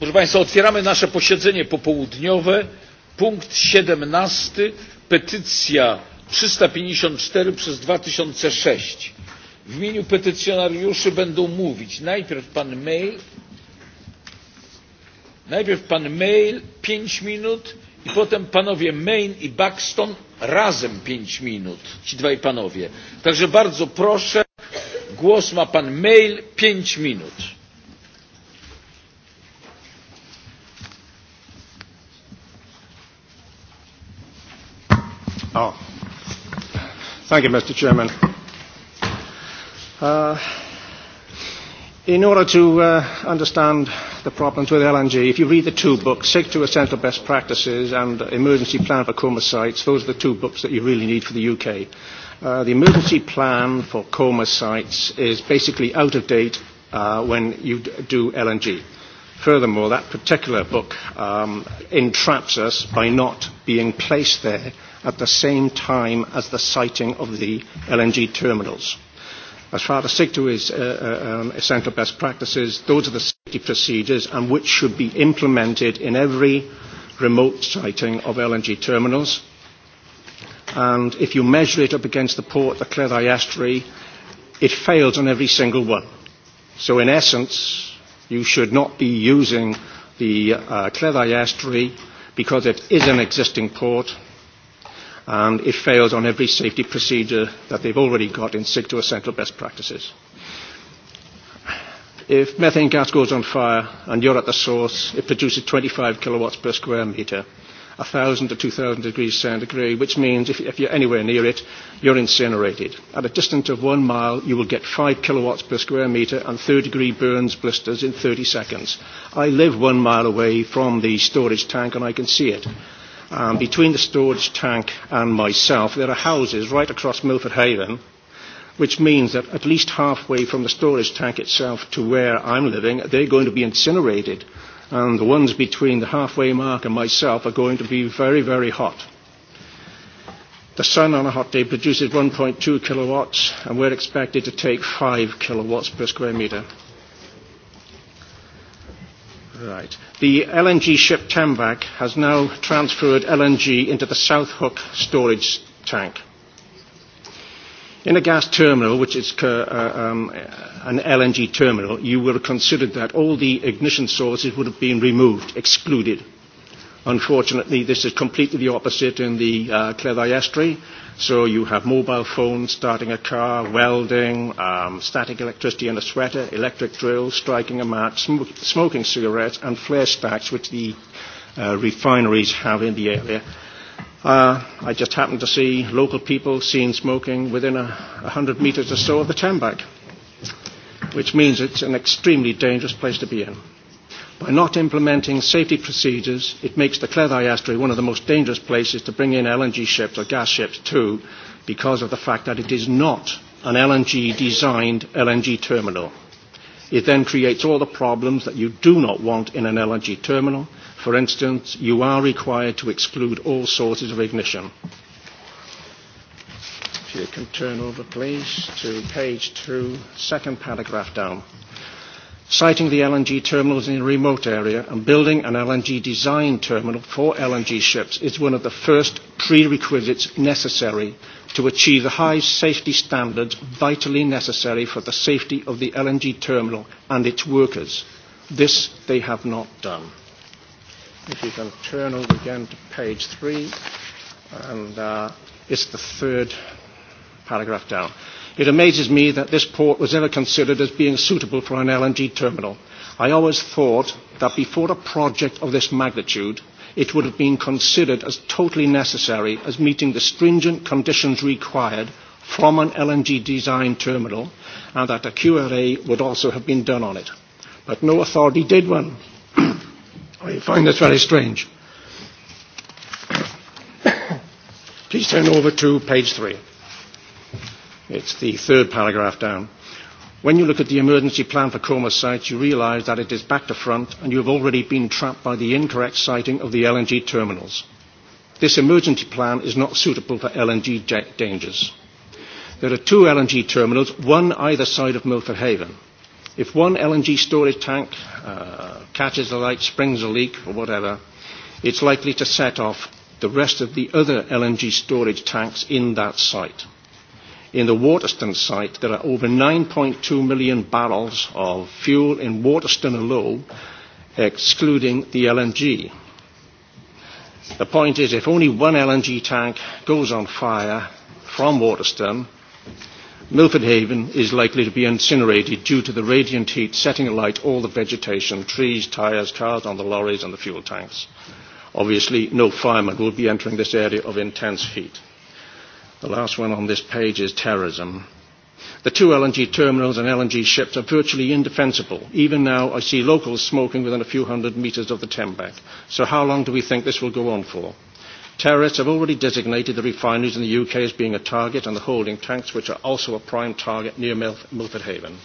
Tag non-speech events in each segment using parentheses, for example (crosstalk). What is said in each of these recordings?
Proszę Państwa, otwieramy nasze posiedzenie popołudniowe. Punkt 17, petycja 354 przez 2006. W imieniu petycjonariuszy będą mówić najpierw pan Mail, najpierw pan Mail 5 minut i potem panowie Main i Buxton razem 5 minut, ci dwaj panowie. Także bardzo proszę, głos ma pan Mail 5 minut. Oh. Thank you, Mr. Chairman. Uh, in order to uh, understand the problems with LNG, if you read the two books, Sick to Essential Best Practices and Emergency Plan for Coma Sites, those are the two books that you really need for the UK. Uh, the emergency plan for coma sites is basically out of date uh, when you d- do LNG. Furthermore, that particular book um, entraps us by not being placed there at the same time as the siting of the LNG terminals. As far as SIGTO is uh, uh um, essential best practices, those are the safety procedures and which should be implemented in every remote siting of LNG terminals. And if you measure it up against the port the Cleddau Estuary, it fails on every single one. So in essence, you should not be using the uh, Cleddau Estuary because it is an existing port and it fails on every safety procedure that they've already got in SIG to central best practices. If methane gas goes on fire and you're at the source, it produces 25 kilowatts per square metre, 1,000 to 2,000 degrees centigrade, which means if, if you're anywhere near it, you're incinerated. At a distance of one mile, you will get 5 kilowatts per square metre and third-degree burns blisters in 30 seconds. I live one mile away from the storage tank and I can see it um, between the storage tank and myself, there are houses right across Milford Haven, which means that at least halfway from the storage tank itself to where I'm living, they're going to be incinerated. And the ones between the halfway mark and myself are going to be very, very hot. The sun on a hot day produces 1.2 kilowatts, and we're expected to take 5 kilowatts per square metre. Right. The LNG ship Tambak has now transferred LNG into the South Hook storage tank. In a gas terminal, which is uh, um, an LNG terminal, you would have considered that all the ignition sources would have been removed, excluded. Unfortunately, this is completely the opposite in the uh, Cleddau Estuary, So you have mobile phones, starting a car, welding, um, static electricity in a sweater, electric drills, striking a match, sm- smoking cigarettes, and flare stacks, which the uh, refineries have in the area. Uh, I just happened to see local people seen smoking within a, a hundred metres or so of the Tambak, which means it's an extremely dangerous place to be in. By not implementing safety procedures, it makes the Cleddau Estuary one of the most dangerous places to bring in LNG ships or gas ships to because of the fact that it is not an LNG-designed LNG terminal. It then creates all the problems that you do not want in an LNG terminal. For instance, you are required to exclude all sources of ignition. If you can turn over, please, to page two, second paragraph down siting the LNG terminals in a remote area and building an LNG design terminal for LNG ships is one of the first prerequisites necessary to achieve the high safety standards vitally necessary for the safety of the LNG terminal and its workers. This they have not done. If you can turn over again to page three, and uh, it's the third paragraph down. It amazes me that this port was ever considered as being suitable for an LNG terminal. I always thought that before a project of this magnitude, it would have been considered as totally necessary as meeting the stringent conditions required from an LNG design terminal and that a QRA would also have been done on it. But no authority did one. (coughs) I find this very strange. (coughs) Please turn over to page three. It's the third paragraph down. When you look at the emergency plan for Coma site, you realise that it is back to front and you have already been trapped by the incorrect siting of the LNG terminals. This emergency plan is not suitable for LNG dangers. There are two LNG terminals, one either side of Milford Haven. If one LNG storage tank uh, catches a light, springs a leak or whatever, it's likely to set off the rest of the other LNG storage tanks in that site in the Waterston site, there are over 9.2 million barrels of fuel in Waterston alone, excluding the LNG. The point is, if only one LNG tank goes on fire from Waterston, Milford Haven is likely to be incinerated due to the radiant heat setting alight all the vegetation, trees, tyres, cars on the lorries and the fuel tanks. Obviously, no fireman will be entering this area of intense heat. The last one on this page is terrorism. The two LNG terminals and LNG ships are virtually indefensible. Even now, I see locals smoking within a few hundred meters of the Tembec. So how long do we think this will go on for? Terrorists have already designated the refineries in the UK as being a target and the holding tanks, which are also a prime target near Milford Haven.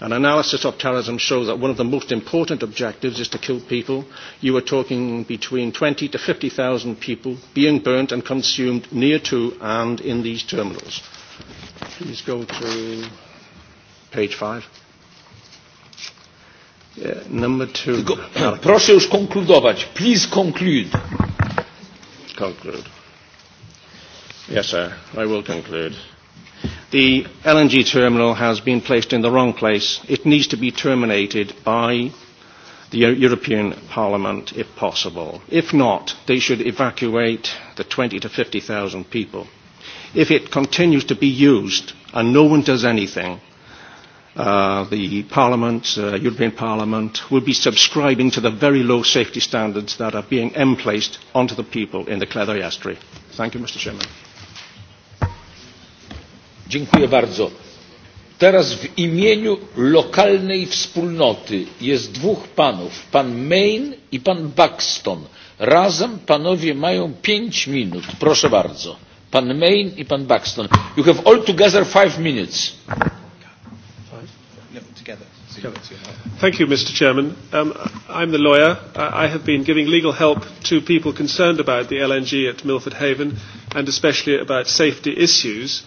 An analysis of terrorism shows that one of the most important objectives is to kill people. You are talking between 20 to 50,000 people being burnt and consumed near to and in these terminals. Please go to page five. Yeah, number two. Tylko, (clears throat) proszę już konkludować. Please conclude. Conclude. Yes, sir. I will conclude. The LNG terminal has been placed in the wrong place. It needs to be terminated by the European Parliament if possible. If not, they should evacuate the 20 to 50,000 people. If it continues to be used and no one does anything, uh, the Parliament, uh, European Parliament, will be subscribing to the very low safety standards that are being emplaced onto the people in the Clether Estuary. Thank you, Mr Chairman. Dziękuję bardzo. Teraz w imieniu lokalnej wspólnoty jest dwóch panów, pan Main i pan Buxton. Razem panowie mają pięć minut. Proszę bardzo. Pan Main i pan Buxton. You have all together five minutes. Thank you, Mr. Chairman. Um, I'm the lawyer. I have been giving legal help to people concerned about the LNG at Milford Haven and especially about safety issues.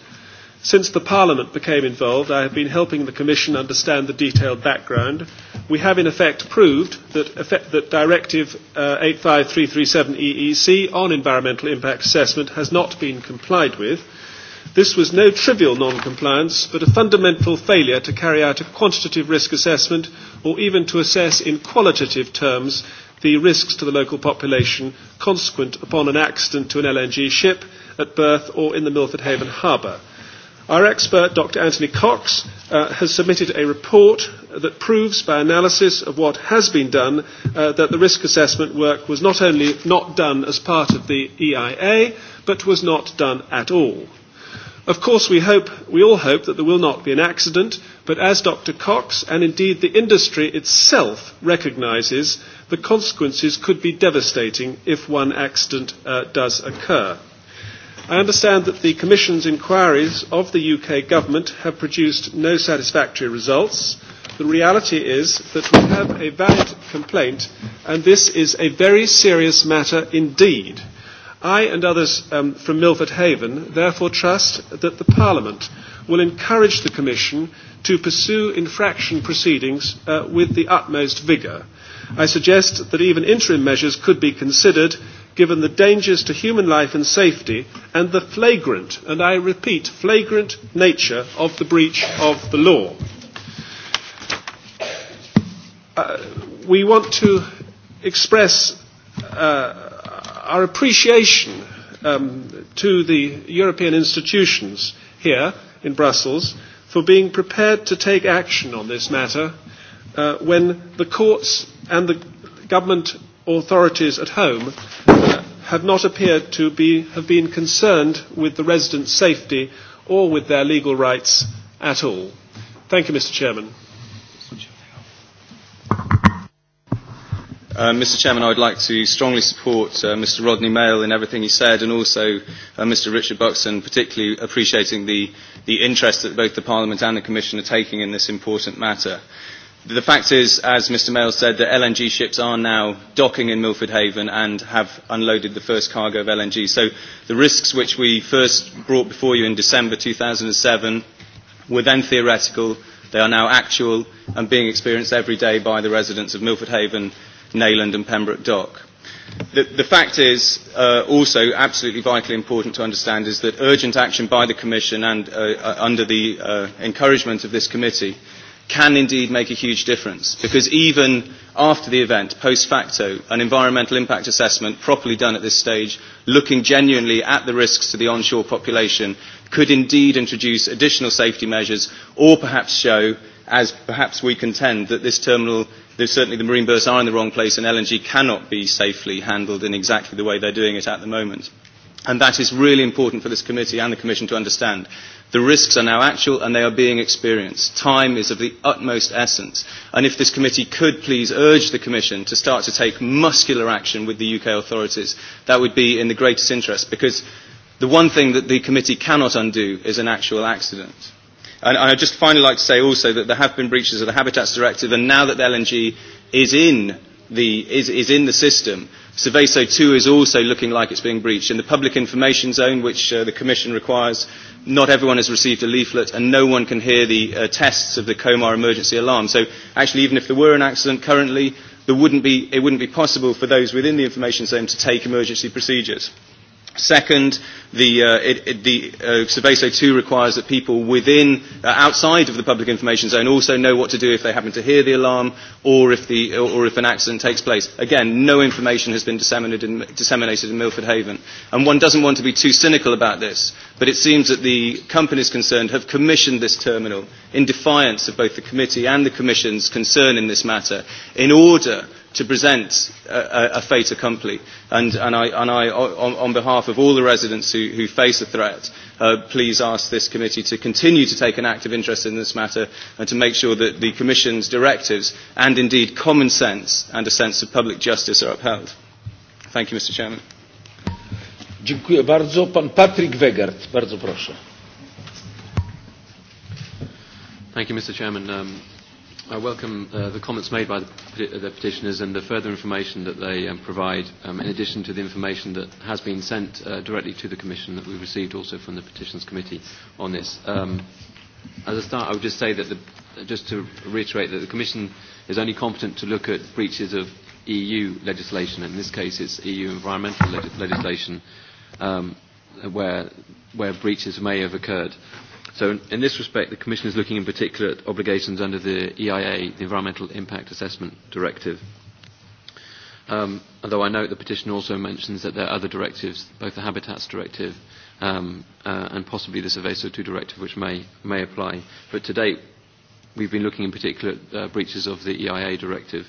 Since the Parliament became involved, I have been helping the Commission understand the detailed background. We have in effect proved that, effect, that Directive uh, 85337EEC e e on environmental impact assessment has not been complied with. This was no trivial non-compliance, but a fundamental failure to carry out a quantitative risk assessment or even to assess in qualitative terms the risks to the local population consequent upon an accident to an LNG ship at berth or in the Milford Haven harbour. Our expert, Dr. Anthony Cox, uh, has submitted a report that proves by analysis of what has been done uh, that the risk assessment work was not only not done as part of the EIA, but was not done at all. Of course, we, hope, we all hope that there will not be an accident, but as Dr. Cox and indeed the industry itself recognises, the consequences could be devastating if one accident uh, does occur. I understand that the Commission's inquiries of the UK Government have produced no satisfactory results. The reality is that we have a valid complaint, and this is a very serious matter indeed. I and others um, from Milford Haven therefore trust that the Parliament will encourage the Commission to pursue infraction proceedings uh, with the utmost vigour. I suggest that even interim measures could be considered given the dangers to human life and safety and the flagrant, and I repeat, flagrant nature of the breach of the law. Uh, we want to express uh, our appreciation um, to the European institutions here in Brussels for being prepared to take action on this matter uh, when the courts and the government authorities at home have not appeared to be, have been concerned with the residents' safety or with their legal rights at all. Thank you, Mr. Chairman. Uh, Mr Chairman, I would like to strongly support uh, Mr Rodney Mail in everything he said and also uh, Mr Richard Buxton, particularly appreciating the, the interest that both the Parliament and the Commission are taking in this important matter. The fact is, as Mr. Mayle said, that LNG ships are now docking in Milford Haven and have unloaded the first cargo of LNG. So the risks which we first brought before you in December 2007 were then theoretical. They are now actual and being experienced every day by the residents of Milford Haven, Nayland and Pembroke Dock. The, the fact is uh, also absolutely vitally important to understand is that urgent action by the Commission and uh, uh, under the uh, encouragement of this committee can indeed make a huge difference because even after the event, post facto, an environmental impact assessment properly done at this stage, looking genuinely at the risks to the onshore population, could indeed introduce additional safety measures or perhaps show, as perhaps we contend, that this terminal, that certainly the marine berths are in the wrong place and LNG cannot be safely handled in exactly the way they're doing it at the moment. And that is really important for this committee and the Commission to understand. The risks are now actual and they are being experienced. Time is of the utmost essence. And if this committee could please urge the Commission to start to take muscular action with the UK authorities, that would be in the greatest interest because the one thing that the committee cannot undo is an actual accident. And I just finally like to say also that there have been breaches of the Habitats Directive and now that the LNG is in the, is, is in the system. Cerveso 2 is also looking like it's being breached. In the public information zone, which uh, the Commission requires, not everyone has received a leaflet and no one can hear the uh, tests of the Comar emergency alarm. So actually, even if there were an accident currently, there wouldn't be, it wouldn't be possible for those within the information zone to take emergency procedures. Second, the, uh, it, it, the uh, Cerveso 2 requires that people within, uh, outside of the public information zone also know what to do if they happen to hear the alarm or if, the, or if an accident takes place. Again, no information has been disseminated in, disseminated in Milford Haven. And one doesn't want to be too cynical about this, but it seems that the companies concerned have commissioned this terminal in defiance of both the committee and the Commission's concern in this matter in order to present a, a fait accompli. And, and, I, and I, on, on behalf of all the residents who, who face a threat, uh, please ask this committee to continue to take an active interest in this matter and to make sure that the Commission's directives and indeed common sense and a sense of public justice are upheld. Thank you, Mr. Chairman. Dziękuję bardzo. Pan Patrick Wegert, bardzo proszę. Thank you, Mr. Chairman. Um, I welcome uh, the comments made by the, the petitioners and the further information that they um, provide, um, in addition to the information that has been sent uh, directly to the Commission that we received also from the Petitions Committee on this. Um, as a start, I would just say that, the, just to reiterate, that the Commission is only competent to look at breaches of EU legislation. and In this case, it's EU environmental leg legislation um, where, where breaches may have occurred. So in, in this respect, the Commission is looking in particular at obligations under the EIA, the Environmental Impact Assessment Directive. Um, although I note the petition also mentions that there are other directives, both the Habitats Directive um, uh, and possibly the Seveso 2 Directive, which may, may apply. But to date, we've been looking in particular at uh, breaches of the EIA Directive.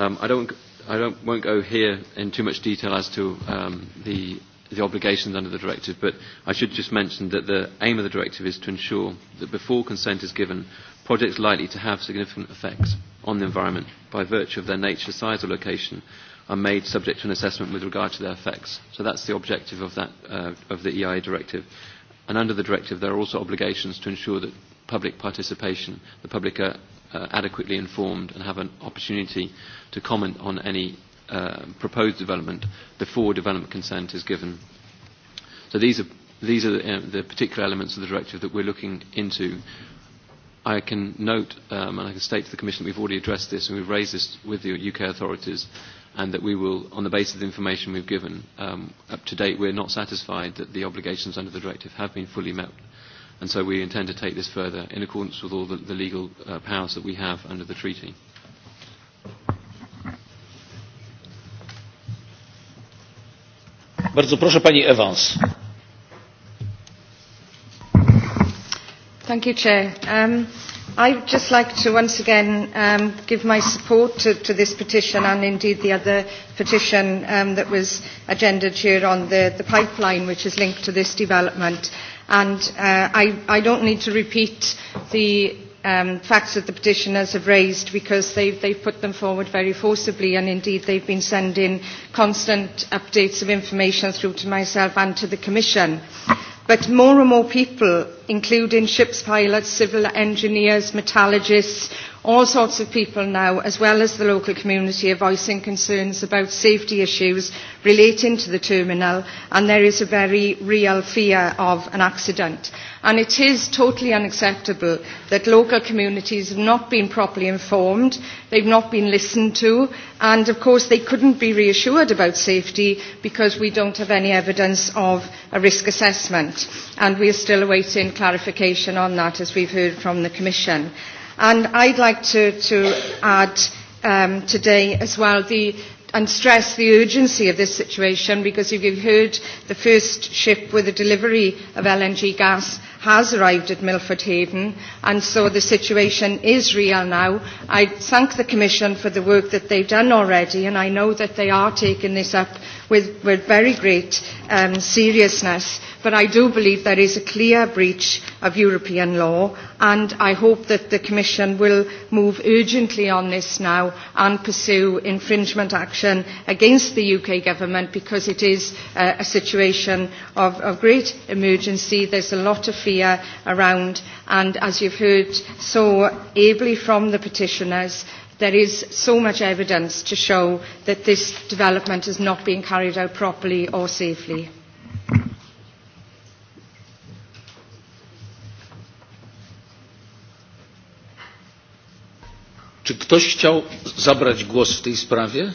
Um, I, don't, I don't, won't go here in too much detail as to um, the the obligations under the directive, but I should just mention that the aim of the directive is to ensure that before consent is given, projects likely to have significant effects on the environment by virtue of their nature, size or location are made subject to an assessment with regard to their effects. So that's the objective of, that, uh, of the EIA directive. And under the directive, there are also obligations to ensure that public participation, the public are uh, adequately informed and have an opportunity to comment on any Uh, proposed development before development consent is given. So these are, these are the, uh, the particular elements of the directive that we're looking into. I can note um, and I can state to the Commission that we've already addressed this and we've raised this with the UK authorities and that we will, on the basis of the information we've given, um, up to date we're not satisfied that the obligations under the directive have been fully met. And so we intend to take this further in accordance with all the, the legal uh, powers that we have under the treaty. Bardzo proszę pani Evans. Thank you, Chair. Um, I would just like to once again um, give my support to, to this petition and indeed the other petition um, that was agendaed here on the, the pipeline which is linked to this development. And uh, I, I don't need to repeat the um, facts that the petitioners have raised because they've, they've put them forward very forcibly and indeed they've been sending constant updates of information through to myself and to the Commission. But more and more people, including ships pilots, civil engineers, metallurgists, All sorts of people now, as well as the local community, are voicing concerns about safety issues relating to the terminal, and there is a very real fear of an accident. And it is totally unacceptable that local communities have not been properly informed, they've not been listened to, and of course they couldn't be reassured about safety because we don't have any evidence of a risk assessment. And we are still awaiting clarification on that, as we've heard from the Commission. And I'd like to, to add um, today as well the, and stress the urgency of this situation because if you've heard the first ship with the delivery of LNG gas has arrived at Milford Haven and so the situation is real now. I thank the Commission for the work that they've done already and I know that they are taking this up with, with very great um, seriousness. But I do believe there is a clear breach of European law, and I hope that the Commission will move urgently on this now and pursue infringement action against the UK government because it is a, uh, a situation of, of great emergency. There's a lot of fear around, and as you've heard so ably from the petitioners, there is so much evidence to show that this development is not being carried out properly or safely. Czy ktoś chciał zabrać głos w tej sprawie?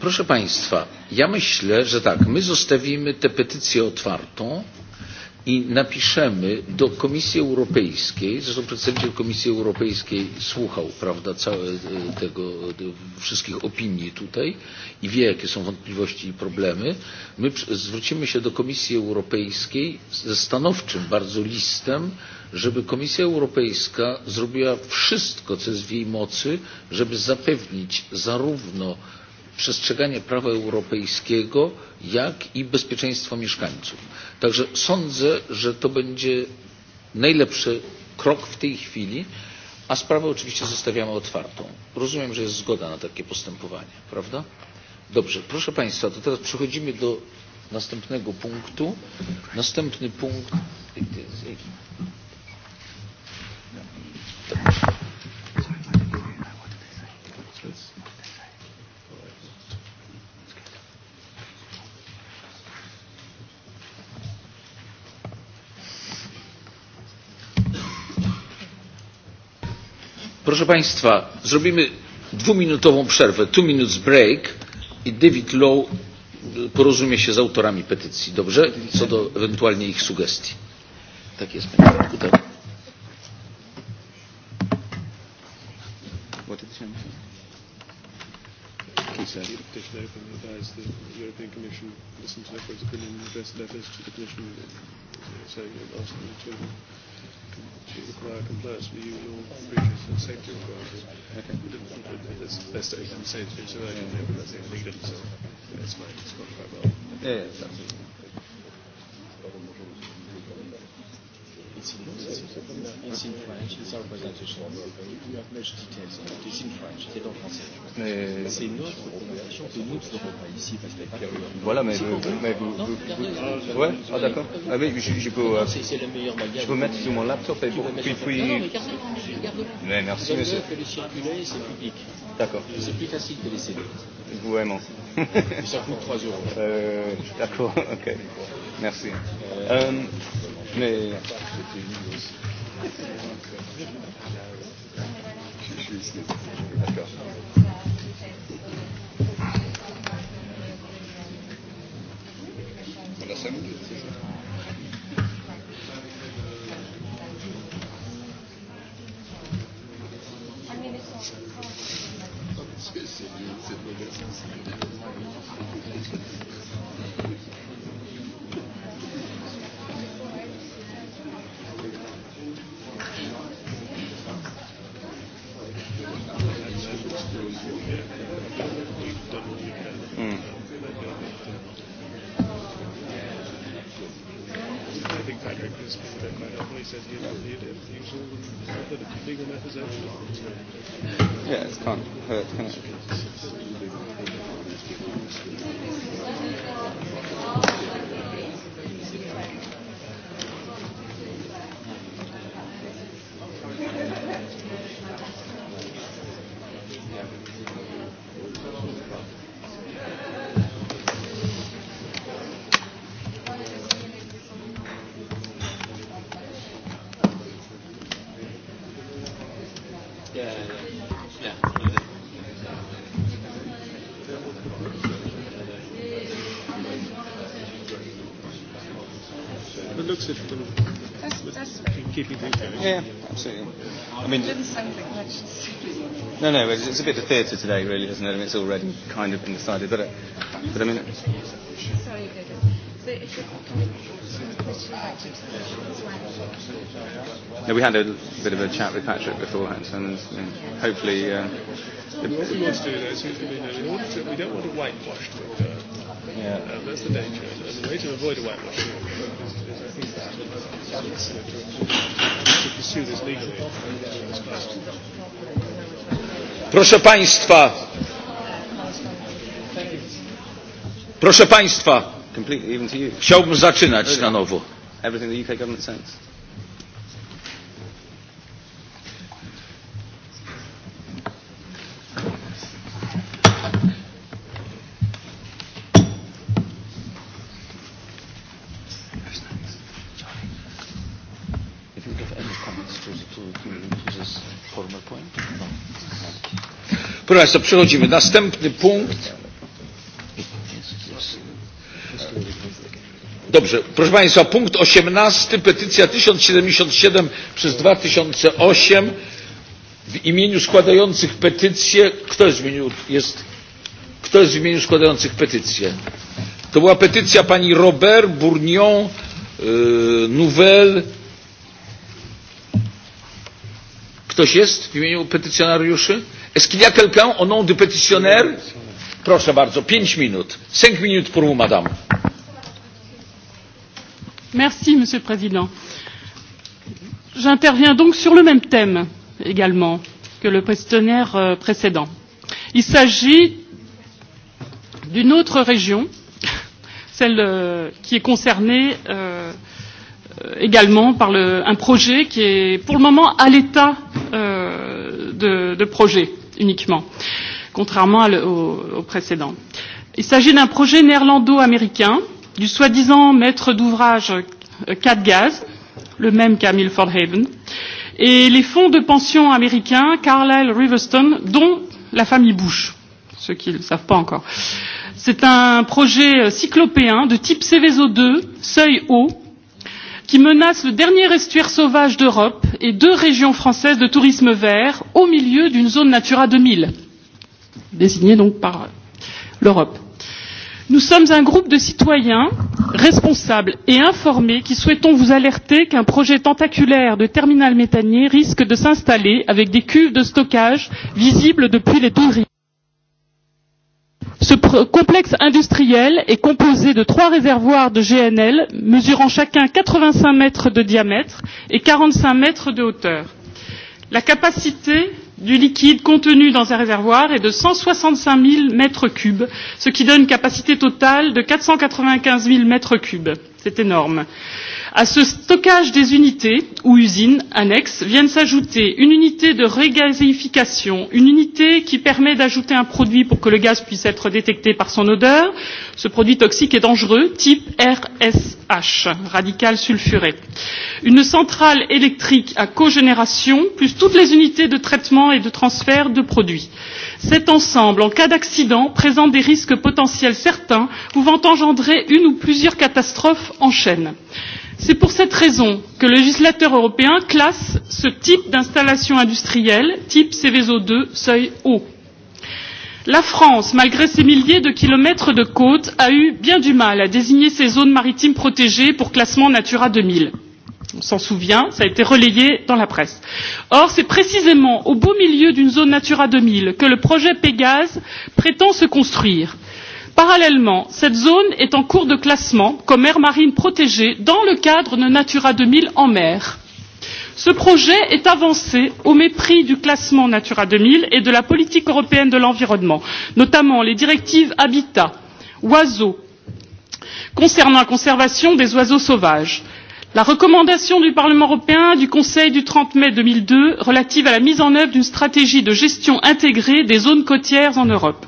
Proszę Państwa, ja myślę, że tak, my zostawimy tę petycję otwartą i napiszemy do Komisji Europejskiej, zresztą przedstawiciel Komisji Europejskiej słuchał prawda, całe e, tego, e, wszystkich opinii tutaj i wie, jakie są wątpliwości i problemy. My zwrócimy się do Komisji Europejskiej ze stanowczym bardzo listem, żeby Komisja Europejska zrobiła wszystko, co jest w jej mocy, żeby zapewnić zarówno przestrzeganie prawa europejskiego, jak i bezpieczeństwo mieszkańców. Także sądzę, że to będzie najlepszy krok w tej chwili, a sprawę oczywiście zostawiamy otwartą. Rozumiem, że jest zgoda na takie postępowanie, prawda? Dobrze, proszę Państwa, to teraz przechodzimy do następnego punktu. Następny punkt. Dobrze. Proszę Państwa, zrobimy dwuminutową przerwę, two minutes break i David Lowe porozumie się z autorami petycji, dobrze? Co do ewentualnie ich sugestii. Tak jest, panie Kutel. What did you She require compliance with the usual breaches and safety requirements. That's the best I can say to you, so I can never let anything done, so that's fine, it's gone quite well. Yeah, yeah, that's It's in, it's, it's in French. It's our presentation. You have much details on it. It's in French. C'est en français. Mais... C'est une autre conversation que nous n'aurons pas ici parce qu'il n'y a pas de Voilà, mais, vous, mais vous, non, vous, vous... Ouais Ah d'accord. Ah oui, je, je peux... Euh, c'est, c'est le meilleur bagage. Je peux mettre sur mon laptop et pour... Puis, puis... Non, non, mais carrément, garde-le. Mais merci, monsieur. que les circuler, c'est public. D'accord. C'est plus facile que les CD. Vraiment. Ça coûte 3 euros. Euh, d'accord, (laughs) ok. Merci. Um, mais... D'accord. On a cinq minutes, c'est ça C'est mean, no, no, it's, it's a bit of theatre today, really, isn't it? I mean, it's already kind of been decided, but, uh, but I mean. Sorry, no, we had a bit of a chat with Patrick beforehand, and you know, hopefully. Uh, what we want to do is, in order to, we don't want to whitewash the yeah. Uh, That's the danger. And the way to avoid a whitewash is, is, I think, Proszę Państwa, proszę Państwa, chciałbym zaczynać na nowo. Everything the UK government Proszę Państwa, przechodzimy. Następny punkt. Dobrze, proszę Państwa, punkt 18, petycja 1077 przez 2008 w imieniu składających petycję. Kto jest w imieniu, jest, kto jest w imieniu składających petycję? To była petycja pani Robert Bourgnon, yy, Nouvelle, Ktoś jest w imieniu petycjonariuszy? Est-ce quelqu'un au nom du pétitionnaire Proszę bardzo, pięć minut. Cinq minut pour vous, madame. Merci, monsieur le président. J'interviens donc sur le même thème également que le pétitionnaire euh, précédent. Il s'agit d'une autre région, (laughs) celle euh, qui est concernée euh, Euh, également par le, un projet qui est pour le moment à l'état euh, de, de projet uniquement, contrairement à le, au, au précédent. Il s'agit d'un projet néerlando-américain du soi-disant maître d'ouvrage euh, Gaz, le même qu'à Milford Haven, et les fonds de pension américains Carlyle Riverston, dont la famille Bush, ceux qui ne le savent pas encore. C'est un projet euh, cyclopéen de type Céveso 2, seuil haut, qui menace le dernier estuaire sauvage d'europe et deux régions françaises de tourisme vert au milieu d'une zone natura deux mille désignée donc par l'europe. nous sommes un groupe de citoyens responsables et informés qui souhaitons vous alerter qu'un projet tentaculaire de terminal méthanier risque de s'installer avec des cuves de stockage visibles depuis les touristes ce complexe industriel est composé de trois réservoirs de gnl mesurant chacun 85 mètres de diamètre et 45 mètres de hauteur. la capacité du liquide contenu dans un réservoir est de 165 000 mètres cubes ce qui donne une capacité totale de 495 000 mètres cubes C'est énorme. À ce stockage des unités ou usines annexes viennent s'ajouter une unité de regazéification, une unité qui permet d'ajouter un produit pour que le gaz puisse être détecté par son odeur. Ce produit toxique et dangereux, type RSH, radical sulfuré. Une centrale électrique à cogénération, plus toutes les unités de traitement et de transfert de produits. Cet ensemble, en cas d'accident, présente des risques potentiels certains pouvant engendrer une ou plusieurs catastrophes catastrophes en chaîne. c'est pour cette raison que le législateur européen classe ce type d'installation industrielle type seveso ii seuil haut. la france malgré ses milliers de kilomètres de côtes a eu bien du mal à désigner ses zones maritimes protégées pour classement natura deux mille on s'en souvient cela a été relayé dans la presse. or c'est précisément au beau milieu d'une zone natura deux mille que le projet pégase prétend se construire parallèlement cette zone est en cours de classement comme aire marine protégée dans le cadre de natura deux mille en mer. ce projet est avancé au mépris du classement natura deux mille et de la politique européenne de l'environnement notamment les directives habitat oiseaux concernant la conservation des oiseaux sauvages la recommandation du parlement européen et du conseil du trente mai deux mille deux relative à la mise en œuvre d'une stratégie de gestion intégrée des zones côtières en europe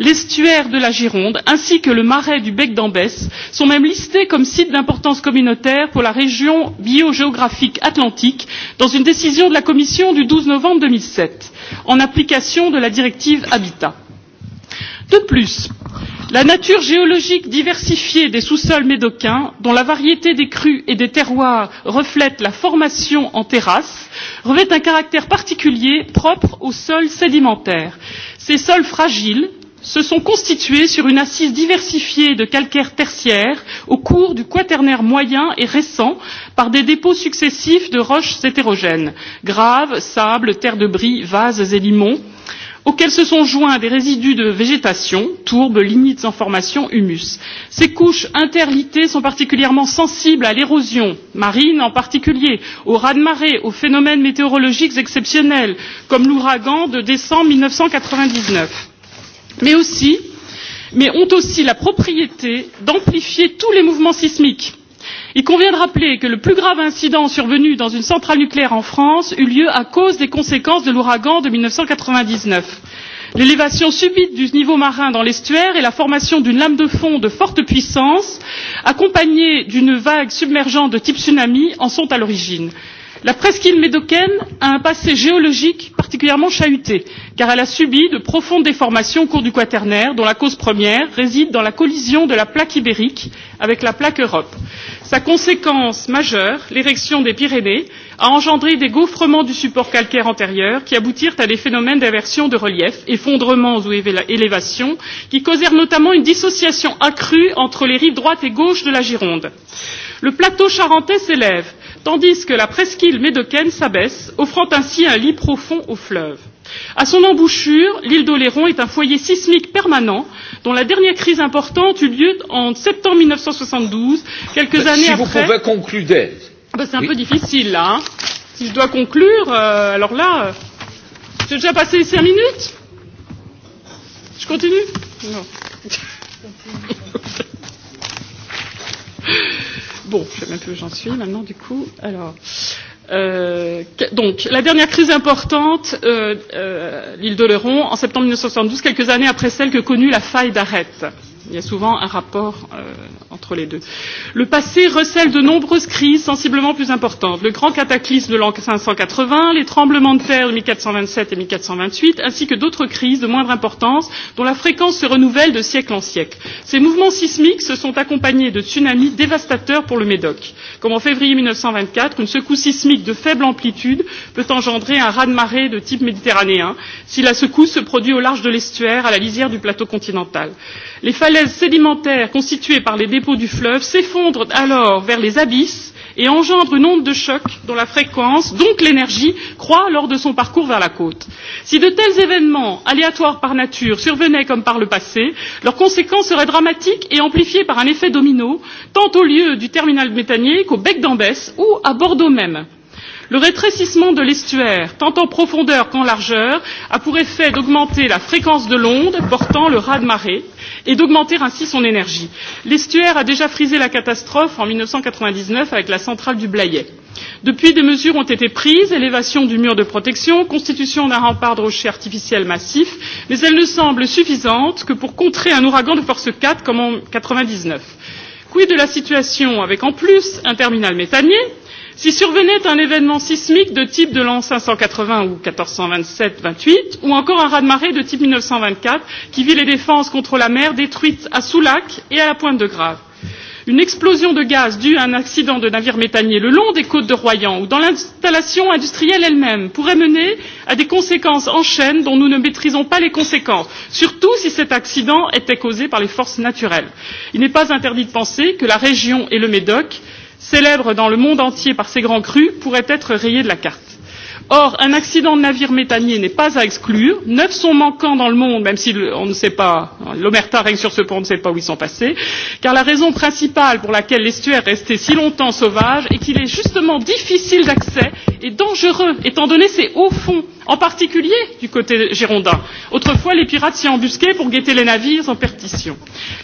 l'estuaire de la gironde ainsi que le marais du bec d'ambès sont même listés comme sites d'importance communautaire pour la région biogéographique atlantique dans une décision de la commission du douze novembre deux mille sept en application de la directive habitat. de plus la nature géologique diversifiée des sous sols médocains dont la variété des crues et des terroirs reflète la formation en terrasses revêt un caractère particulier propre aux sols sédimentaires. ces sols fragiles se sont constitués sur une assise diversifiée de calcaire tertiaire au cours du quaternaire moyen et récent par des dépôts successifs de roches hétérogènes graves sables terres de brie vases et limons auxquels se sont joints des résidus de végétation tourbes lignites en formation humus. ces couches interlitées sont particulièrement sensibles à l'érosion marine en particulier aux raz de marée aux phénomènes météorologiques exceptionnels comme l'ouragan de décembre mille neuf cent quatre vingt dix neuf mais aussi mais ont aussi la propriété d'amplifier tous les mouvements sismiques. Il convient de rappeler que le plus grave incident survenu dans une centrale nucléaire en France eut lieu à cause des conséquences de l'ouragan de mille neuf cent quatre vingt dix neuf. L'élévation subite du niveau marin dans l'estuaire et la formation d'une lame de fond de forte puissance, accompagnée d'une vague submergente de type tsunami, en sont à l'origine la presqu'île médocaine a un passé géologique particulièrement chahuté car elle a subi de profondes déformations au cours du quaternaire dont la cause première réside dans la collision de la plaque ibérique avec la plaque europe. sa conséquence majeure l'érection des pyrénées a engendré des gaufrements du support calcaire antérieur qui aboutirent à des phénomènes d'inversion de relief effondrements ou élévations qui causèrent notamment une dissociation accrue entre les rives droite et gauche de la gironde. le plateau charentais s'élève tandis que la presqu'île médocaine s'abaisse, offrant ainsi un lit profond au fleuve. À son embouchure, l'île d'Oléron est un foyer sismique permanent dont la dernière crise importante eut lieu en septembre 1972, quelques ben, années si après. Si vous pouvez conclure Ben, c'est un oui. peu difficile là. Hein. Si je dois conclure, euh, alors là, euh, j'ai déjà passé cinq minutes. Je continue Non. (laughs) Bon, je ne sais même plus où j'en suis maintenant du coup. Alors, euh, donc, la dernière crise importante, euh, euh, l'île d'Oléron, en septembre 1972, quelques années après celle que connut la faille d'Arrête. Euh, Il y a souvent un rapport euh, entre les deux. Le passé recèle de nombreuses crises sensiblement plus importantes. Le grand cataclysme de l'an 580, les tremblements de terre de 1427 et 1428, ainsi que d'autres crises de moindre importance dont la fréquence se renouvelle de siècle en siècle. Ces mouvements sismiques se sont accompagnés de tsunamis dévastateurs pour le Médoc. Comme en février 1924, une secousse sismique de faible amplitude peut engendrer un raz-de-marée de type méditerranéen si la secousse se produit au large de l'estuaire, à la lisière du plateau continental. Les falaises falaises sédimentaires constituées par les dépôts du fleuve s'effondrent alors vers les abysses et engendre une onde de choc dont la fréquence donc l'énergie croît lors de son parcours vers la côte. si de tels événements aléatoires par nature survenaient comme par le passé leurs conséquences seraient dramatiques et amplifiées par un effet domino tant au lieu du terminal méthanier qu'au bec d'ambès ou à bordeaux même le rétrécissement de l'estuaire tant en profondeur qu'en largeur a pour effet d'augmenter la fréquence de l'onde portant le ras de marée et d'augmenter ainsi son énergie. l'estuaire a déjà frisé la catastrophe en 1999 avec la centrale du Blayet. depuis des mesures ont été prises élévation du mur de protection constitution d'un rempart de rochers artificiels massifs, mais elles ne semblent suffisantes que pour contrer un ouragan de force 4 comme en 1999. quid de la situation avec en plus un terminal méthanier si survenait un événement sismique de type de l'an 580 ou 1427 28 ou encore un raz-de-marée de type 1924 qui vit les défenses contre la mer détruites à Soulac et à la pointe de Grave une explosion de gaz due à un accident de navire méthanier le long des côtes de Royan ou dans l'installation industrielle elle-même pourrait mener à des conséquences en chaîne dont nous ne maîtrisons pas les conséquences, surtout si cet accident était causé par les forces naturelles. Il n'est pas interdit de penser que la région et le Médoc célèbre dans le monde entier par ses grands crus pourrait être rayé de la carte. Or, un accident de navire méthanier n'est pas à exclure. Neuf sont manquants dans le monde, même si on ne sait pas, l'omerta règne sur ce point, on ne sait pas où ils sont passés, car la raison principale pour laquelle l'estuaire est resté si longtemps sauvage est qu'il est justement difficile d'accès et dangereux, étant donné ses hauts fonds, en particulier du côté girondin. Autrefois, les pirates s'y embusquaient pour guetter les navires en perdition.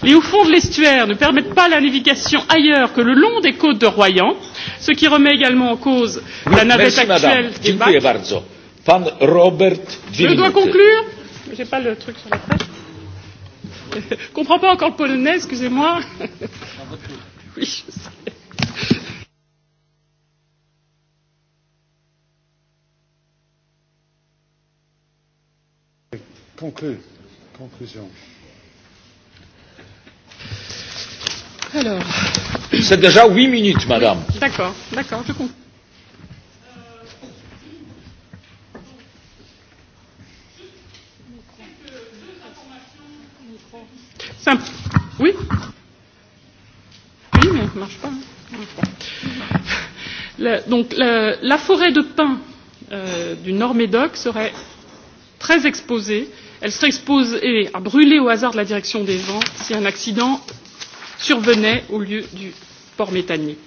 Les hauts fonds de l'estuaire ne permettent pas la navigation ailleurs que le long des côtes de Royan, ce qui remet également en cause oui, la navette merci, actuelle madame. des barques Dziękuję bardzo. Pan Robert (laughs) comprends pas encore le polonais, excusez-moi. (laughs) Oui, je sais. Conclu. Conclusion. Alors. C'est déjà huit minutes, madame. D'accord, d'accord, je comprends. simple. Oui Oui, mais ça ne marche pas. Le, donc, le, la forêt de pins euh, du Nord-Médoc serait très exposée. Elle serait exposée à brûler au hasard de la direction des vents si un accident survenait au lieu du port méthanier.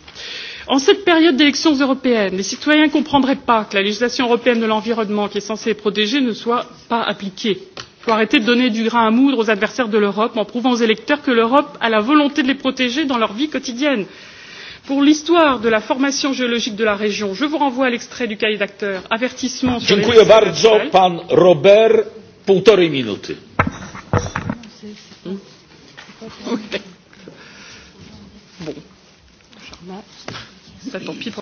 En cette période d'élections européennes, les citoyens ne comprendraient pas que la législation européenne de l'environnement, qui est censée les protéger, ne soit pas appliquée. Euh, faut arrêter de donner du grain à moudre aux adversaires de l'europe en prouvant aux électeurs que l'europe a la volonté de les protéger dans leur vie quotidienne. pour l'histoire de la formation géologique de la région je vous renvoie à l'extrait du cahier d'acteurs avertissement sur les bardzo, pan Robert, półtorej minuty. (laughs) Bon. Ça, tant pis. pour...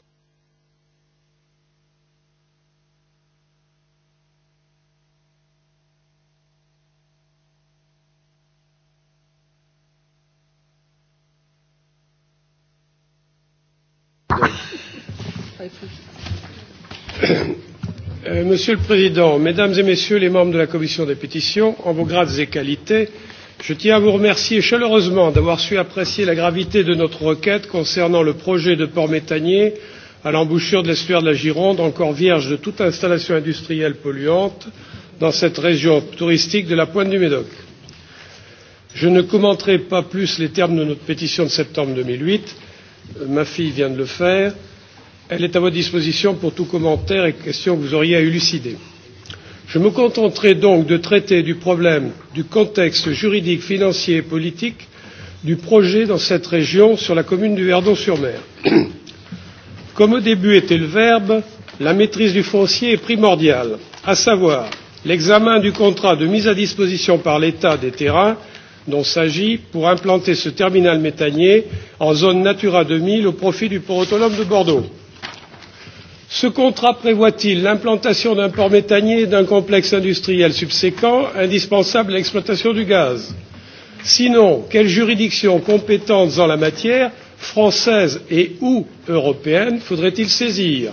Monsieur le Président, Mesdames et Messieurs les membres de la Commission des pétitions, en vos grades et qualités, je tiens à vous remercier chaleureusement d'avoir su apprécier la gravité de notre requête concernant le projet de port méthanier à l'embouchure de l'estuaire de la Gironde, encore vierge de toute installation industrielle polluante dans cette région touristique de la pointe du Médoc. Je ne commenterai pas plus les termes de notre pétition de septembre 2008 ma fille vient de le faire. Elle est à votre disposition pour tout commentaire et question que vous auriez à élucider. Je me contenterai donc de traiter du problème du contexte juridique, financier et politique du projet dans cette région sur la commune du Verdon-sur-Mer. (clears throat) Comme au début était le verbe, la maîtrise du foncier est primordiale, à savoir l'examen du contrat de mise à disposition par l'État des terrains dont s'agit pour implanter ce terminal méthanier en zone Natura 2000 au profit du port autonome de Bordeaux. Ce contrat prévoit-il l'implantation d'un port méthanier et d'un complexe industriel subséquent indispensable à l'exploitation du gaz Sinon, quelles juridictions compétentes en la matière, françaises et ou européennes, faudrait-il saisir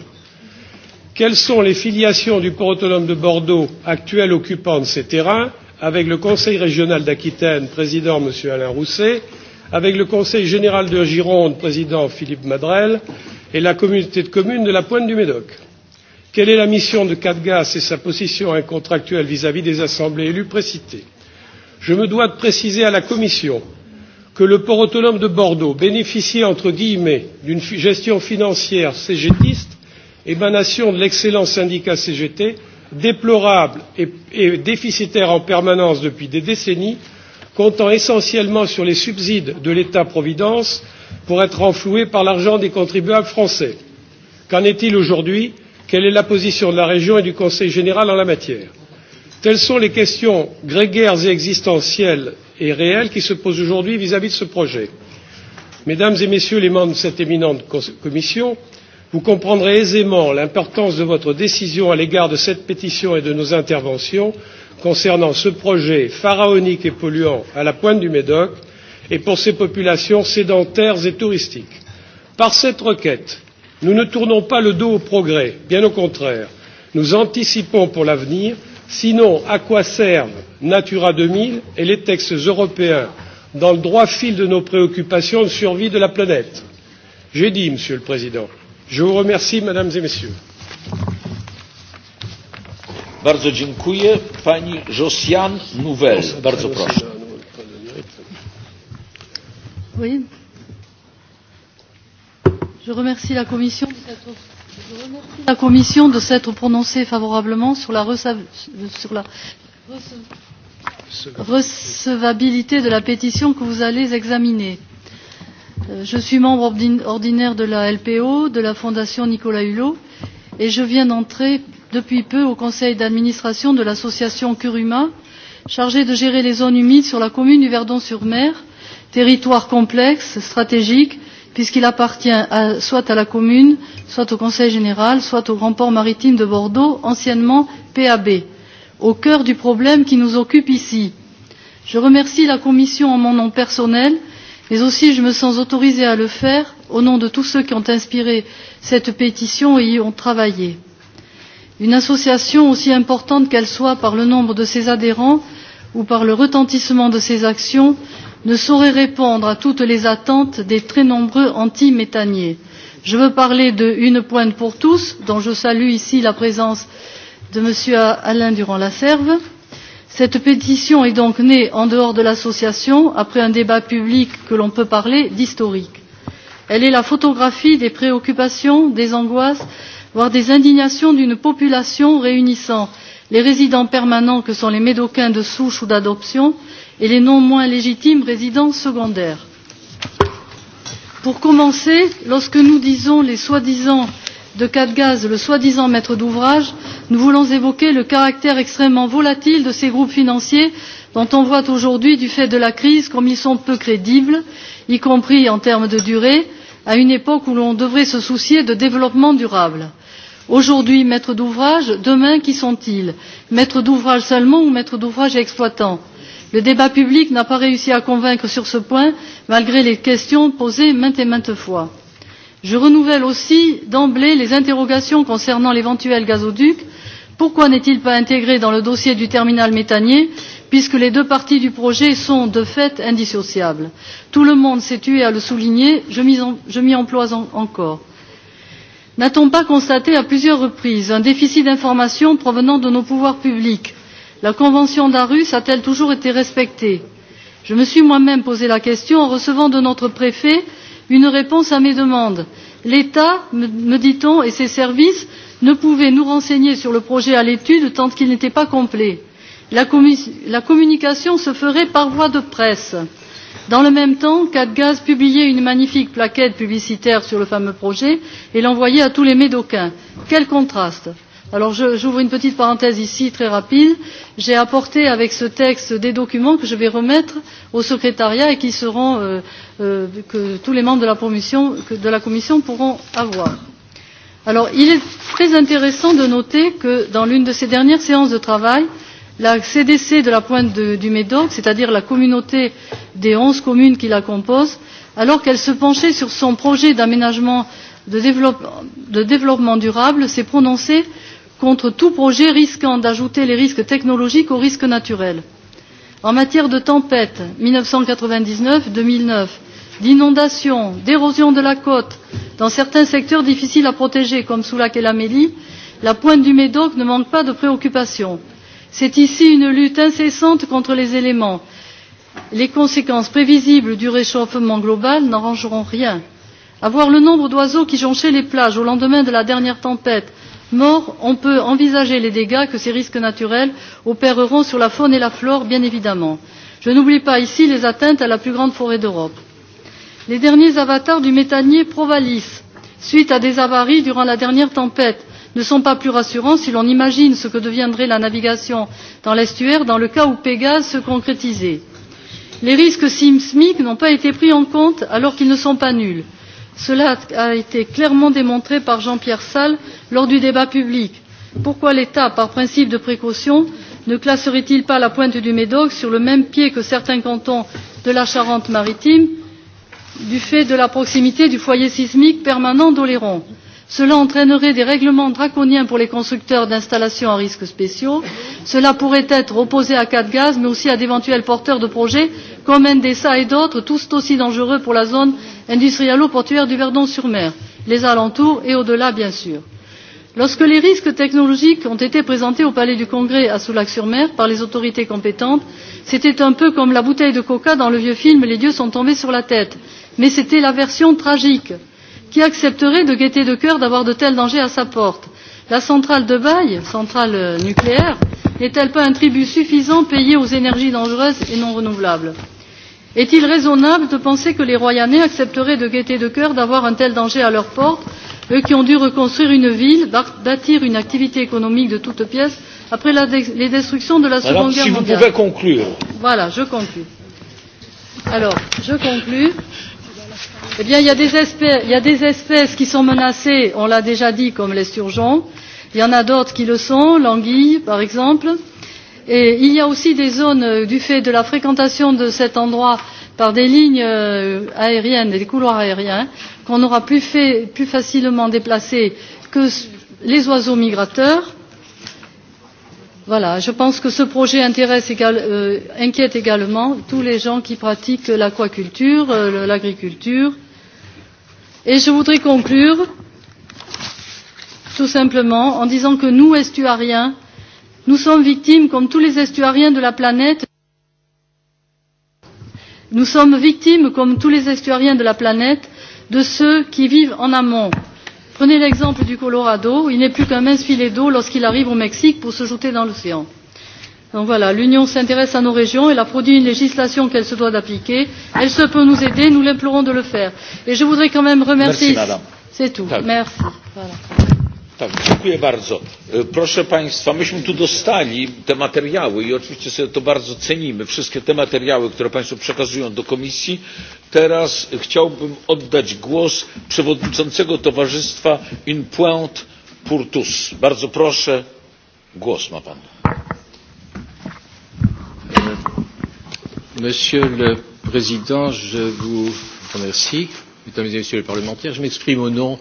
Quelles sont les filiations du port autonome de Bordeaux, actuel occupant de ces terrains avec le Conseil régional d'Aquitaine, président M. Alain Rousset, avec le Conseil général de Gironde, président Philippe Madrel, et la communauté de communes de la Pointe du Médoc. Quelle est la mission de CADGAS et sa position incontractuelle vis-à-vis -vis des assemblées élues précitées Je me dois de préciser à la Commission que le port autonome de Bordeaux bénéficie entre guillemets d'une gestion financière cégétiste, émanation de l'excellent syndicat CGT, déplorable et, et déficitaire en permanence depuis des décennies, comptant essentiellement sur les subsides de l'État providence pour être renfloué par l'argent des contribuables français. Qu'en est il aujourd'hui? Quelle est la position de la région et du Conseil général en la matière? Telles sont les questions grégaires et existentielles et réelles qui se posent aujourd'hui vis à vis de ce projet. Mesdames et Messieurs les membres de cette éminente commission, Vous comprendrez aisément l'importance de votre décision à l'égard de cette pétition et de nos interventions concernant ce projet pharaonique et polluant à la pointe du Médoc et pour ces populations sédentaires et touristiques. Par cette requête, nous ne tournons pas le dos au progrès, bien au contraire. Nous anticipons pour l'avenir, sinon à quoi servent Natura 2000 et les textes européens dans le droit fil de nos préoccupations de survie de la planète J'ai dit, Monsieur le Président, Je vous remercie, mesdames et messieurs. Bardzo dziękuję. Pani Josian Nouvel. Bardzo proszę. Oui. Je remercie la Commission de cette la Commission de s'être prononcée favorablement sur la, sur la recevabilité de la pétition que vous allez examiner. Euh, je suis membre ordinaire de la lpo de la fondation nicolas hulot et je viens d'entrer depuis peu au conseil d'administration de l'association curuma chargée de gérer les zones humides sur la commune du verdon sur mer territoire complexe stratégique puisqu'il appartient à, soit à la commune soit au conseil général soit au grand port maritime de bordeaux anciennement pab au cœur du problème qui nous occupe ici. je remercie la commission en mon nom personnel et mais aussi je me sens autorisée à le faire au nom de tous ceux qui ont inspiré cette pétition et y ont travaillé. Une association, aussi importante qu'elle soit par le nombre de ses adhérents ou par le retentissement de ses actions, ne saurait répondre à toutes les attentes des très nombreux anti-méthaniers. Je veux parler de Une pointe pour tous, dont je salue ici la présence de M. Alain Durand-Lacerve, cette pétition est donc née en dehors de l'association après un débat public que l'on peut parler d'historique. elle est la photographie des préoccupations des angoisses voire des indignations d'une population réunissant les résidents permanents que sont les médocains de souche ou d'adoption et les non moins légitimes résidents secondaires. pour commencer lorsque nous disons les soi disant de Cadgaz, le soi-disant maître d'ouvrage, nous voulons évoquer le caractère extrêmement volatile de ces groupes financiers dont on voit aujourd'hui, du fait de la crise, comme ils sont peu crédibles, y compris en termes de durée, à une époque où l'on devrait se soucier de développement durable. Aujourd'hui, maître d'ouvrage, demain, qui sont-ils Maître d'ouvrage seulement ou maître d'ouvrage exploitant Le débat public n'a pas réussi à convaincre sur ce point, malgré les questions posées maintes et maintes fois je renouvelle aussi d'emblée les interrogations concernant l'éventuel gazoduc pourquoi n'est il pas intégré dans le dossier du terminal méthanier puisque les deux parties du projet sont de fait indissociables? tout le monde s'est tué à le souligner je m'y emploie en, encore. n'a t on pas constaté à plusieurs reprises un déficit d'information provenant de nos pouvoirs publics? la convention d'aarhus a t elle toujours été respectée? je me suis moi même posé la question en recevant de notre préfet une réponse à mes demandes. l'état me dit on et ses services ne pouvaient nous renseigner sur le projet à l'étude tant qu'il n'était pas complet. La, la communication se ferait par voie de presse. dans le même temps cadgaz publiait une magnifique plaquette publicitaire sur le fameux projet et l'envoyait à tous les médocains. quel contraste! alors j'ouvre une petite parenthèse ici très rapide j'ai apporté avec ce texte des documents que je vais remettre au secrétariat et qui seront euh, euh, que tous les membres de la, commission, que, de la commission pourront avoir. Alors, il est très intéressant de noter que dans l'une de ces dernières séances de travail la cdc de la pointe de, du médoc c'est à dire la communauté des onze communes qui la composent alors qu'elle se penchait sur son projet d'aménagement de, développe, de développement durable s'est prononcée contre tout projet risquant d'ajouter les risques technologiques aux risques naturels. en matière de tempêtes mille neuf cent quatre vingt dix neuf deux mille neuf d'inondations d'érosion de la côte dans certains secteurs difficiles à protéger comme soulac et la la pointe du médoc ne manque pas de préoccupations. c'est ici une lutte incessante contre les éléments. les conséquences prévisibles du réchauffement global n'arrangeront rien. avoir le nombre d'oiseaux qui jonchaient les plages au lendemain de la dernière tempête Mort, on peut envisager les dégâts que ces risques naturels opéreront sur la faune et la flore, bien évidemment. Je n'oublie pas ici les atteintes à la plus grande forêt d'Europe. Les derniers avatars du méthanier Provalis, suite à des avaries durant la dernière tempête, ne sont pas plus rassurants si l'on imagine ce que deviendrait la navigation dans l'estuaire dans le cas où Pégase se concrétisait. Les risques sismiques n'ont pas été pris en compte alors qu'ils ne sont pas nuls cela a été clairement démontré par jean pierre salles lors du débat public. pourquoi l'état par principe de précaution ne classerait il pas la pointe du médoc sur le même pied que certains cantons de la charente maritime du fait de la proximité du foyer sismique permanent d'oléron? cela entraînerait des règlements draconiens pour les constructeurs d'installations à risques spéciaux cela pourrait être opposé à cadgaz mais aussi à d'éventuels porteurs de projets comme Endesa et d'autres, tous aussi dangereux pour la zone industrielle portuaire du Verdon-sur-Mer, les alentours et au-delà, bien sûr. Lorsque les risques technologiques ont été présentés au Palais du Congrès à Soulac-sur-Mer par les autorités compétentes, c'était un peu comme la bouteille de coca dans le vieux film Les dieux sont tombés sur la tête. Mais c'était la version tragique. Qui accepterait de gaieté de cœur d'avoir de tels dangers à sa porte La centrale de Baille, centrale euh, nucléaire, n'est-elle pas un tribut suffisant payé aux énergies dangereuses et non renouvelables est il raisonnable de penser que les royanais accepteraient de gaieté de cœur d'avoir un tel danger à leur porte eux qui ont dû reconstruire une ville bâtir une activité économique de toutes pièces après la, de les destructions de la seconde Alors, guerre si mondiale? si vous pouvez conclure. voilà je conclue. alors je conclue. Eh bien, il y, a des espèces, il y a des espèces qui sont menacées, on l'a déjà dit, comme les sturgeons. Il y en a d'autres qui le sont, l'anguille, par exemple. Euh, Et il y a aussi des zones, euh, du fait de la fréquentation de cet endroit par des lignes euh, aériennes et des couloirs aériens, qu'on aura plus, fait, plus facilement déplacés que les oiseaux migrateurs. Voilà, je pense que ce projet intéresse égale, euh, inquiète également tous les gens qui pratiquent l'aquaculture, euh, l'agriculture. Et je voudrais conclure tout simplement en disant que nous, estuariens, Nous sommes victimes, comme tous les estuariens de la planète, nous sommes victimes, comme tous les estuariens de la planète, de ceux qui vivent en amont. Prenez l'exemple du Colorado, il n'est plus qu'un mince filet d'eau lorsqu'il arrive au Mexique pour se jeter dans l'océan. Donc voilà, l'Union s'intéresse à nos régions, elle a produit une législation qu'elle se doit d'appliquer, elle se peut nous aider, nous l'implorons de le faire. Et je voudrais quand même remercier... Merci, madame. C'est tout, Merci. Voilà. Tak, dziękuję bardzo. E, proszę Państwa, myśmy tu dostali te materiały i oczywiście sobie to bardzo cenimy, wszystkie te materiały, które Państwo przekazują do Komisji. Teraz chciałbym oddać głos przewodniczącego Towarzystwa In Pointe Purtus. Bardzo proszę, głos ma Pan. Monsieur le Président, je vous remercie mesdames et messieurs les parlementaires je m'exprime au nom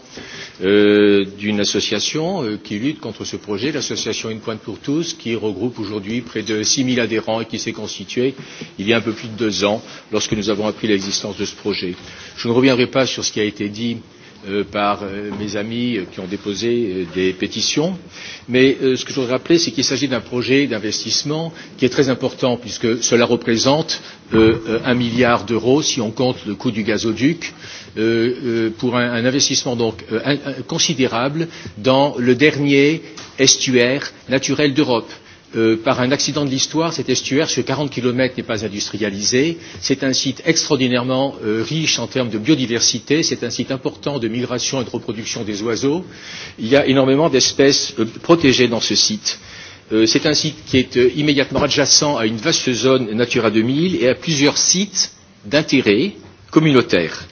euh, d'une association euh, qui lutte contre ce projet l'association une pointe pour tous qui regroupe aujourd'hui près de six zéro adhérents et qui s'est constituée il y a un peu plus de deux ans lorsque nous avons appris l'existence de ce projet. je ne reviendrai pas sur ce qui a été dit euh, Euh, par euh, mes amis euh, qui ont déposé des pétitions. Mais ce que je voudrais rappeler, c'est qu'il s'agit d'un projet d'investissement qui est très important puisque cela représente un milliard d'euros si on compte le coût du gazoduc pour un, investissement donc considérable dans le dernier estuaire naturel d'Europe euh, par un accident de l'histoire, cet estuaire sur 40 km n'est pas industrialisé. C'est un site extraordinairement euh, riche en termes de biodiversité. C'est un site important de migration et de reproduction des oiseaux. Il y a énormément d'espèces euh, protégées dans ce site. Euh, C'est un site qui est euh, immédiatement adjacent à une vaste zone Natura 2000 et à plusieurs sites d'intérêt communautaire.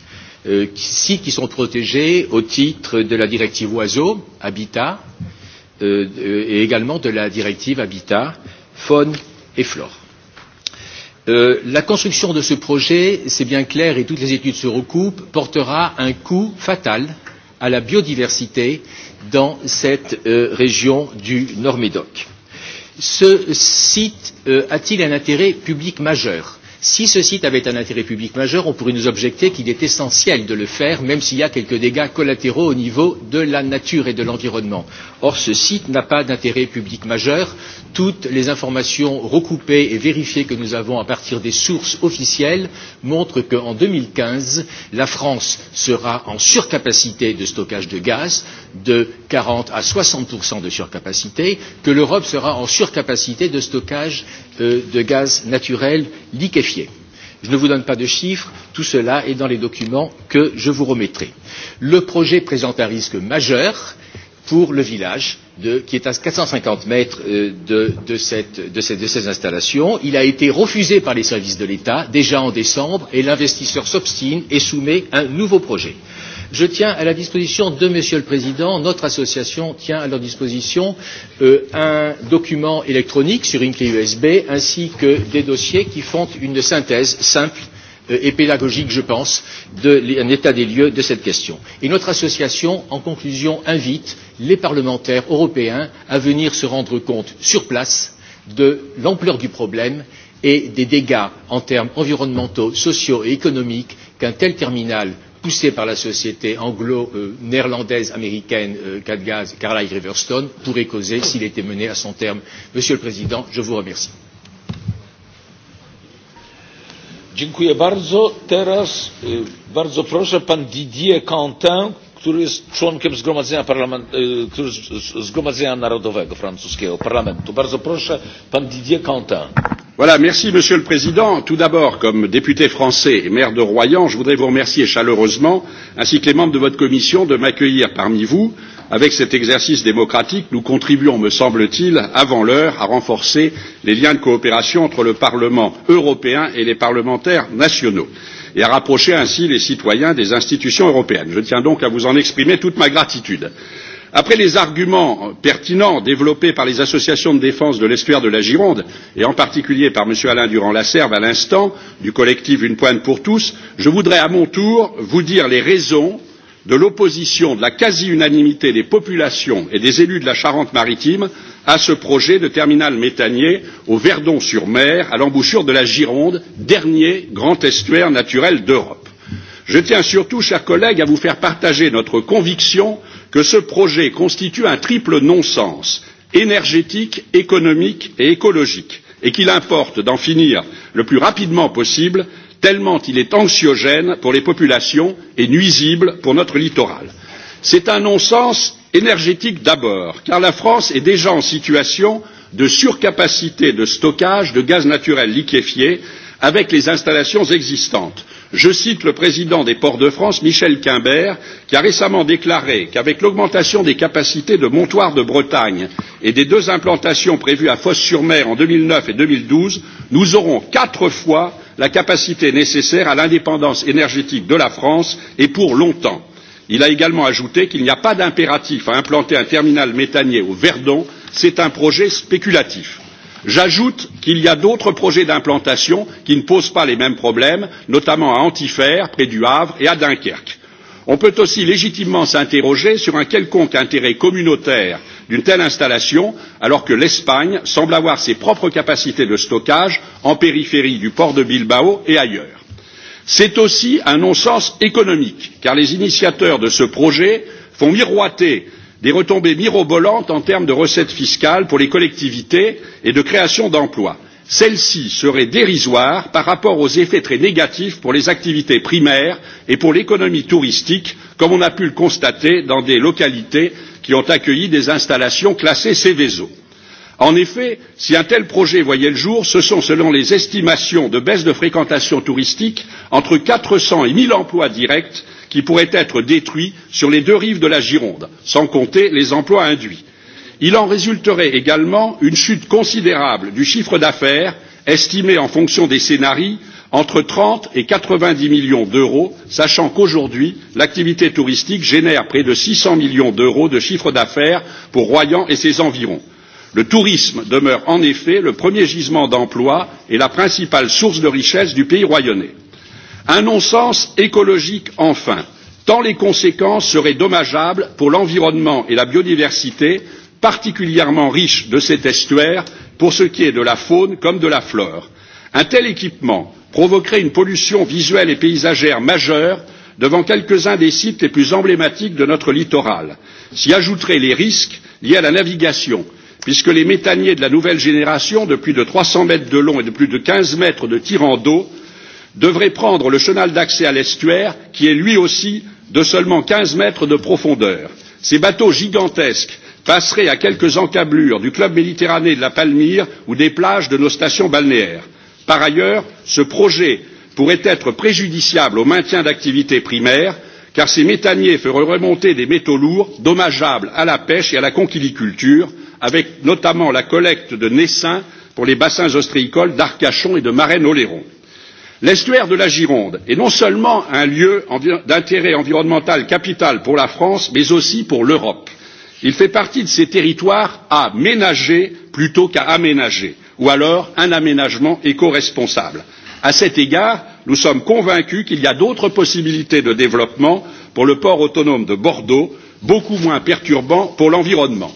Euh, sites qui sont protégés au titre de la directive oiseaux, habitat, Euh, euh, et également de la directive Habitat, faune et flore. Euh, la construction de ce projet, c'est bien clair et toutes les études se recoupent, portera un coût fatal à la biodiversité dans cette euh, région du Nord-Médoc. Ce site euh, a-t-il un intérêt public majeur Si ce site avait un intérêt public majeur, on pourrait nous objecter qu'il est essentiel de le faire, même s'il y a quelques dégâts collatéraux au niveau de la nature et de l'environnement. Or, ce site n'a pas d'intérêt public majeur. Toutes les informations recoupées et vérifiées que nous avons à partir des sources officielles montrent qu'en 2015, la France sera en surcapacité de stockage de gaz de 40 à 60 de surcapacité, que l'Europe sera en surcapacité de stockage euh, de gaz naturel liquéfié vérifier. Je ne vous donne pas de chiffres, tout cela est dans les documents que je vous remettrai. Le projet présente un risque majeur pour le village de, qui est à 450 mètres euh, de, de, cette, de, cette, de ces installations. Il a été refusé par les services de l'État déjà en décembre et l'investisseur s'obstine et soumet un nouveau projet je tiens à la disposition de m. le Président, notre association tient à leur disposition euh, un document électronique sur une clé USB ainsi que des dossiers qui font une synthèse simple euh, et pédagogique, je pense, d'un de état des lieux de cette question. Et notre association, en conclusion, invite les parlementaires européens à venir se rendre compte sur place de l'ampleur du problème et des dégâts en termes environnementaux, sociaux et économiques qu'un tel terminal poussée par la société anglo-néerlandaise américaine Cadgaz euh, Carlyle Riverstone pourrait causer s'il était mené à son terme. Monsieur le Président, je vous remercie który jest członkiem Zgromadzenia, Parlament, Zgromadzenia Narodowego Francuskiego Parlamentu. Bardzo proszę, pan Didier Quentin. Voilà, merci Monsieur le Président. Tout d'abord, comme député français et maire de Royan, je voudrais vous remercier chaleureusement, ainsi que les membres de votre commission, de m'accueillir parmi vous. Avec cet exercice démocratique, nous contribuons, me semble-t-il, avant l'heure, à renforcer les liens de coopération entre le Parlement européen et les parlementaires nationaux et à rapprocher ainsi les citoyens des institutions européennes. Je tiens donc à vous en exprimer toute ma gratitude. Après les arguments pertinents développés par les associations de défense de l'estuaire de la Gironde, et en particulier par M. Alain Durand-Lasserve à l'instant, du collectif Une Pointe pour tous, je voudrais à mon tour vous dire les raisons de l'opposition de la quasi unanimité des populations et des élus de la charente maritime à ce projet de terminal méthanier au verdon sur mer à l'embouchure de la gironde dernier grand estuaire naturel d'europe. je tiens surtout chers collègues à vous faire partager notre conviction que ce projet constitue un triple non sens énergétique économique et écologique et qu'il importe d'en finir le plus rapidement possible tellement il est anxiogène pour les populations et nuisible pour notre littoral. c'est un non sens énergétique d'abord car la france est déjà en situation de surcapacité de stockage de gaz naturel liquéfié avec les installations existantes. je cite le président des ports de france michel Quimbert, qui a récemment déclaré qu'avec l'augmentation des capacités de montoir de bretagne et des deux implantations prévues à fos sur mer en deux mille neuf et deux mille douze nous aurons quatre fois la capacité nécessaire à l'indépendance énergétique de la France et pour longtemps. Il a également ajouté qu'il n'y a pas d'impératif à implanter un terminal méthanier au Verdon, c'est un projet spéculatif. J'ajoute qu'il y a d'autres projets d'implantation qui ne posent pas les mêmes problèmes, notamment à Antifer, près du Havre, et à Dunkerque. On peut aussi légitimement s'interroger sur un quelconque intérêt communautaire d'une telle installation alors que l'espagne semble avoir ses propres capacités de stockage en périphérie du port de bilbao et ailleurs. c'est aussi un non sens économique car les initiateurs de ce projet font miroiter des retombées mirobolantes en termes de recettes fiscales pour les collectivités et de création d'emplois. celles ci seraient dérisoires par rapport aux effets très négatifs pour les activités primaires et pour l'économie touristique comme on a pu le constater dans des localités qui ont accueilli des installations classées Seveso. En effet, si un tel projet voyait le jour, ce sont, selon les estimations de baisse de fréquentation touristique, entre 400 et 1000 emplois directs qui pourraient être détruits sur les deux rives de la Gironde, sans compter les emplois induits. Il en résulterait également une chute considérable du chiffre d'affaires estimé en fonction des scénarios entre trente et quatre vingt dix millions d'euros sachant qu'aujourd'hui l'activité touristique génère près de six cents millions d'euros de chiffre d'affaires pour royan et ses environs. le tourisme demeure en effet le premier gisement d'emplois et la principale source de richesse du pays royannais. un non sens écologique enfin tant les conséquences seraient dommageables pour l'environnement et la biodiversité particulièrement riches de cet estuaire pour ce qui est de la faune comme de la flore. un tel équipement provoquerait une pollution visuelle et paysagère majeure devant quelques uns des sites les plus emblématiques de notre littoral. s'y ajouteraient les risques liés à la navigation puisque les métaniers de la nouvelle génération de plus de 300 mètres de long et de plus de 15 mètres de tirant d'eau devraient prendre le chenal d'accès à l'estuaire qui est lui aussi de seulement 15 mètres de profondeur. ces bateaux gigantesques passerait à quelques encablures du club méditerranée de la palmyre ou des plages de nos stations balnéaires. par ailleurs ce projet pourrait être préjudiciable au maintien d'activités primaires car ces méthaniers feraient remonter des métaux lourds dommageables à la pêche et à la conchyliculture avec notamment la collecte de naissains pour les bassins ostréicoles d'arcachon et de marennes oléron. l'estuaire de la gironde est non seulement un lieu d'intérêt environnemental capital pour la france mais aussi pour l'europe il fait partie de ces territoires à ménager plutôt qu'à aménager ou alors un aménagement éco responsable. à cet égard nous sommes convaincus qu'il y a d'autres possibilités de développement pour le port autonome de bordeaux beaucoup moins perturbant pour l'environnement.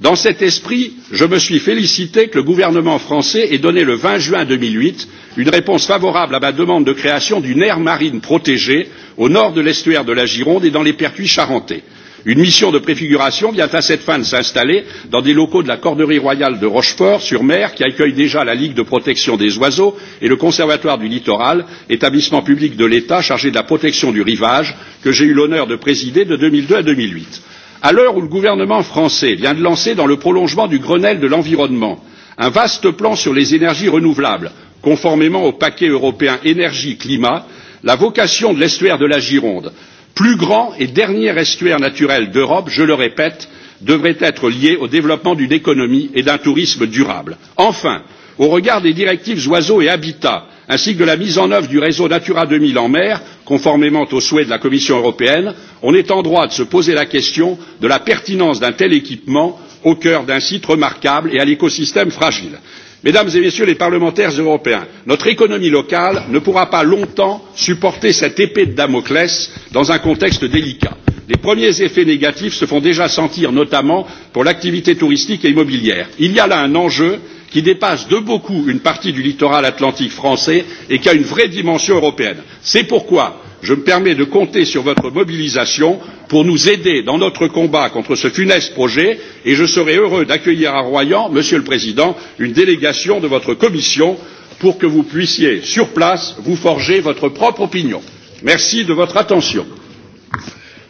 dans cet esprit je me suis félicité que le gouvernement français ait donné le vingt juin deux mille huit une réponse favorable à ma demande de création d'une aire marine protégée au nord de l'estuaire de la gironde et dans les pertuis charentais. Une mission de préfiguration vient à cette fin de s'installer dans des locaux de la Corderie royale de Rochefort sur mer, qui accueille déjà la Ligue de protection des oiseaux et le Conservatoire du littoral, établissement public de l'État chargé de la protection du rivage, que j'ai eu l'honneur de présider de 2002 à 2008. À l'heure où le gouvernement français vient de lancer, dans le prolongement du Grenelle de l'environnement, un vaste plan sur les énergies renouvelables, conformément au paquet européen énergie climat, la vocation de l'estuaire de la Gironde plus grand et dernier estuaire naturel d'europe je le répète devrait être lié au développement d'une économie et d'un tourisme durables. enfin au regard des directives oiseaux et habitats, ainsi que de la mise en œuvre du réseau natura deux mille en mer conformément au souhait de la commission européenne on est en droit de se poser la question de la pertinence d'un tel équipement au cœur d'un site remarquable et à l'écosystème fragile mesdames et messieurs les parlementaires européens notre économie locale ne pourra pas longtemps supporter cette épée de damoclès dans un contexte délicat. les premiers effets négatifs se font déjà sentir notamment pour l'activité touristique et immobilière. il y a là un enjeu qui dépasse de beaucoup une partie du littoral atlantique français et qui a une vraie dimension européenne. c'est pourquoi je me permets de compter sur votre mobilisation pour nous aider dans notre combat contre ce funeste projet et je serai heureux d'accueillir à royan monsieur le président une délégation de votre commission pour que vous puissiez sur place vous forger votre propre opinion. merci de votre attention.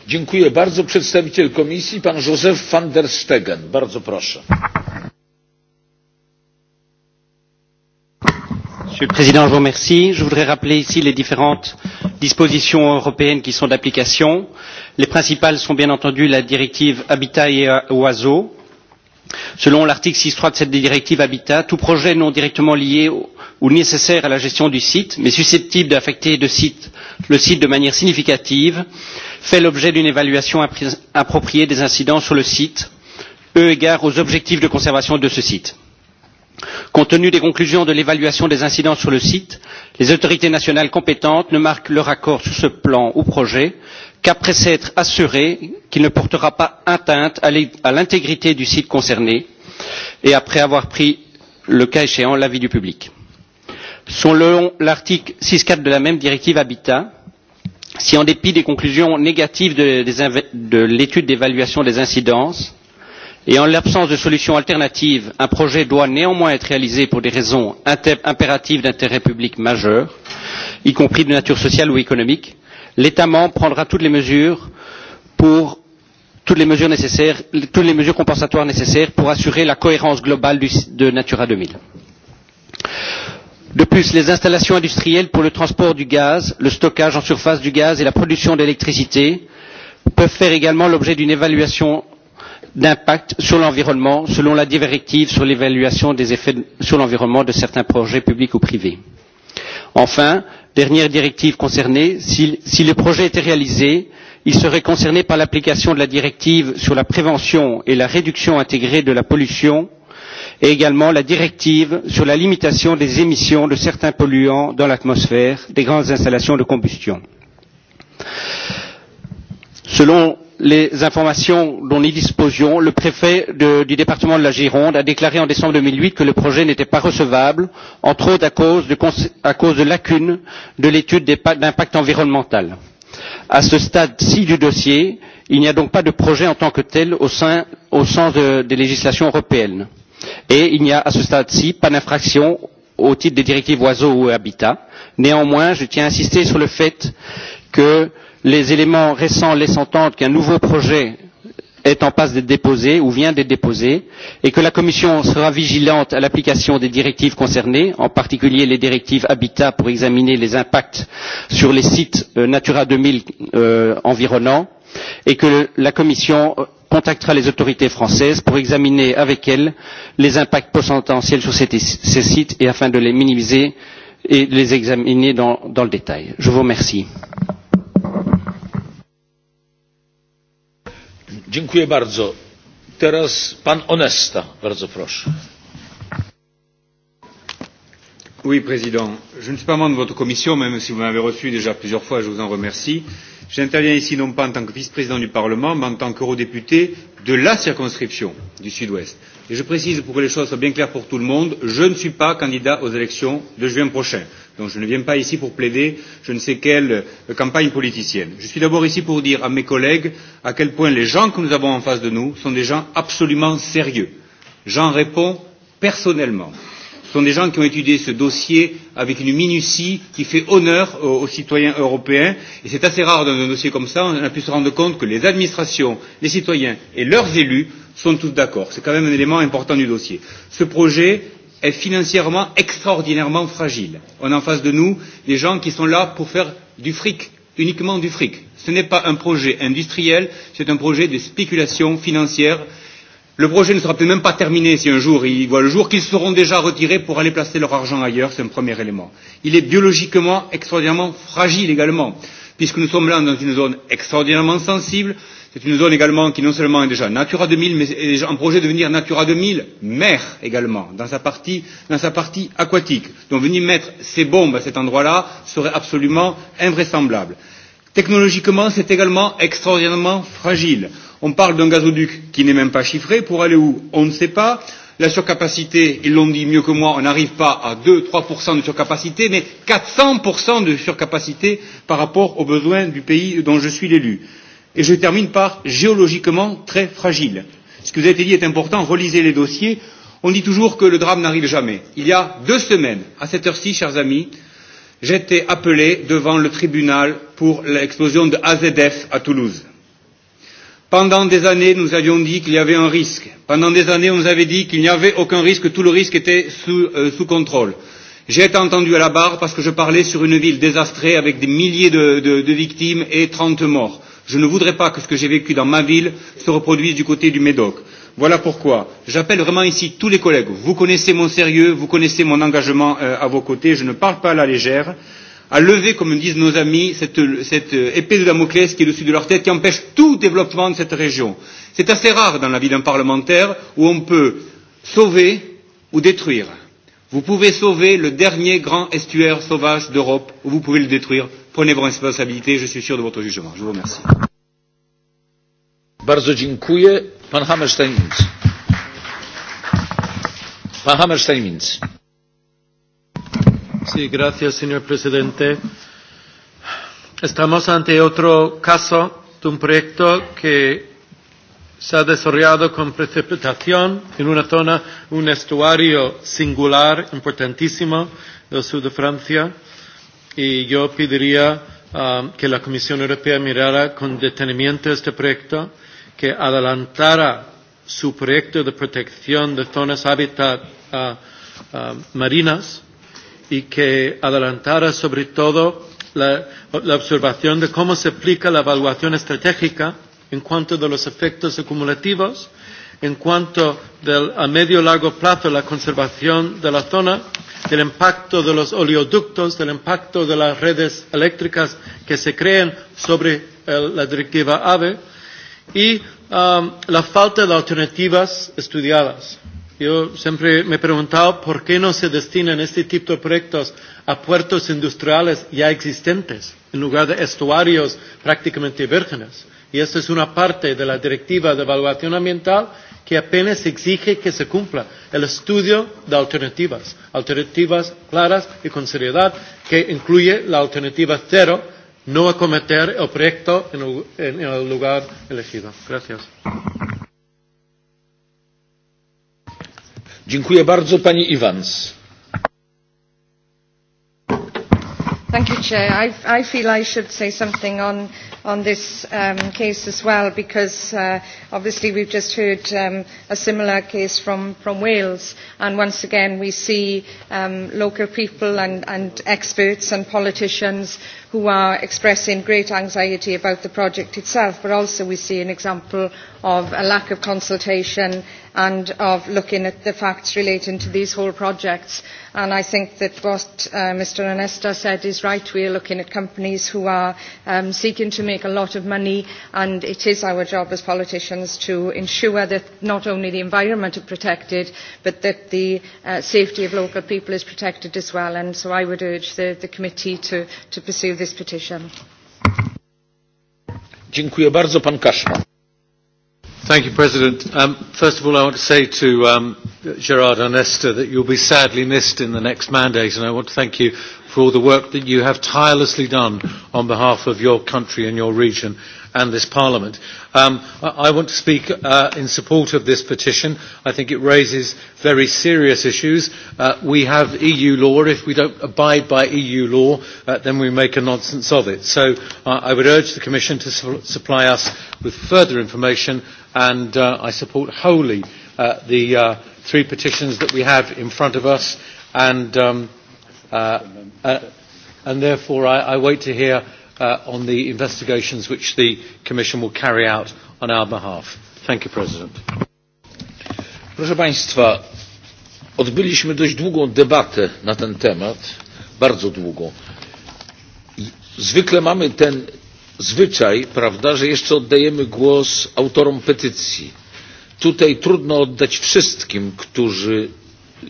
dziękuję bardzo przedstawiciel komisji pan joseph van der stegen bardzo proszę. Monsieur le Président, je voudrais rappeler ici les différentes dispositions européennes qui sont d'application. Les principales sont bien entendu la directive Habitat et euh, Oiseaux. Selon l'article six paragraphe trois de cette directive Habitat, tout projet non directement lié ou nécessaire à la gestion du site, mais susceptible d'affecter le site de manière significative, fait l'objet d'une évaluation appropriée des incidents sur le site, eu égard aux objectifs de conservation de ce site compte tenu des conclusions de l'évaluation des incidents sur le site les autorités nationales compétentes ne marquent leur accord sur ce plan ou projet qu'après s'être assurées qu'il ne portera pas atteinte à l'intégrité du site concerné et après avoir pris le cas échéant l'avis du public. selon l'article six quatre de la même directive habitat si en dépit des conclusions négatives de, de l'étude d'évaluation des incidences et en l'absence de solution alternative un projet doit néanmoins être réalisé pour des raisons impératives d'intérêt public majeur y compris de nature sociale ou économique l'état membre prendra toutes les mesures pour toutes les mesures nécessaires toutes les mesures compensatoires nécessaires pour assurer la cohérence globale du, de natura. deux mille de plus les installations industrielles pour le transport du gaz le stockage en surface du gaz et la production d'électricité peuvent faire également l'objet d'une évaluation d'impact sur l'environnement selon la directive sur l'évaluation des effets sur l'environnement de certains projets publics ou privés. enfin dernière directive concernée si, si le projet était réalisé il serait concerné par l'application de la directive sur la prévention et la réduction intégrée de la pollution et également la directive sur la limitation des émissions de certains polluants dans l'atmosphère des grandes installations de combustion. selon les informations dont nous disposions le préfet du département de la gironde a déclaré en décembre deux mille huit que le projet n'était pas recevable entre autres à cause de, lacunes de l'étude d'impact environnemental. à ce stade ci du dossier il n'y a donc pas de projet en tant que tel au, sein, au sens de, des législations européennes et il n'y a à ce stade ci pas d'infraction au titre des directives oiseaux ou habitat. néanmoins je tiens à insister sur le fait que les éléments récents laissent entendre qu'un nouveau projet est en passe d'être déposé ou vient d'être déposé et que la commission sera vigilante à l'application des directives concernées en particulier les directives habitat pour examiner les impacts sur les sites euh, natura deux mille euh, environnants et que la commission euh, contactera les autorités françaises pour examiner avec elles les impacts potentiels sur ces, ces sites et afin de les minimiser et de les examiner dans, dans le détail. je vous remercie. Dziękuję bardzo. Teraz pan Onesta, bardzo proszę. Oui, Président. Je ne suis pas membre de votre commission, même si vous m'avez reçu déjà plusieurs fois, je vous en remercie. J'interviens ici non pas en tant que vice-président du Parlement, mais en tant qu'eurodéputé de la circonscription du Sud-Ouest. Et je précise pour que les choses soient bien claires pour tout le monde, je ne suis pas candidat aux élections de juin prochain. Donc je ne viens pas ici pour plaider je ne sais quelle euh, campagne politicienne. Je suis d'abord ici pour dire à mes collègues à quel point les gens que nous avons en face de nous sont des gens absolument sérieux. J'en réponds personnellement. Ce sont des gens qui ont étudié ce dossier avec une minutie qui fait honneur aux, aux citoyens européens. Et c'est assez rare dans un dossier comme ça, on a pu se rendre compte que les administrations, les citoyens et leurs élus sont tous d'accord. C'est quand même un élément important du dossier. Ce projet est financièrement extraordinairement fragile. On a en face de nous des gens qui sont là pour faire du fric, uniquement du fric. Ce n'est pas un projet industriel, c'est un projet de spéculation financière. Le projet ne sera peut-être même pas terminé si un jour ils voient le jour qu'ils seront déjà retirés pour aller placer leur argent ailleurs, c'est un premier élément. Il est biologiquement extraordinairement fragile également puisque nous sommes là dans une zone extraordinairement sensible. C'est une zone également qui non seulement est déjà Natura 2000, mais est déjà en projet de devenir Natura 2000 mer également, dans sa partie, dans sa partie aquatique. Donc venir mettre ces bombes à cet endroit-là serait absolument invraisemblable. Technologiquement, c'est également extraordinairement fragile. On parle d'un gazoduc qui n'est même pas chiffré. Pour aller où On ne sait pas la surcapacité, ils l'ont dit mieux que moi, on n'arrive pas à 2-3% de surcapacité, mais 400% de surcapacité par rapport aux besoins du pays dont je suis l'élu. Et je termine par géologiquement très fragile. Ce que vous avez dit est important, relisez les dossiers. On dit toujours que le drame n'arrive jamais. Il y a deux semaines, à cette heure-ci, chers amis, j'étais appelé devant le tribunal pour l'explosion de AZF à Toulouse Pendant des années, nous avions dit qu'il y avait un risque. Pendant des années, on nous avait dit qu'il n'y avait aucun risque, que tout le risque était sous, euh, sous contrôle. J'ai été entendu à la barre parce que je parlais sur une ville désastrée avec des milliers de, de, de victimes et 30 morts. Je ne voudrais pas que ce que j'ai vécu dans ma ville se reproduise du côté du Médoc. Voilà pourquoi j'appelle vraiment ici tous les collègues. Vous connaissez mon sérieux, vous connaissez mon engagement euh, à vos côtés. Je ne parle pas à la légère à lever, comme disent nos amis, cette, cette épée de Damoclès qui est au-dessus de leur tête, qui empêche tout développement de cette région. C'est assez rare dans la vie d'un parlementaire où on peut sauver ou détruire. Vous pouvez sauver le dernier grand estuaire sauvage d'Europe ou vous pouvez le détruire. Prenez vos responsabilités, je suis sûr de votre jugement. Je vous remercie. Bardzo dziękuję. Pan Hammerstein. mintz Pan Hammerstein. mintz Sí, gracias, señor presidente. Estamos ante otro caso de un proyecto que se ha desarrollado con precipitación en una zona, un estuario singular, importantísimo, del sur de Francia. Y yo pediría uh, que la Comisión Europea mirara con detenimiento este proyecto, que adelantara su proyecto de protección de zonas hábitat uh, uh, marinas y que adelantara sobre todo la, la observación de cómo se aplica la evaluación estratégica en cuanto a los efectos acumulativos, en cuanto del, a medio y largo plazo la conservación de la zona, del impacto de los oleoductos, del impacto de las redes eléctricas que se creen sobre el, la directiva AVE y um, la falta de alternativas estudiadas. Yo siempre me he preguntado por qué no se destinan este tipo de proyectos a puertos industriales ya existentes, en lugar de estuarios prácticamente vírgenes. Y esta es una parte de la Directiva de Evaluación Ambiental que apenas exige que se cumpla el estudio de alternativas, alternativas claras y con seriedad, que incluye la alternativa cero, no acometer el proyecto en el, lugar elegido. Gracias. Dziękuję bardzo pani Iwans. Thank you, Chair. I, I feel I should say something on, on this um, case as well, because uh, obviously we've just heard um, a similar case from, from Wales, and once again we see um, local people and, and experts and politicians who are expressing great anxiety about the project itself, but also we see an example of a lack of consultation and of looking at the facts relating to these whole projects. And I think that what uh, Mr Anesta said is right. We are looking at companies who are um, seeking to make a lot of money and it is our job as politicians to ensure that not only the environment is protected but that the uh, safety of local people is protected as well. And so I would urge the, the committee to, to pursue this petition. Dziękuję bardzo. Pan Kaszma. Thank you, President. Um, first of all, I want to say to um, Gerard and Esther that you'll be sadly missed in the next mandate, and I want to thank you for all the work that you have tirelessly done on behalf of your country and your region and this Parliament. Um, I, I want to speak uh, in support of this petition. I think it raises very serious issues. Uh, we have EU law. If we don't abide by EU law, uh, then we make a nonsense of it. So uh, I would urge the Commission to su supply us with further information and uh, I support wholly uh, the uh, three petitions that we have in front of us, and, um, uh, uh, and therefore I, I wait to hear uh, on the investigations which the Commission will carry out on our behalf. Thank you, President. Proszę Państwa, odbyliśmy dość długą debatę na ten temat, bardzo długą. Zwykle mamy ten zwyczaj, prawda, że jeszcze oddajemy głos autorom petycji. Tutaj trudno oddać wszystkim, którzy,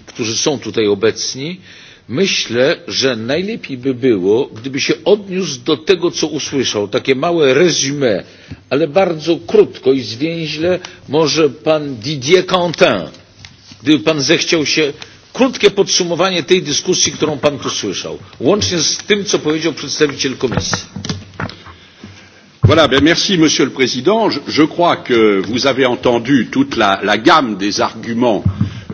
którzy są tutaj obecni. Myślę, że najlepiej by było, gdyby się odniósł do tego, co usłyszał. Takie małe resume, ale bardzo krótko i zwięźle może pan Didier Quentin, gdyby pan zechciał się krótkie podsumowanie tej dyskusji, którą pan tu słyszał, łącznie z tym, co powiedział przedstawiciel komisji. Voilà, ben merci Monsieur le Président. Je, je crois que vous avez entendu toute la, la gamme des arguments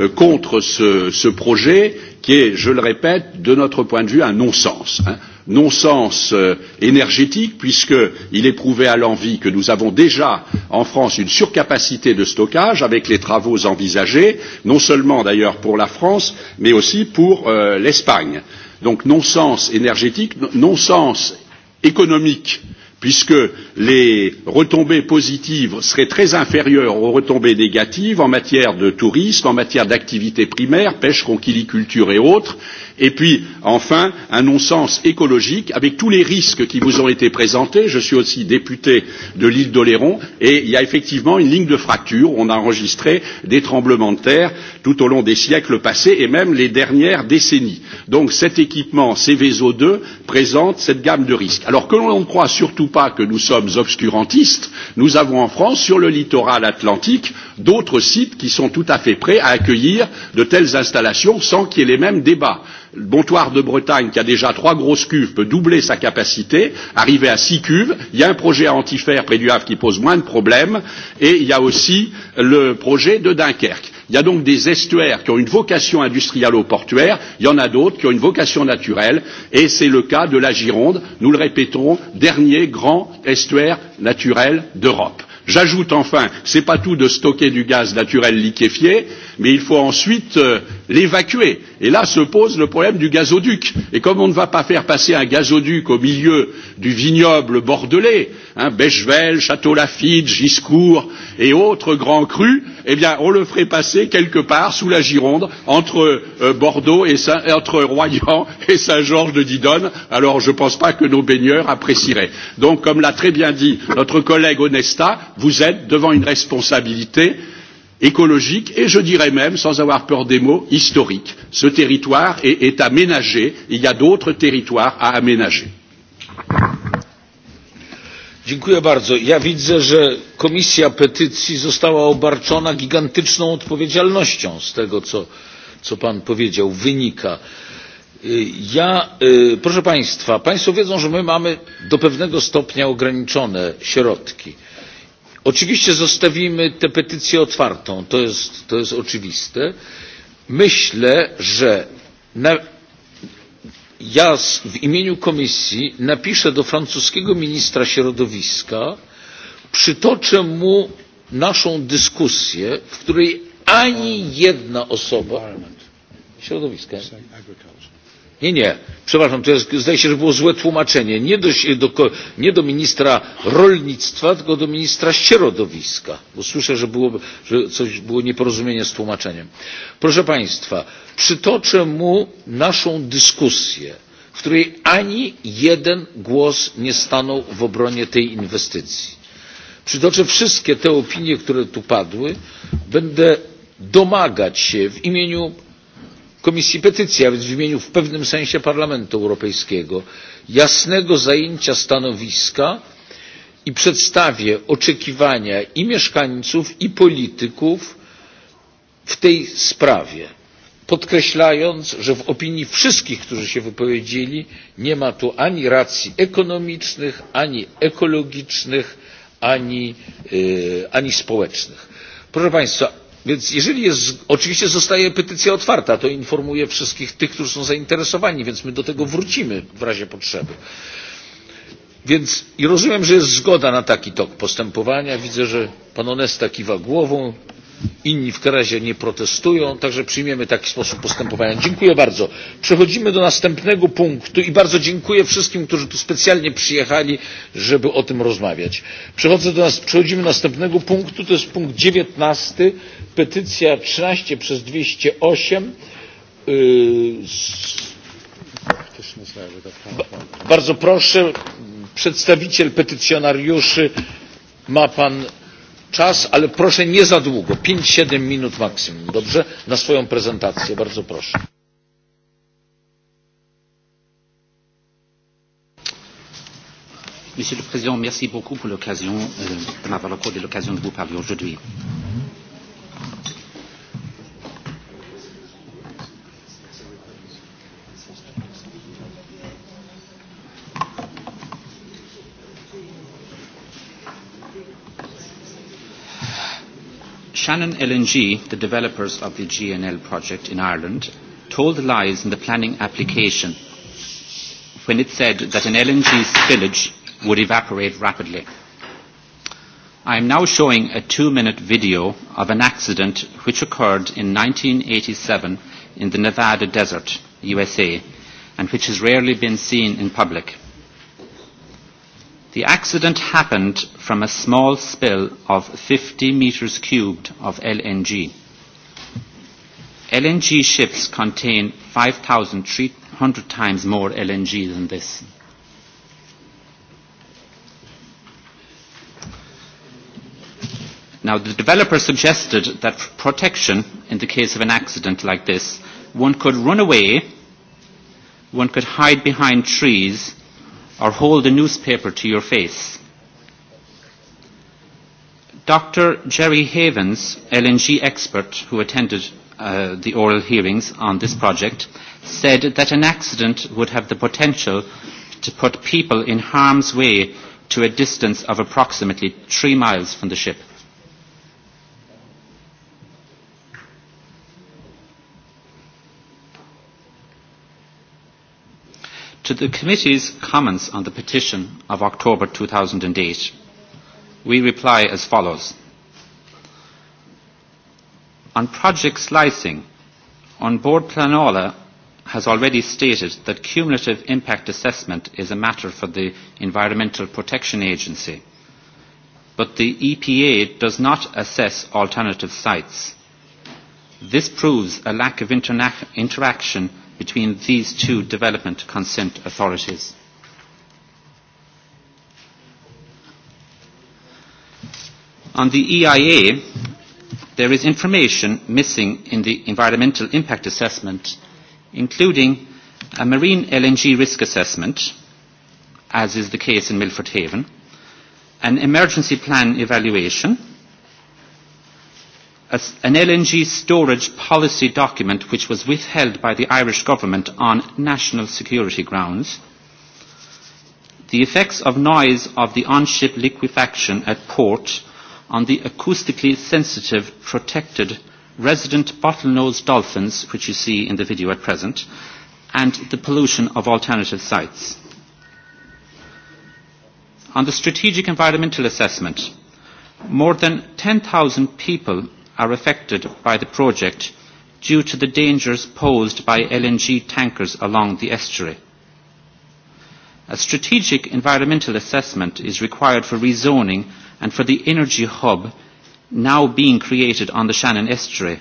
euh, contre ce, ce projet qui est, je le répète, de notre point de vue, un non-sens. Hein non-sens euh, énergétique puisqu'il est prouvé à l'envi que nous avons déjà en France une surcapacité de stockage avec les travaux envisagés, non seulement d'ailleurs pour la France, mais aussi pour euh, l'Espagne. Donc non-sens énergétique, non-sens économique euh, puisque les retombées positives seraient très inférieures aux retombées négatives en matière de tourisme en matière d'activités primaires pêche conchyliculture et autres Et puis, enfin, un non-sens écologique avec tous les risques qui vous ont été présentés. Je suis aussi député de l'île d'Oléron et il y a effectivement une ligne de fracture. On a enregistré des tremblements de terre tout au long des siècles passés et même les dernières décennies. Donc cet équipement Céveso 2 présente cette gamme de risques. Alors que l'on ne croit surtout pas que nous sommes obscurantistes, nous avons en France, sur le littoral atlantique, d'autres sites qui sont tout à fait prêts à accueillir de telles installations sans qu'il y ait les mêmes débats le bontoir de Bretagne, qui a déjà trois grosses cuves, peut doubler sa capacité, arriver à six cuves. Il y a un projet à Antifer près du Havre qui pose moins de problèmes, et il y a aussi le projet de Dunkerque. Il y a donc des estuaires qui ont une vocation industrielle ou portuaire, il y en a d'autres qui ont une vocation naturelle, et c'est le cas de la Gironde, nous le répétons, dernier grand estuaire naturel d'Europe. J'ajoute enfin, ce n'est pas tout de stocker du gaz naturel liquéfié, mais il faut ensuite euh, l'évacuer. Et là se pose le problème du gazoduc. Et comme on ne va pas faire passer un gazoduc au milieu du vignoble bordelais, hein, Bechevel, Château Lafitte, Giscourt et autres grands crus, eh bien on le ferait passer quelque part sous la Gironde, entre euh, Bordeaux et Saint, entre Royan et Saint-Georges de Didonne. Alors je ne pense pas que nos baigneurs apprécieraient. Donc comme l'a très bien dit notre collègue Onesta, vous êtes devant une responsabilité écologique et je dirais même, sans avoir peur des mots, historique. Ce territoire est, est aménagé, il y a d'autres territoires à aménager. Dziękuję bardzo. Ja widzę, że Komisja Petycji została obarczona gigantyczną odpowiedzialnością z tego, co, co Pan powiedział, wynika. Ja, proszę Państwa, Państwo wiedzą, że my mamy do pewnego stopnia ograniczone środki Oczywiście zostawimy tę petycję otwartą, to jest, to jest oczywiste. Myślę, że na, ja z, w imieniu komisji napiszę do francuskiego ministra środowiska, przytoczę mu naszą dyskusję, w której ani jedna osoba środowiska nie, nie, przepraszam, to jest, zdaje się, że było złe tłumaczenie, nie do, do, nie do ministra rolnictwa, tylko do ministra środowiska, bo słyszę, że, było, że coś było nieporozumienie z tłumaczeniem. Proszę Państwa, przytoczę mu naszą dyskusję, w której ani jeden głos nie stanął w obronie tej inwestycji. Przytoczę wszystkie te opinie, które tu padły. Będę domagać się w imieniu Komisji Petycji, a więc w imieniu w pewnym sensie Parlamentu Europejskiego, jasnego zajęcia stanowiska i przedstawię oczekiwania i mieszkańców, i polityków w tej sprawie, podkreślając, że w opinii wszystkich, którzy się wypowiedzieli, nie ma tu ani racji ekonomicznych, ani ekologicznych, ani, yy, ani społecznych. Proszę Państwa, Więc jeżeli jest, oczywiście zostaje petycja otwarta, to informuję wszystkich tych, którzy są zainteresowani, więc my do tego wrócimy w razie potrzeby. Więc i rozumiem, że jest zgoda na taki tok postępowania. Widzę, że pan Onesta kiwa głową, inni w Karazie nie protestują, także przyjmiemy taki sposób postępowania. Dziękuję bardzo. Przechodzimy do następnego punktu i bardzo dziękuję wszystkim, którzy tu specjalnie przyjechali, żeby o tym rozmawiać. Przechodzę do nas, przechodzimy do następnego punktu, to jest punkt 19 petycja 13 przez 208 bardzo proszę przedstawiciel petycjonariuszy ma pan czas ale proszę nie za długo 5-7 minut maksimum dobrze na swoją prezentację bardzo proszę. Monsieur le Président, merci beaucoup pour l'occasion euh, de m'avoir accordé l'occasion de vous parler aujourd'hui. Shannon LNG, the developers of the GNL project in Ireland, told lies in the planning application when it said that an LNG spillage would evaporate rapidly. I am now showing a two-minute video of an accident which occurred in 1987 in the Nevada desert, USA, and which has rarely been seen in public. The accident happened from a small spill of 50 meters cubed of LNG. LNG ships contain 5,300 times more LNG than this. Now, the developer suggested that for protection in the case of an accident like this, one could run away, one could hide behind trees, or hold a newspaper to your face. Dr. Jerry Havens, LNG expert who attended uh, the oral hearings on this project, said that an accident would have the potential to put people in harm's way to a distance of approximately three miles from the ship. To the Committee's comments on the petition of October 2008, we reply as follows. On project slicing, on board Planola has already stated that cumulative impact assessment is a matter for the Environmental Protection Agency, but the EPA does not assess alternative sites. This proves a lack of interaction between these two development consent authorities. On the EIA, there is information missing in the environmental impact assessment, including a marine LNG risk assessment, as is the case in Milford Haven, an emergency plan evaluation, an LNG storage policy document which was withheld by the Irish government on national security grounds, the effects of noise of the on-ship liquefaction at port on the acoustically sensitive protected resident bottlenose dolphins, which you see in the video at present, and the pollution of alternative sites. On the strategic environmental assessment, more than 10,000 people are affected by the project due to the dangers posed by LNG tankers along the estuary. A strategic environmental assessment is required for rezoning and for the energy hub now being created on the Shannon estuary,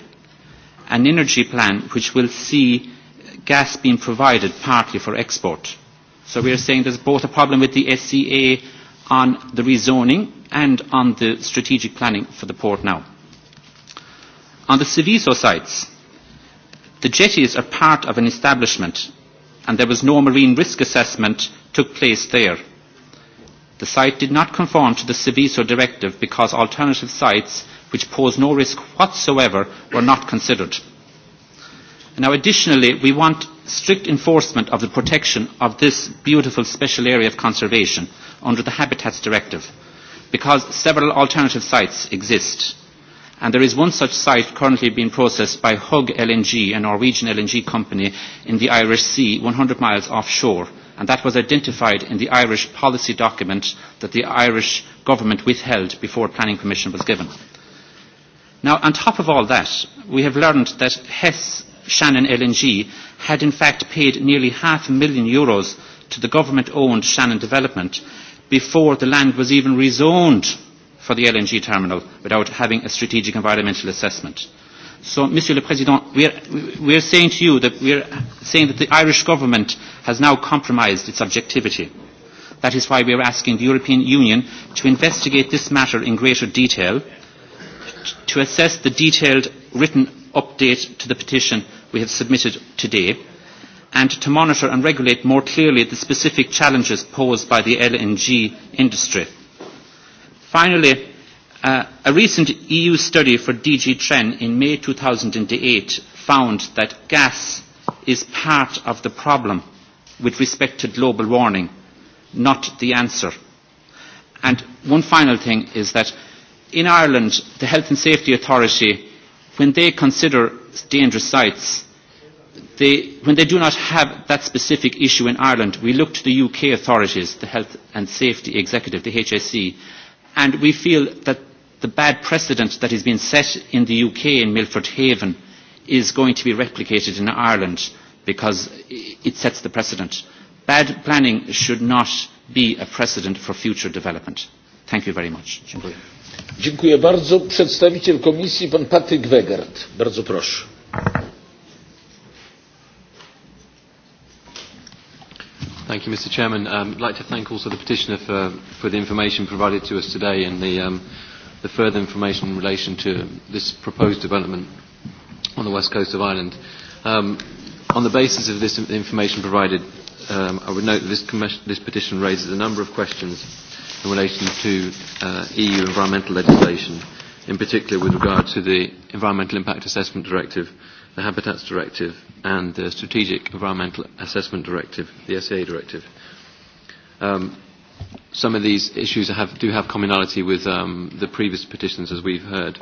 an energy plan which will see gas being provided partly for export. So we are saying there's both a problem with the SCA on the rezoning and on the strategic planning for the port now. On the Seviso sites, the jetties are part of an establishment and there was no marine risk assessment took place there. The site did not conform to the Seviso directive because alternative sites which pose no risk whatsoever were not considered. Now additionally, we want strict enforcement of the protection of this beautiful special area of conservation under the Habitats Directive because several alternative sites exist And there is one such site currently being processed by Hug LNG, a Norwegian LNG company, in the Irish Sea, 100 miles offshore. And that was identified in the Irish policy document that the Irish government withheld before planning permission was given. Now, on top of all that, we have learned that Hess Shannon LNG had in fact paid nearly half a million euros to the government-owned Shannon Development before the land was even rezoned for the LNG terminal without having a strategic environmental assessment. So, Monsieur le Président, we are, we are saying to you that we are saying that the Irish government has now compromised its objectivity. That is why we are asking the European Union to investigate this matter in greater detail, to assess the detailed written update to the petition we have submitted today, and to monitor and regulate more clearly the specific challenges posed by the LNG industry Finally, uh, a recent EU study for DG TREN in May 2008 found that gas is part of the problem with respect to global warming, not the answer. And one final thing is that in Ireland, the Health and Safety Authority, when they consider dangerous sites, they, when they do not have that specific issue in Ireland, we look to the UK authorities, the Health and Safety Executive, the HSE, And we feel that the bad precedent that has been set in the UK in Milford Haven is going to be replicated in Ireland because it sets the precedent. Bad planning should not be a precedent for future development. Thank you very much. Dziękuję. Dziękuję bardzo. Przedstawiciel Komisji, pan Patryk Wegert. Bardzo proszę. Thank you, Mr. Chairman. Um, I'd like to thank also the petitioner for, for the information provided to us today and the, um, the further information in relation to this proposed development on the west coast of Ireland. Um, on the basis of this information provided, um, I would note that this, this petition raises a number of questions in relation to uh, EU environmental legislation, in particular with regard to the Environmental Impact Assessment Directive, the Habitats Directive, and the Strategic Environmental Assessment Directive, the SAA Directive. Um, some of these issues have, do have commonality with um, the previous petitions, as we've heard.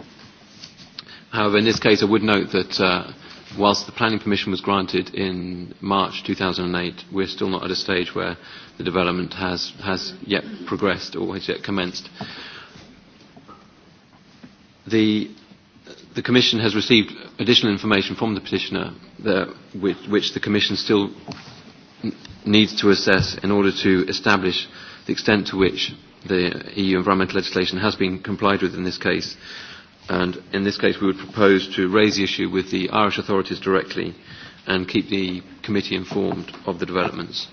However, in this case, I would note that uh, whilst the planning permission was granted in March 2008, we're still not at a stage where the development has, has yet progressed or has yet commenced. The, the Commission has received additional information from the petitioner that, which, which the Commission still needs to assess in order to establish the extent to which the EU environmental legislation has been complied with in this case. And in this case, we would propose to raise the issue with the Irish authorities directly and keep the committee informed of the developments.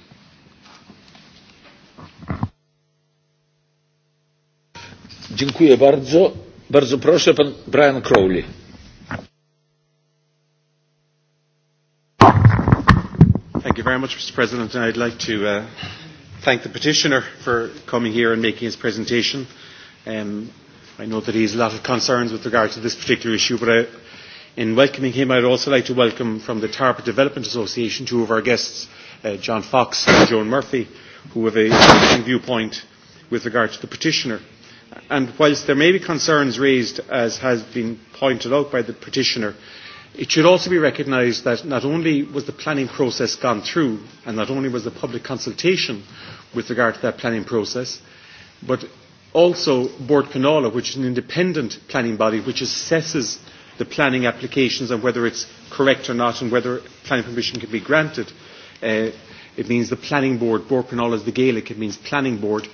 Dziękuję bardzo. Bardzo proszę, pan Brian Crowley. Thank you very much, Mr. President. And I'd like to uh, thank the petitioner for coming here and making his presentation. Um, I know that he has a lot of concerns with regard to this particular issue, but I, in welcoming him, I'd also like to welcome from the Tarpa Development Association two of our guests, uh, John Fox and Joan Murphy, who have a different viewpoint with regard to the petitioner. And whilst there may be concerns raised, as has been pointed out by the petitioner, It should also be recognised that not only was the planning process gone through and not only was the public consultation with regard to that planning process, but also Board Canola, which is an independent planning body which assesses the planning applications and whether it's correct or not and whether planning permission can be granted. Uh, it means the planning board, Board Canola is the Gaelic, it means planning board.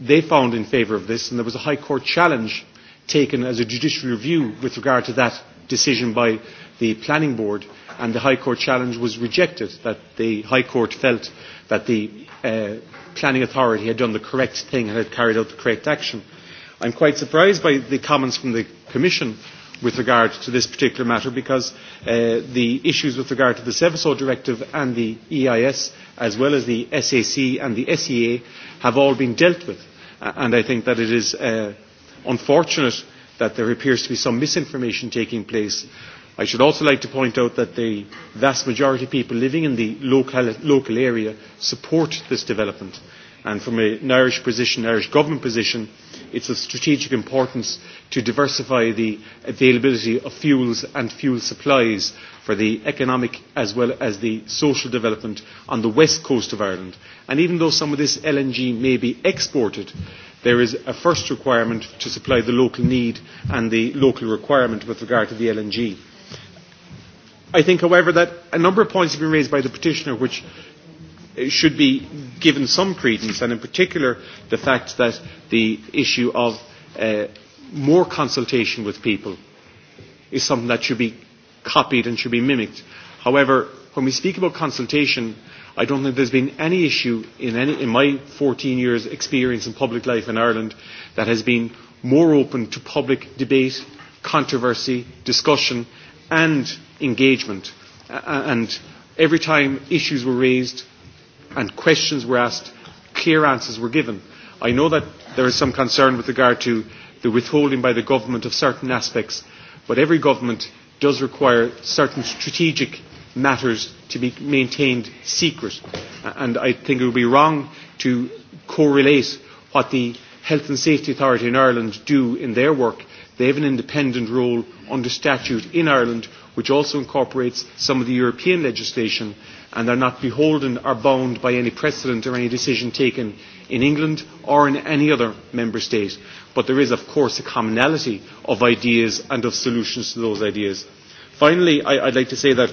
They found in favour of this and there was a High Court challenge taken as a judicial review with regard to that decision by the planning board and the High Court challenge was rejected, that the High Court felt that the uh, planning authority had done the correct thing and had carried out the correct action. I'm quite surprised by the comments from the Commission with regard to this particular matter because uh, the issues with regard to the Seveso directive and the EIS as well as the SAC and the SEA have all been dealt with and I think that it is uh, unfortunate that there appears to be some misinformation taking place. I should also like to point out that the vast majority of people living in the local, local area support this development. And from an Irish position, Irish government position, it's of strategic importance to diversify the availability of fuels and fuel supplies for the economic as well as the social development on the west coast of Ireland. And even though some of this LNG may be exported, there is a first requirement to supply the local need and the local requirement with regard to the LNG. I think, however, that a number of points have been raised by the petitioner which uh, should be given some credence, and in particular the fact that the issue of uh, more consultation with people is something that should be copied and should be mimicked. However, when we speak about consultation, I don't think there's been any issue in, any, in my 14 years' experience in public life in Ireland that has been more open to public debate, controversy, discussion, and engagement. And every time issues were raised and questions were asked, clear answers were given. I know that there is some concern with regard to the withholding by the government of certain aspects, but every government does require certain strategic matters to be maintained secret. And I think it would be wrong to correlate what the Health and Safety Authority in Ireland do in their work. They have an independent role under statute in Ireland, which also incorporates some of the European legislation, and they're not beholden or bound by any precedent or any decision taken in England or in any other member state. But there is, of course, a commonality of ideas and of solutions to those ideas. Finally, I, I'd like to say that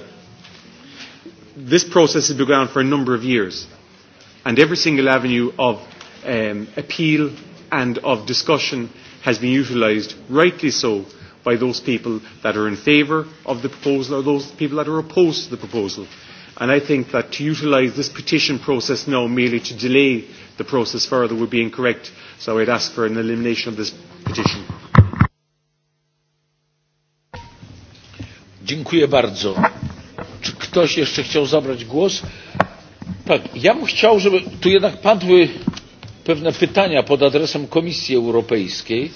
this process has been going on for a number of years, and every single avenue of um, appeal and of discussion has been utilised, rightly so, by those people that are in favour of the proposal or those people that are opposed to the proposal. And I think that to utilise this petition process now merely to delay the process further would be incorrect. So I'd ask for an elimination of this petition. Dziękuję bardzo ktoś jeszcze chciał zabrać głos? Tak, ja bym chciał, żeby tu jednak padły pewne pytania pod adresem Komisji Europejskiej.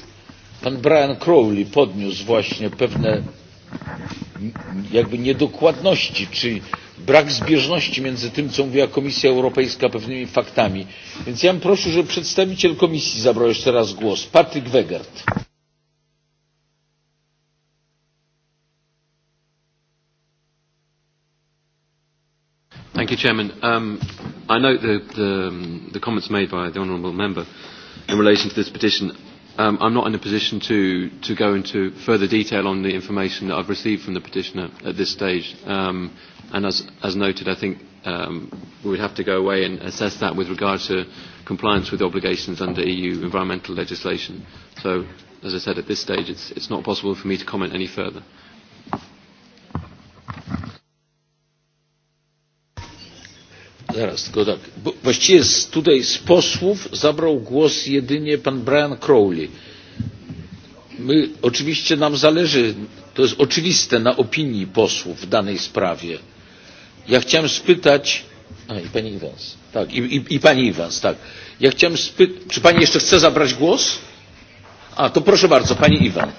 Pan Brian Crowley podniósł właśnie pewne jakby niedokładności, czy brak zbieżności między tym, co mówiła Komisja Europejska, pewnymi faktami. Więc ja bym prosił, żeby przedstawiciel Komisji zabrał jeszcze raz głos. Patryk Wegert. Thank you, Chairman. Um, I note the, the, um, the comments made by the Honourable Member in relation to this petition. Um, I'm not in a position to, to go into further detail on the information that I've received from the petitioner at this stage. Um, and as, as noted, I think um, we would have to go away and assess that with regard to compliance with obligations under EU environmental legislation. So, as I said, at this stage, it's, it's not possible for me to comment any further. Zaraz, tylko tak. Bo, właściwie z, tutaj z posłów zabrał głos jedynie pan Brian Crowley. My, oczywiście nam zależy, to jest oczywiste, na opinii posłów w danej sprawie. Ja chciałem spytać, a i pani Iwans, tak, i, i, i pani Iwans, tak. Ja chciałem spytać, czy pani jeszcze chce zabrać głos? A, to proszę bardzo, pani Iwans.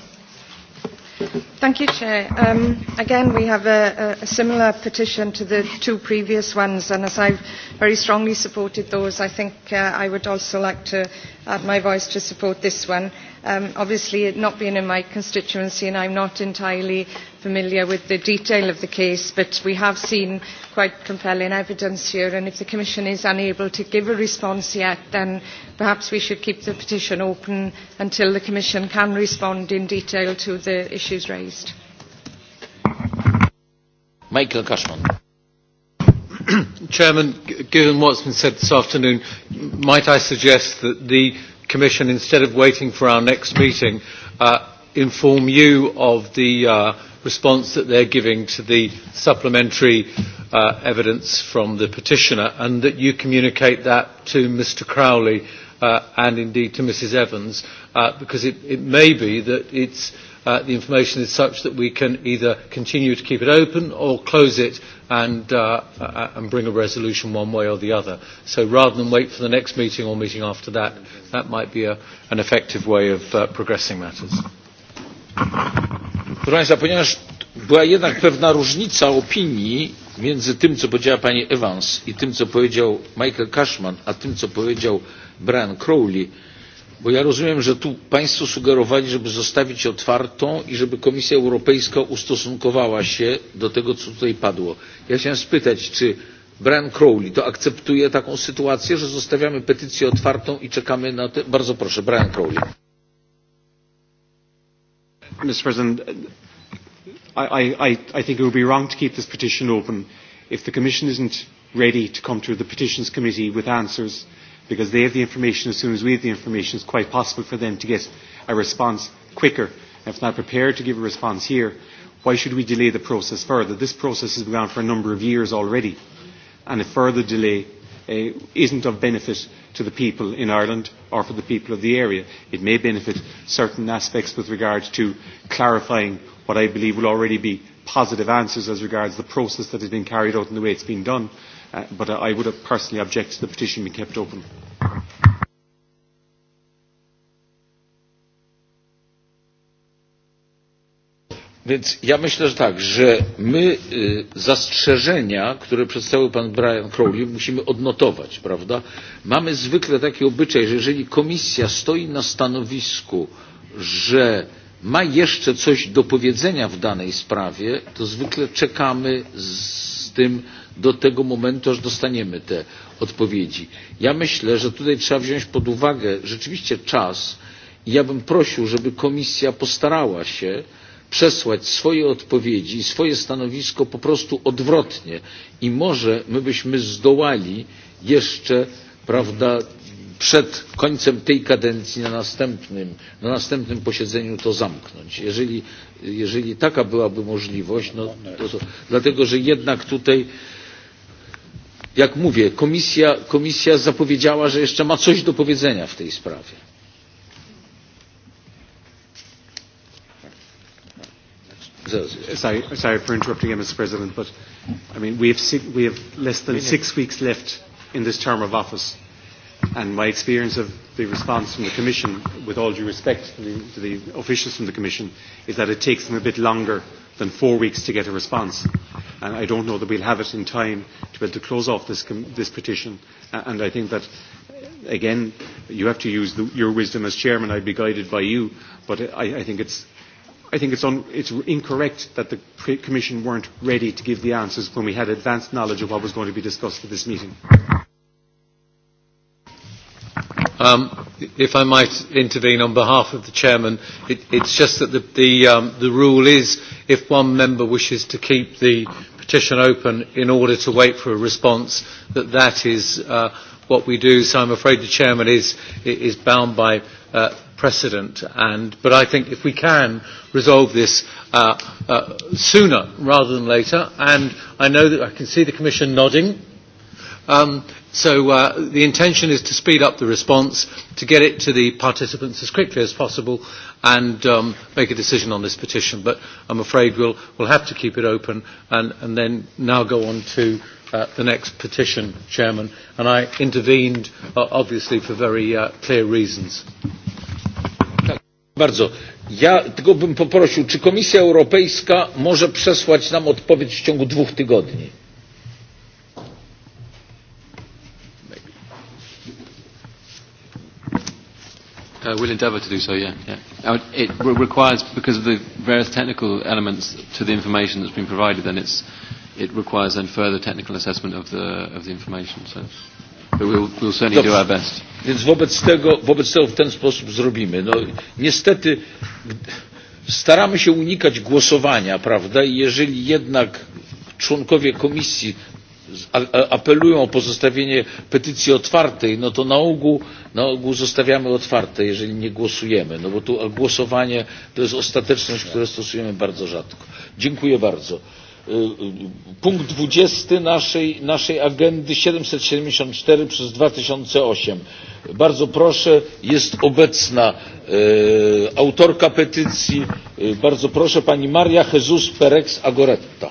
Thank you, Chair. Um, again, we have a, a similar petition to the two previous ones, and as I've very strongly supported those, I think uh, I would also like to add my voice to support this one um, obviously not being in my constituency and I'm not entirely familiar with the detail of the case but we have seen quite compelling evidence here and if the Commission is unable to give a response yet then perhaps we should keep the petition open until the Commission can respond in detail to the issues raised. Michael Cushman. Chairman, given what's been said this afternoon, might I suggest that the Commission, instead of waiting for our next meeting, uh, inform you of the uh, response that they're giving to the supplementary uh, evidence from the petitioner and that you communicate that to Mr Crowley uh, and indeed to Mrs Evans uh, because it, it may be that it's Uh, the information is such that we can either continue to keep it open or close it and, uh, uh, and bring a resolution one way or the other. So rather than wait for the next meeting or meeting after that, that might be a, an effective way of uh, progressing matters. Proszę Państwa, ponieważ była jednak pewna różnica opinii między tym, co powiedziała pani Evans i tym, co powiedział Michael Cashman, a tym, co powiedział Brian Crowley, Bo ja rozumiem, że tu Państwo sugerowali, żeby zostawić otwartą i żeby Komisja Europejska ustosunkowała się do tego, co tutaj padło. Ja chciałem spytać, czy Brian Crowley to akceptuje taką sytuację, że zostawiamy petycję otwartą i czekamy na to? Bardzo proszę, Brian Crowley. Mr. President, I, I, I think it would be wrong to keep this petition open if the Commission isn't ready to come to the Petitions Committee with answers because they have the information as soon as we have the information. It's quite possible for them to get a response quicker. And If not prepared to give a response here, why should we delay the process further? This process has been on for a number of years already, and a further delay uh, isn't of benefit to the people in Ireland or for the people of the area. It may benefit certain aspects with regard to clarifying what I believe will already be positive answers as regards the process that has been carried out and the way it's been done. Uh, but I would have personally objected to the petition being kept open. Więc ja myślę, że tak, że my zastrzeżenia, które przedstawił pan Brian Crowley, musimy odnotować, prawda? Mamy zwykle taki obyczaj, że jeżeli komisja stoi na stanowisku, że ma jeszcze coś do powiedzenia w danej sprawie, to zwykle czekamy z tym do tego momentu, aż dostaniemy te odpowiedzi. Ja myślę, że tutaj trzeba wziąć pod uwagę rzeczywiście czas i ja bym prosił, żeby komisja postarała się przesłać swoje odpowiedzi, swoje stanowisko po prostu odwrotnie i może my byśmy zdołali jeszcze prawda, przed końcem tej kadencji na następnym, na następnym posiedzeniu to zamknąć. Jeżeli, jeżeli taka byłaby możliwość, no, to, to, dlatego że jednak tutaj, jak mówię, komisja, komisja zapowiedziała, że jeszcze ma coś do powiedzenia w tej sprawie. Sorry, sorry for interrupting you, Mr. President, but I mean, we have, six, we have less than six weeks left in this term of office And my experience of the response from the Commission, with all due respect to the, to the officials from the Commission, is that it takes them a bit longer than four weeks to get a response. And I don't know that we'll have it in time to be able to close off this, this petition. And I think that, again, you have to use the, your wisdom as chairman. I'd be guided by you. But I, I think it's, I think it's, un, it's incorrect that the Commission weren't ready to give the answers when we had advanced knowledge of what was going to be discussed at this meeting. Um, if I might intervene on behalf of the chairman, it, it's just that the, the, um, the rule is if one member wishes to keep the petition open in order to wait for a response, that that is uh, what we do. So I'm afraid the chairman is, is bound by uh, precedent. And, but I think if we can resolve this uh, uh, sooner rather than later, and I know that I can see the Commission nodding, um, So uh, the intention is to speed up the response, to get it to the participants as quickly as possible, and um, make a decision on this petition. But I'm afraid we'll, we'll have to keep it open and, and then now go on to uh, the next petition, Chairman. And I intervened, uh, obviously, for very uh, clear reasons. Bardzo. Ja tylko bym poprosił, czy Komisja Europejska może przesłać nam odpowiedź w ciągu dwóch tygodni? Uh, we'll endeavour to do so, yeah. yeah. Uh, It re requires, because of the various technical elements to the information that's been provided, then it's, it requires then further technical assessment of the, of the information. So. But we'll, we'll certainly Dobrze. do our best. Więc wobec tego, wobec tego w ten sposób zrobimy. No, niestety staramy się unikać głosowania, prawda? I jeżeli jednak członkowie komisji apelują o pozostawienie petycji otwartej, no to na ogół, na ogół zostawiamy otwarte, jeżeli nie głosujemy, no bo tu głosowanie to jest ostateczność, którą stosujemy bardzo rzadko. Dziękuję bardzo. Punkt 20 naszej, naszej agendy 774 przez 2008. Bardzo proszę, jest obecna e, autorka petycji. bardzo proszę, pani Maria Jesus Perex Agoretta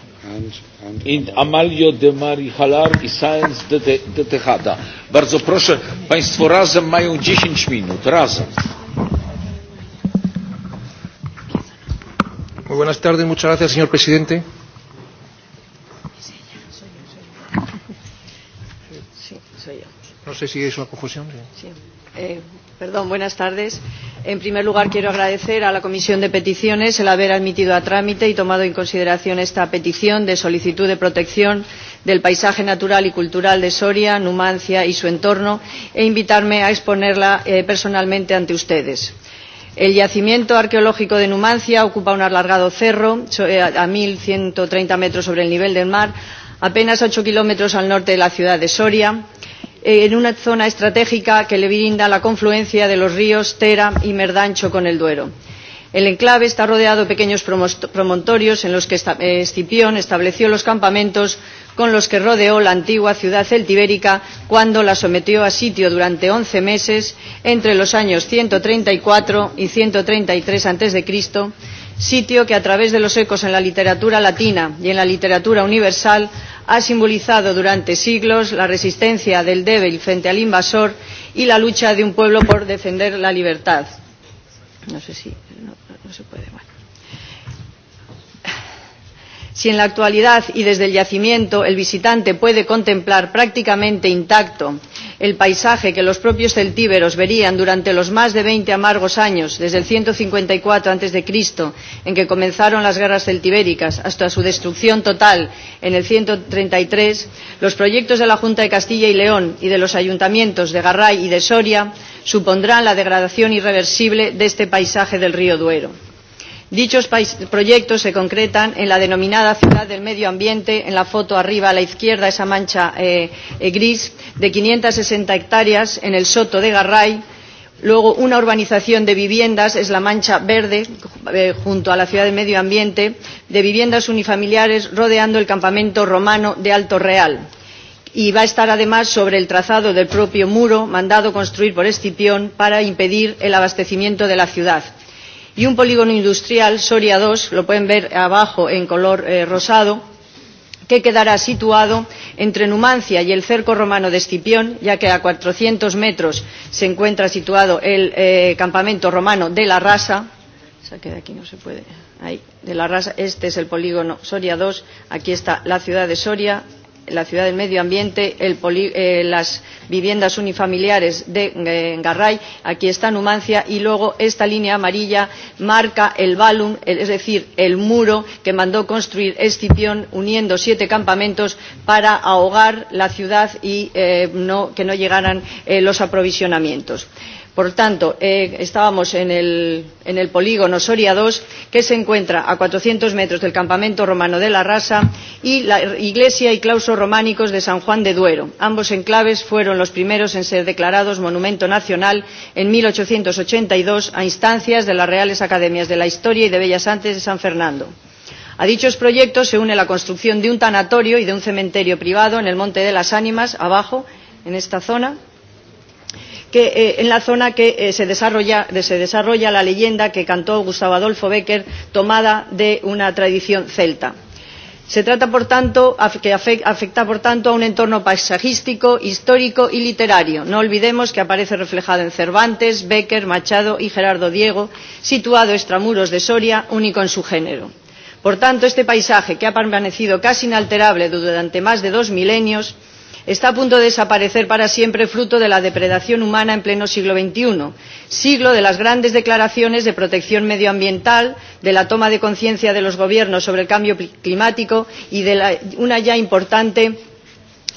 in Amalio de Marie Halar i Science de, de, de Tejada. Bardzo proszę, Państwo razem mają 10 minut. Razem. Muy buenas tardes, muchas gracias, señor presidente. No sé si es una confusión. Sí. Eh, Perdón, buenas tardes. En primer lugar, quiero agradecer a la Comisión de Peticiones el haber admitido a trámite y tomado en consideración esta petición de solicitud de protección del paisaje natural y cultural de Soria, Numancia y su entorno e invitarme a exponerla eh, personalmente ante ustedes. El yacimiento arqueológico de Numancia ocupa un alargado cerro eh, a 1.130 metros sobre el nivel del mar, apenas 8 kilómetros al norte de la ciudad de Soria, Eh, en una zona estratégica que le brinda la confluencia de los ríos Tera y Merdancho con el Duero. El enclave está rodeado de pequeños promontorios en los que eh, Escipión estableció los campamentos con los que rodeó la antigua ciudad celtibérica cuando la sometió a sitio durante once meses entre los años 134 y 133 a.C sitio que a través de los ecos en la literatura latina y en la literatura universal ha simbolizado durante siglos la resistencia del débil frente al invasor y la lucha de un pueblo por defender la libertad. No sé si, no, no se puede, bueno. Si en la actualidad y desde el yacimiento el visitante puede contemplar prácticamente intacto el paisaje que los propios celtíberos verían durante los más de 20 amargos años, desde el 154 a.C., en que comenzaron las guerras celtibéricas, hasta su destrucción total en el 133, los proyectos de la Junta de Castilla y León y de los ayuntamientos de Garray y de Soria supondrán la degradación irreversible de este paisaje del río Duero Dichos proyectos se concretan en la denominada ciudad del medio ambiente, en la foto arriba a la izquierda, esa mancha eh, eh gris, de 560 hectáreas en el Soto de Garray, Luego, una urbanización de viviendas es la mancha verde eh, junto a la ciudad del medio ambiente, de viviendas unifamiliares rodeando el campamento romano de Alto Real. Y va a estar además sobre el trazado del propio muro mandado construir por Escipión para impedir el abastecimiento de la ciudad y un polígono industrial, Soria 2, lo pueden ver abajo en color eh, rosado, que quedará situado entre Numancia y el cerco romano de Escipión, ya que a 400 metros se encuentra situado el eh, campamento romano de la Rasa. O aquí no se puede. Ahí, de la Rasa. Este es el polígono Soria II. Aquí está la ciudad de Soria, la ciudad del medio ambiente, el poli, eh, las viviendas unifamiliares de eh, Garray, aquí está Numancia, y luego esta línea amarilla marca el balum, es decir, el muro que mandó construir Escipión uniendo siete campamentos para ahogar la ciudad y eh, no, que no llegaran eh, los aprovisionamientos. Eh, Por tanto, eh, estábamos en el, en el polígono Soria 2, que se encuentra a 400 metros del campamento romano de la Rasa y la iglesia y claustro románicos de San Juan de Duero. Ambos enclaves fueron los primeros en ser declarados Monumento Nacional en 1882 a instancias de las Reales Academias de la Historia y de Bellas Artes de San Fernando. A dichos proyectos se une la construcción de un tanatorio y de un cementerio privado en el Monte de las Ánimas, abajo, en esta zona, que eh, en la zona que eh, se, desarrolla, se desarrolla la leyenda que cantó Gustavo Adolfo Becker, tomada de una tradición celta. Se trata, por tanto, que afecta, por tanto, a un entorno paisajístico, histórico y literario. No olvidemos que aparece reflejado en Cervantes, Becker, Machado y Gerardo Diego, situado extramuros de Soria, único en su género. Por tanto, este paisaje, que ha permanecido casi inalterable durante más de dos milenios, está a punto de desaparecer para siempre fruto de la depredación humana en pleno siglo XXI, siglo de las grandes declaraciones de protección medioambiental, de la toma de conciencia de los gobiernos sobre el cambio climático y de la, una ya importante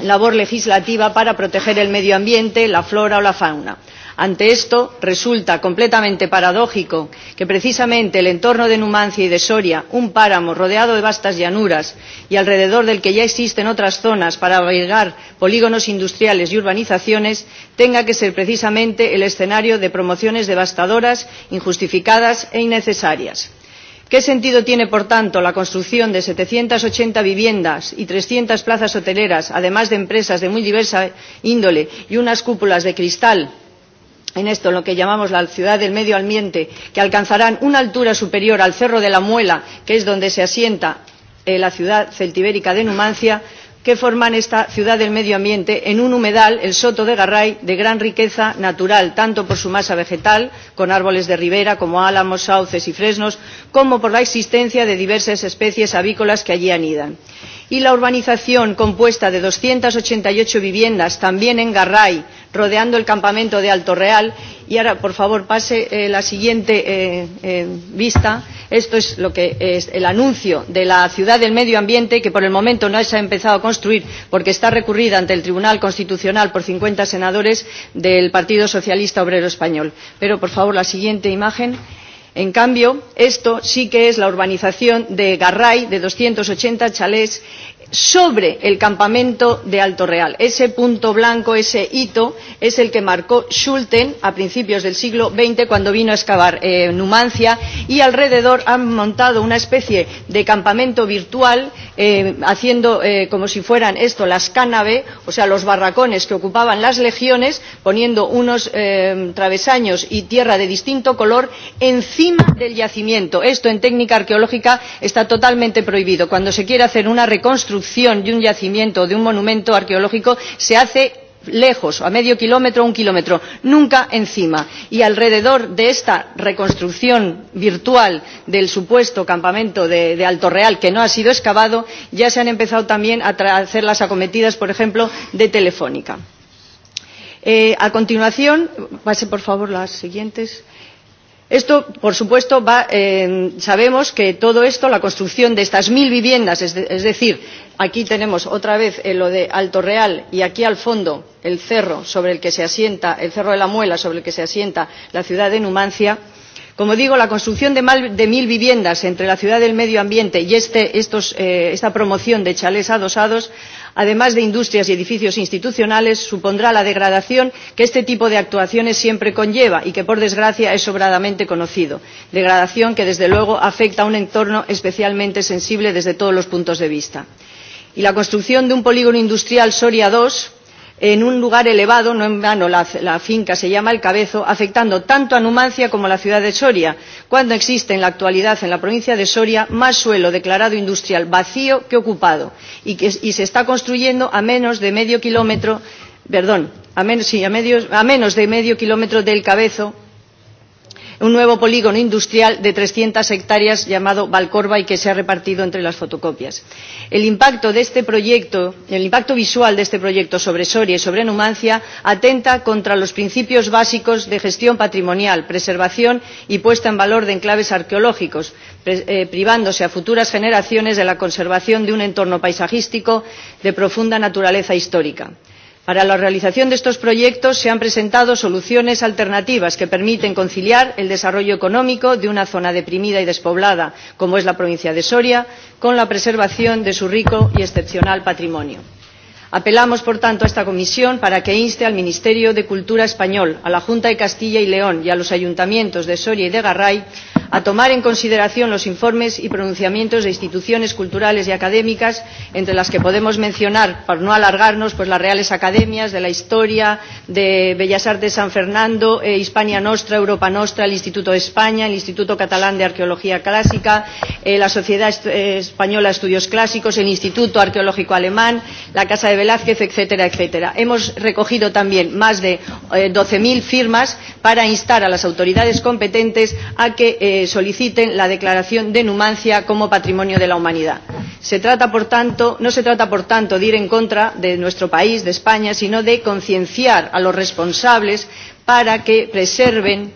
labor legislativa para proteger el medio ambiente, la flora o la fauna Ante esto, resulta completamente paradójico que precisamente el entorno de Numancia y de Soria, un páramo rodeado de vastas llanuras y alrededor del que ya existen otras zonas para albergar polígonos industriales y urbanizaciones, tenga que ser precisamente el escenario de promociones devastadoras, injustificadas e innecesarias. ¿Qué sentido tiene, por tanto, la construcción de 780 viviendas y 300 plazas hoteleras, además de empresas de muy diversa índole y unas cúpulas de cristal? en esto en lo que llamamos la ciudad del medio ambiente que alcanzarán una altura superior al cerro de la muela que es donde se asienta eh, la ciudad celtibérica de numancia que forman esta ciudad del medio ambiente en un humedal el soto de garray de gran riqueza natural tanto por su masa vegetal con árboles de ribera como álamos sauces y fresnos como por la existencia de diversas especies avícolas que allí anidan y la urbanización compuesta de doscientos ochenta y ocho viviendas también en garray rodeando el campamento de Alto Real. Y ahora, por favor, pase eh, la siguiente eh, eh, vista. Esto es lo que es el anuncio de la ciudad del medio ambiente, que por el momento no se ha empezado a construir porque está recurrida ante el Tribunal Constitucional por 50 senadores del Partido Socialista Obrero Español. Pero, por favor, la siguiente imagen. En cambio, esto sí que es la urbanización de Garray, de 280 chalés, sobre el campamento de Alto Real. Ese punto blanco, ese hito, es el que marcó Schulten a principios del siglo XX cuando vino a excavar eh, Numancia y alrededor han montado una especie de campamento virtual eh, haciendo eh, como si fueran esto las cánabe, o sea, los barracones que ocupaban las legiones, poniendo unos eh, travesaños y tierra de distinto color encima del yacimiento. Esto en técnica arqueológica está totalmente prohibido. Cuando se quiere hacer una reconstrucción construcción de un yacimiento de un monumento arqueológico se hace lejos a medio kilómetro o un kilómetro nunca encima y alrededor de esta reconstrucción virtual del supuesto campamento de, de alto real que no ha sido excavado ya se han empezado también a hacer las acometidas por ejemplo de telefónica. Eh, a continuación pase por favor las siguientes. Eh, por supuesto, eh, sabemos que todo esto, la construcción de estas mil viviendas, es, decir, aquí tenemos otra vez eh, lo de Alto Real y aquí al fondo el cerro de la Muela sobre el que se asienta la ciudad de Numancia, eh, como digo la construcción de más de mil viviendas entre la ciudad del medio ambiente y este, estos, eh, esta promoción de chalés adosados además de industrias y edificios institucionales supondrá la degradación que este tipo de actuaciones siempre conlleva y que por desgracia es sobradamente conocido degradación que desde luego afecta a un entorno especialmente sensible desde todos los puntos de vista. y la construcción de un polígono industrial soria ii en un lugar elevado no en vano la, la finca se llama el cabezo afectando tanto a numancia como a la ciudad de soria cuando existe en la actualidad en la provincia de soria más suelo declarado industrial vacío que ocupado y, que, y se está construyendo a menos de medio kilómetro perdón a, men, sí, a, medio, a menos de medio kilómetro del cabezo un nuevo polígono industrial de 300 hectáreas llamado Valcorba y que se ha repartido entre las fotocopias. El impacto, de este proyecto, el impacto visual de este proyecto sobre Soria y sobre Numancia atenta contra los principios básicos de gestión patrimonial, preservación y puesta en valor de enclaves arqueológicos, eh, privándose a futuras generaciones de la conservación de un entorno paisajístico de profunda naturaleza histórica para la realización de estos proyectos se han presentado soluciones alternativas que permiten conciliar el desarrollo económico de una zona deprimida y despoblada como es la provincia de soria con la preservación de su rico y excepcional patrimonio. apelamos por tanto a esta comisión para que inste al ministerio de cultura español a la junta de castilla y león y a los ayuntamientos de soria y de garray a tomar en consideración los informes y pronunciamientos de instituciones culturales y académicas, entre las que podemos mencionar, para no alargarnos, pues las Reales Academias de la Historia, de Bellas Artes San Fernando, eh, Hispania Nostra, Europa Nostra, el Instituto de España, el Instituto Catalán de Arqueología Clásica, eh, la Sociedad Est eh, Española de Estudios Clásicos, el Instituto Arqueológico Alemán, la Casa de Velázquez, etcétera, etcétera. Hemos recogido también más de eh, 12.000 firmas para instar a las autoridades competentes a que eh, eh, soliciten la declaración de Numancia como patrimonio de la humanidad. Se trata, por tanto, no se trata, por tanto, de ir en contra de nuestro país, de España, sino de concienciar a los responsables para que preserven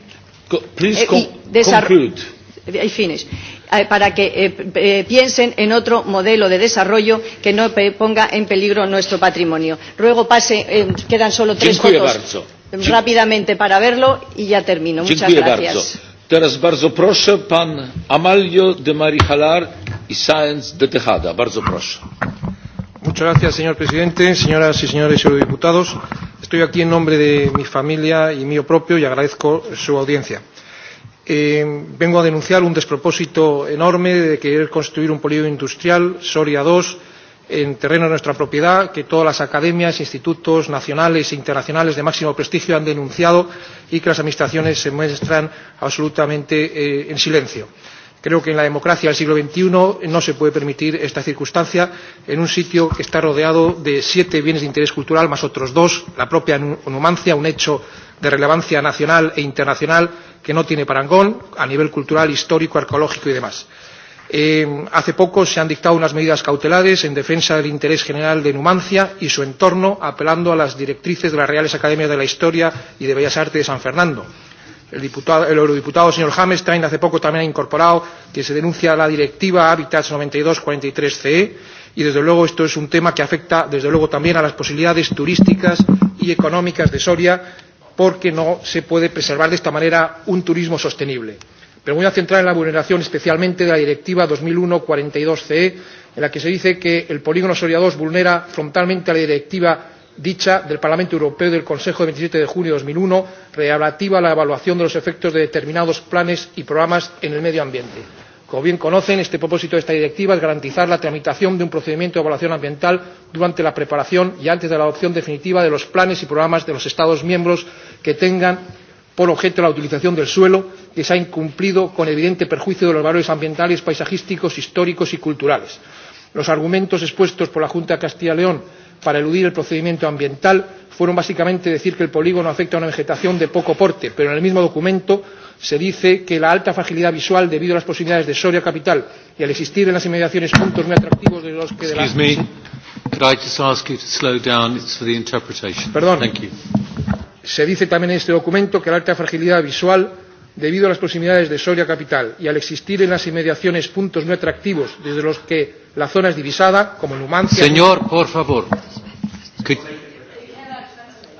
Co please, eh, y, I finish, eh, para que eh, eh, piensen en otro modelo de desarrollo que no ponga en peligro nuestro patrimonio. Ruego pase, eh, quedan solo tres Dziękuję fotos bardzo. rápidamente para verlo y ya termino. Dziękuję Muchas gracias. Bardzo Teraz bardzo proszę, pan Amalio de Marijalar y Sáenz de Tejada. Bardzo proszę. Muchas gracias, señor presidente, señoras y señores eurodiputados. Estoy aquí en nombre de mi familia y mío propio y agradezco su audiencia. Eh, vengo a denunciar un despropósito enorme de querer construir un polígono industrial, Soria 2, en terreno de nuestra propiedad que todas las academias, institutos nacionales e internacionales de máximo prestigio han denunciado y que las administraciones se muestran absolutamente eh, en silencio. Creo que en la democracia del siglo XXI no se puede permitir esta circunstancia en un sitio que está rodeado de siete bienes de interés cultural más otros dos, la propia Numancia, un hecho de relevancia nacional e internacional que no tiene parangón a nivel cultural, histórico, arqueológico y demás. Eh, hace poco se han dictado unas medidas cautelares en defensa del interés general de Numancia y su entorno, apelando a las directrices de las Reales Academias de la Historia y de Bellas Artes de San Fernando. El, diputado, el eurodiputado señor Hammerstein hace poco también ha incorporado que se denuncia la directiva Habitats 92-43-CE y desde luego esto es un tema que afecta desde luego también a las posibilidades turísticas y económicas de Soria porque no se puede preservar de esta manera un turismo sostenible pero me voy a centrar en la vulneración especialmente de la directiva dos mil uno cuarenta y dos ce en la que se dice que el polígono soria ii vulnera frontalmente la directiva dicha del parlamento europeo y del consejo de veintisiete de junio de dos mil uno relativa a la evaluación de los efectos de determinados planes y programas en el medio ambiente. como bien conocen el propósito de esta directiva es garantizar la tramitación de un procedimiento de evaluación ambiental durante la preparación y antes de la adopción definitiva de los planes y programas de los estados miembros que tengan por objeto la utilización del suelo que se ha incumplido con evidente perjuicio de los valores ambientales paisajísticos históricos y culturales. los argumentos expuestos por la junta de castilla y león para eludir el procedimiento ambiental fueron básicamente decir que el polígono afecta a una vegetación de poco porte pero en el mismo documento se dice que la alta fragilidad visual debido a las proximidades de soria capital y al existir en las inmediaciones puntos muy atractivos de los que de la... Perdón se dice también en este documento que la alta fragilidad visual debido a las proximidades de Soria capital y al existir en las inmediaciones puntos muy atractivos desde los que la zona es divisada, como Numancia. Señor, por favor. Could...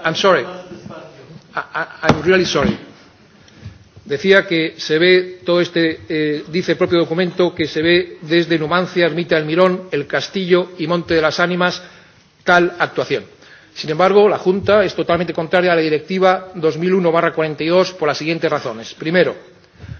I'm sorry. I, I, I'm really sorry. Decía que se ve todo este, eh, dice el propio documento, que se ve desde Numancia, Ermita del Mirón, El Castillo y Monte de las Ánimas tal actuación sin embargo la junta es totalmente contraria a la directiva dos mil uno cuarenta y dos por las siguientes razones primero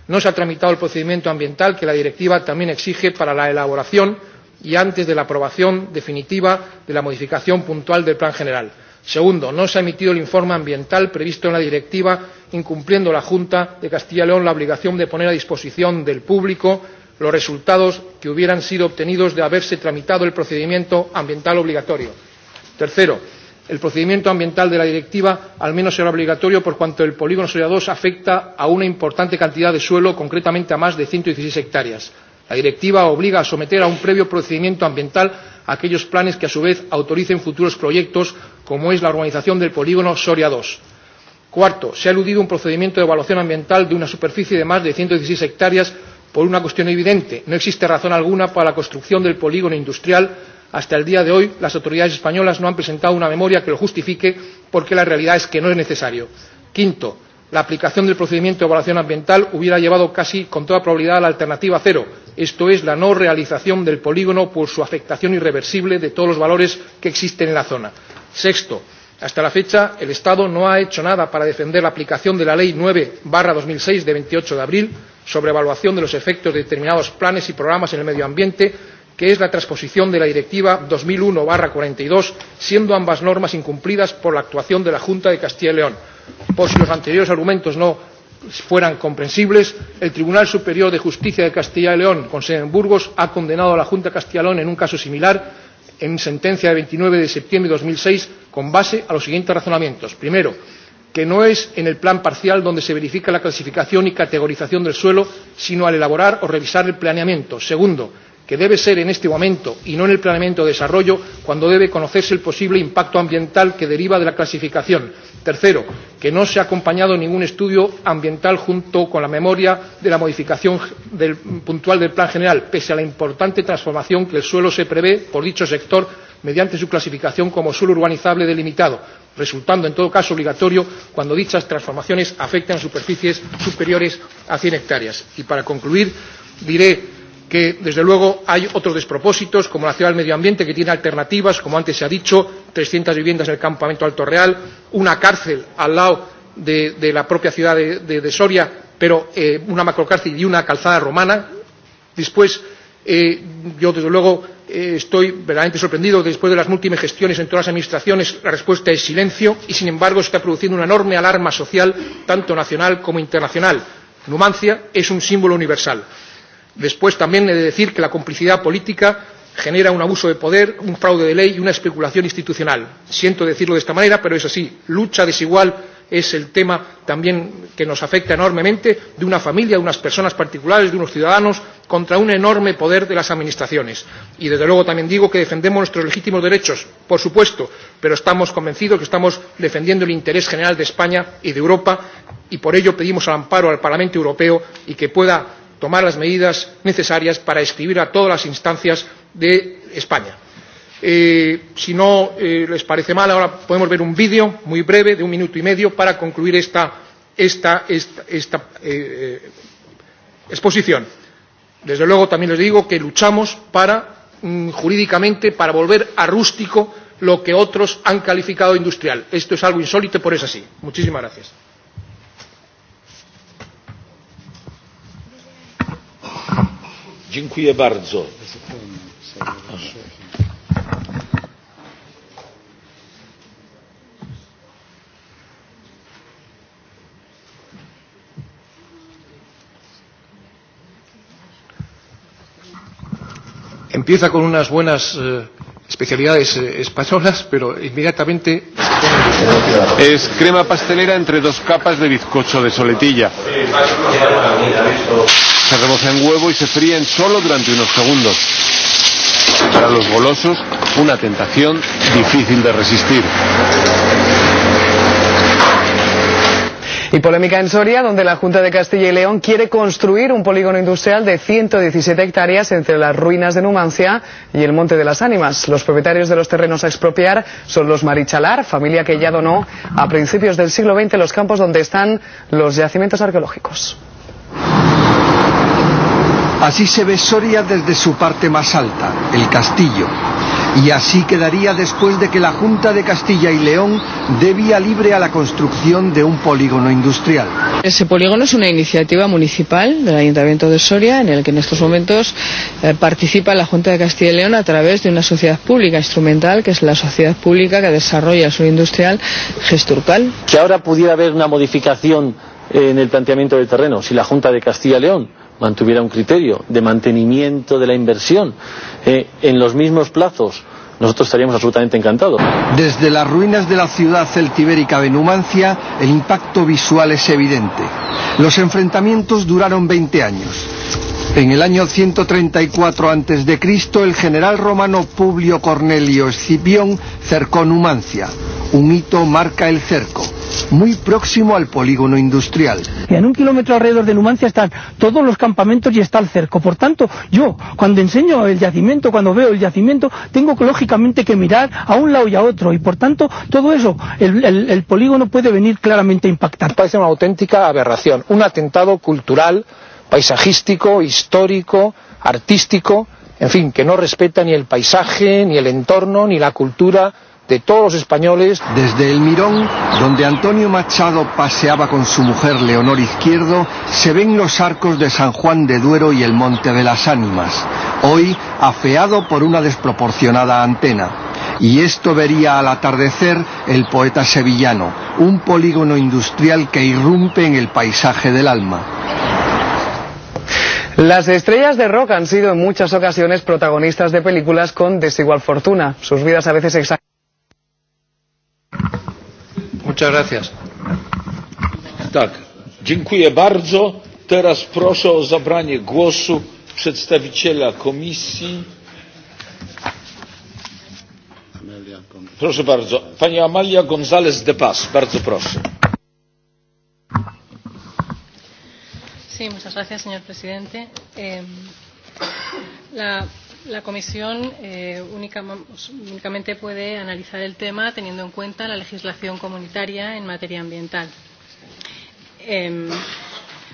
no se ha tramitado el procedimiento ambiental que la directiva también exige para la elaboración y antes de la aprobación definitiva de la modificación puntual del plan general; segundo no se ha emitido el informe ambiental previsto en la directiva incumpliendo la junta de castilla y león la obligación de poner a disposición del público los resultados que hubieran sido obtenidos de haberse tramitado el procedimiento ambiental obligatorio; tercero el procedimiento ambiental de la directiva al menos será obligatorio por cuanto el polígono soria ii afecta a una importante cantidad de suelo concretamente a más de ciento dieciseis hectáreas. la directiva obliga a someter a un previo procedimiento ambiental aquellos planes que a su vez autoricen futuros proyectos como es la urbanización del polígono soria dos. cuarto se ha eludido un procedimiento de evaluación ambiental de una superficie de más de ciento dieciseis hectáreas por una cuestión evidente no existe razón alguna para la construcción del polígono industrial hasta el día de hoy las autoridades españolas no han presentado una memoria que lo justifique porque la realidad es que no es necesario. quinto la aplicación del procedimiento de evaluación ambiental hubiera llevado casi con toda probabilidad a la alternativa cero esto es la no realización del polígono por su afectación irreversible de todos los valores que existen en la zona. sexto hasta la fecha el estado no ha hecho nada para defender la aplicación de la ley nueve dos mil seis de veintiocho de abril sobre evaluación de los efectos de determinados planes y programas en el medio ambiente que es la transposición de la directiva dos mil uno cuarenta y dos siendo ambas normas incumplidas por la actuación de la junta de castilla y león. por si los anteriores argumentos no fueran comprensibles el tribunal superior de justicia de castilla y león con sede en burgos ha condenado a la junta de castilla y león en un caso similar en sentencia de veintinueve de septiembre de dos mil seis con base en los siguientes razonamientos primero que no es en el plan parcial donde se verifica la clasificación y categorización del suelo sino al elaborar o revisar el planeamiento; segundo que debe ser en este momento y no en el planeamiento de desarrollo cuando debe conocerse el posible impacto ambiental que deriva de la clasificación. Tercero, que no se ha acompañado ningún estudio ambiental junto con la memoria de la modificación del, puntual del plan general, pese a la importante transformación que el suelo se prevé por dicho sector mediante su clasificación como suelo urbanizable delimitado, resultando en todo caso obligatorio cuando dichas transformaciones afecten a superficies superiores a 100 hectáreas. Y para concluir, diré que desde luego hay otros despropósitos como la ciudad del medio ambiente que tiene alternativas como antes se ha dicho 300 viviendas en el campamento alto real una cárcel al lado de, de la propia ciudad de, de, de soria pero eh, una macrocárcel y una calzada romana después eh, yo desde luego eh, estoy verdaderamente sorprendido después de las múltiples gestiones en todas las administraciones la respuesta es silencio y sin embargo se está produciendo una enorme alarma social tanto nacional como internacional. numancia es un símbolo universal. Después también he de decir que la complicidad política genera un abuso de poder, un fraude de ley y una especulación institucional. Siento decirlo de esta manera, pero es así. Lucha desigual es el tema también que nos afecta enormemente de una familia, de unas personas particulares, de unos ciudadanos, contra un enorme poder de las administraciones. Y desde luego también digo que defendemos nuestros legítimos derechos, por supuesto, pero estamos convencidos que estamos defendiendo el interés general de España y de Europa y por ello pedimos el amparo al Parlamento Europeo y que pueda tomar las medidas necesarias para escribir a todas las instancias de España. Eh, si no eh, les parece mal, ahora podemos ver un vídeo muy breve de un minuto y medio para concluir esta, esta, esta, esta eh, eh exposición. Desde luego también les digo que luchamos para, mm, jurídicamente para volver a rústico lo que otros han calificado de industrial. Esto es algo insólito, pero es así. Muchísimas gracias. Dziękuję bardzo. Empieza con unas buenas eh, especialidades eh, españolas, pero inmediatamente es crema pastelera entre dos capas de bizcocho de soletilla. Sí, se reboza en huevo y se fríen solo durante unos segundos. Para los golosos, una tentación difícil de resistir. Y polémica en Soria, donde la Junta de Castilla y León quiere construir un polígono industrial de 117 hectáreas entre las ruinas de Numancia y el Monte de las Ánimas. Los propietarios de los terrenos a expropiar son los Marichalar, familia que ya donó a principios del siglo XX los campos donde están los yacimientos arqueológicos. Así se ve Soria desde su parte más alta, el castillo. Y así quedaría después de que la Junta de Castilla y León dé vía libre a la construcción de un polígono industrial. Ese polígono es una iniciativa municipal del Ayuntamiento de Soria en el que en estos momentos eh, participa la Junta de Castilla y León a través de una sociedad pública instrumental que es la sociedad pública que desarrolla su industrial Gesturcal. Que ahora pudiera haber una modificación eh, en el planteamiento del terreno si la Junta de Castilla y León mantuviera un criterio de mantenimiento de la inversión eh, en los mismos plazos, nosotros estaríamos absolutamente encantados. Desde las ruinas de la ciudad celtibérica de Numancia, el impacto visual es evidente. Los enfrentamientos duraron 20 años. En el año 134 a.C., el general romano Publio Cornelio Escipión cercó Numancia. Un hito marca el cerco, muy próximo al polígono industrial. Y En un kilómetro alrededor de Numancia están todos los campamentos y está el cerco. Por tanto, yo, cuando enseño el yacimiento, cuando veo el yacimiento, tengo que, lógicamente que mirar a un lado y a otro. Y por tanto, todo eso, el, el, el polígono puede venir claramente impactado. Parece una auténtica aberración, un atentado cultural paisajístico, histórico, artístico, en fin, que no respeta ni el paisaje, ni el entorno, ni la cultura de todos los españoles. Desde el Mirón, donde Antonio Machado paseaba con su mujer Leonor Izquierdo, se ven los arcos de San Juan de Duero y el Monte de las Ánimas, hoy afeado por una desproporcionada antena. Y esto vería al atardecer el poeta sevillano, un polígono industrial que irrumpe en el paisaje del alma. Las estrellas de rock han sido en muchas ocasiones protagonistas de películas con desigual fortuna. Sus vidas a veces exactas. Muchas gracias. Tak, dziękuję bardzo. Teraz proszę o zabranie głosu przedstawiciela komisji. Proszę bardzo, pani Amalia González de Paz, bardzo proszę. Sí, muchas gracias, señor presidente. Eh, la, la comisión eh, única, únicamente puede analizar el tema teniendo en cuenta la legislación comunitaria en materia ambiental. Eh,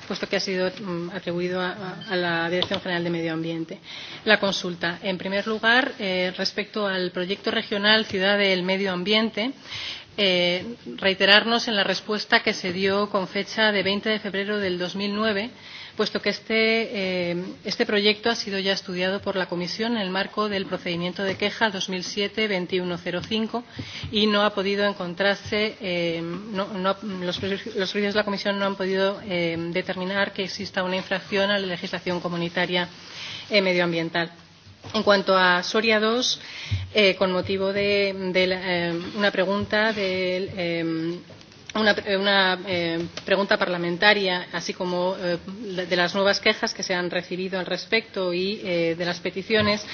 puesto que ha sido mm, atribuido a, a la Dirección General de Medio Ambiente. La consulta. En primer lugar, eh, respecto al proyecto regional Ciudad del Medio Ambiente, eh, reiterarnos en la respuesta que se dio con fecha de 20 de febrero del 2009, puesto que este, eh, este proyecto ha sido ya estudiado por la Comisión en el marco del procedimiento de queja 2007-2105 y no ha podido encontrarse, eh, no, no, los, servicios de la Comisión no han podido eh, determinar que exista una infracción a la legislación comunitaria eh, medioambiental. En cuanto a Soria 2, eh, con motivo de, de la, eh, una pregunta de Eh, una, eh, una eh, pregunta parlamentaria, así como eh, de las nuevas quejas que se han recibido al respecto y eh, de las peticiones,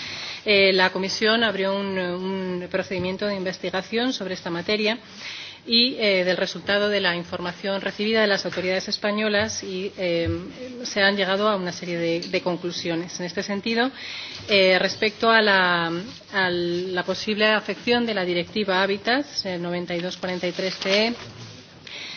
eh, la Comisión abrió un, un procedimiento de investigación sobre esta materia y eh, del resultado de la información recibida de las autoridades españolas y eh, se han llegado a una serie de, de conclusiones. En este sentido, eh, respecto a la, a la posible afección de la Directiva Hábitats, el 9243 CE,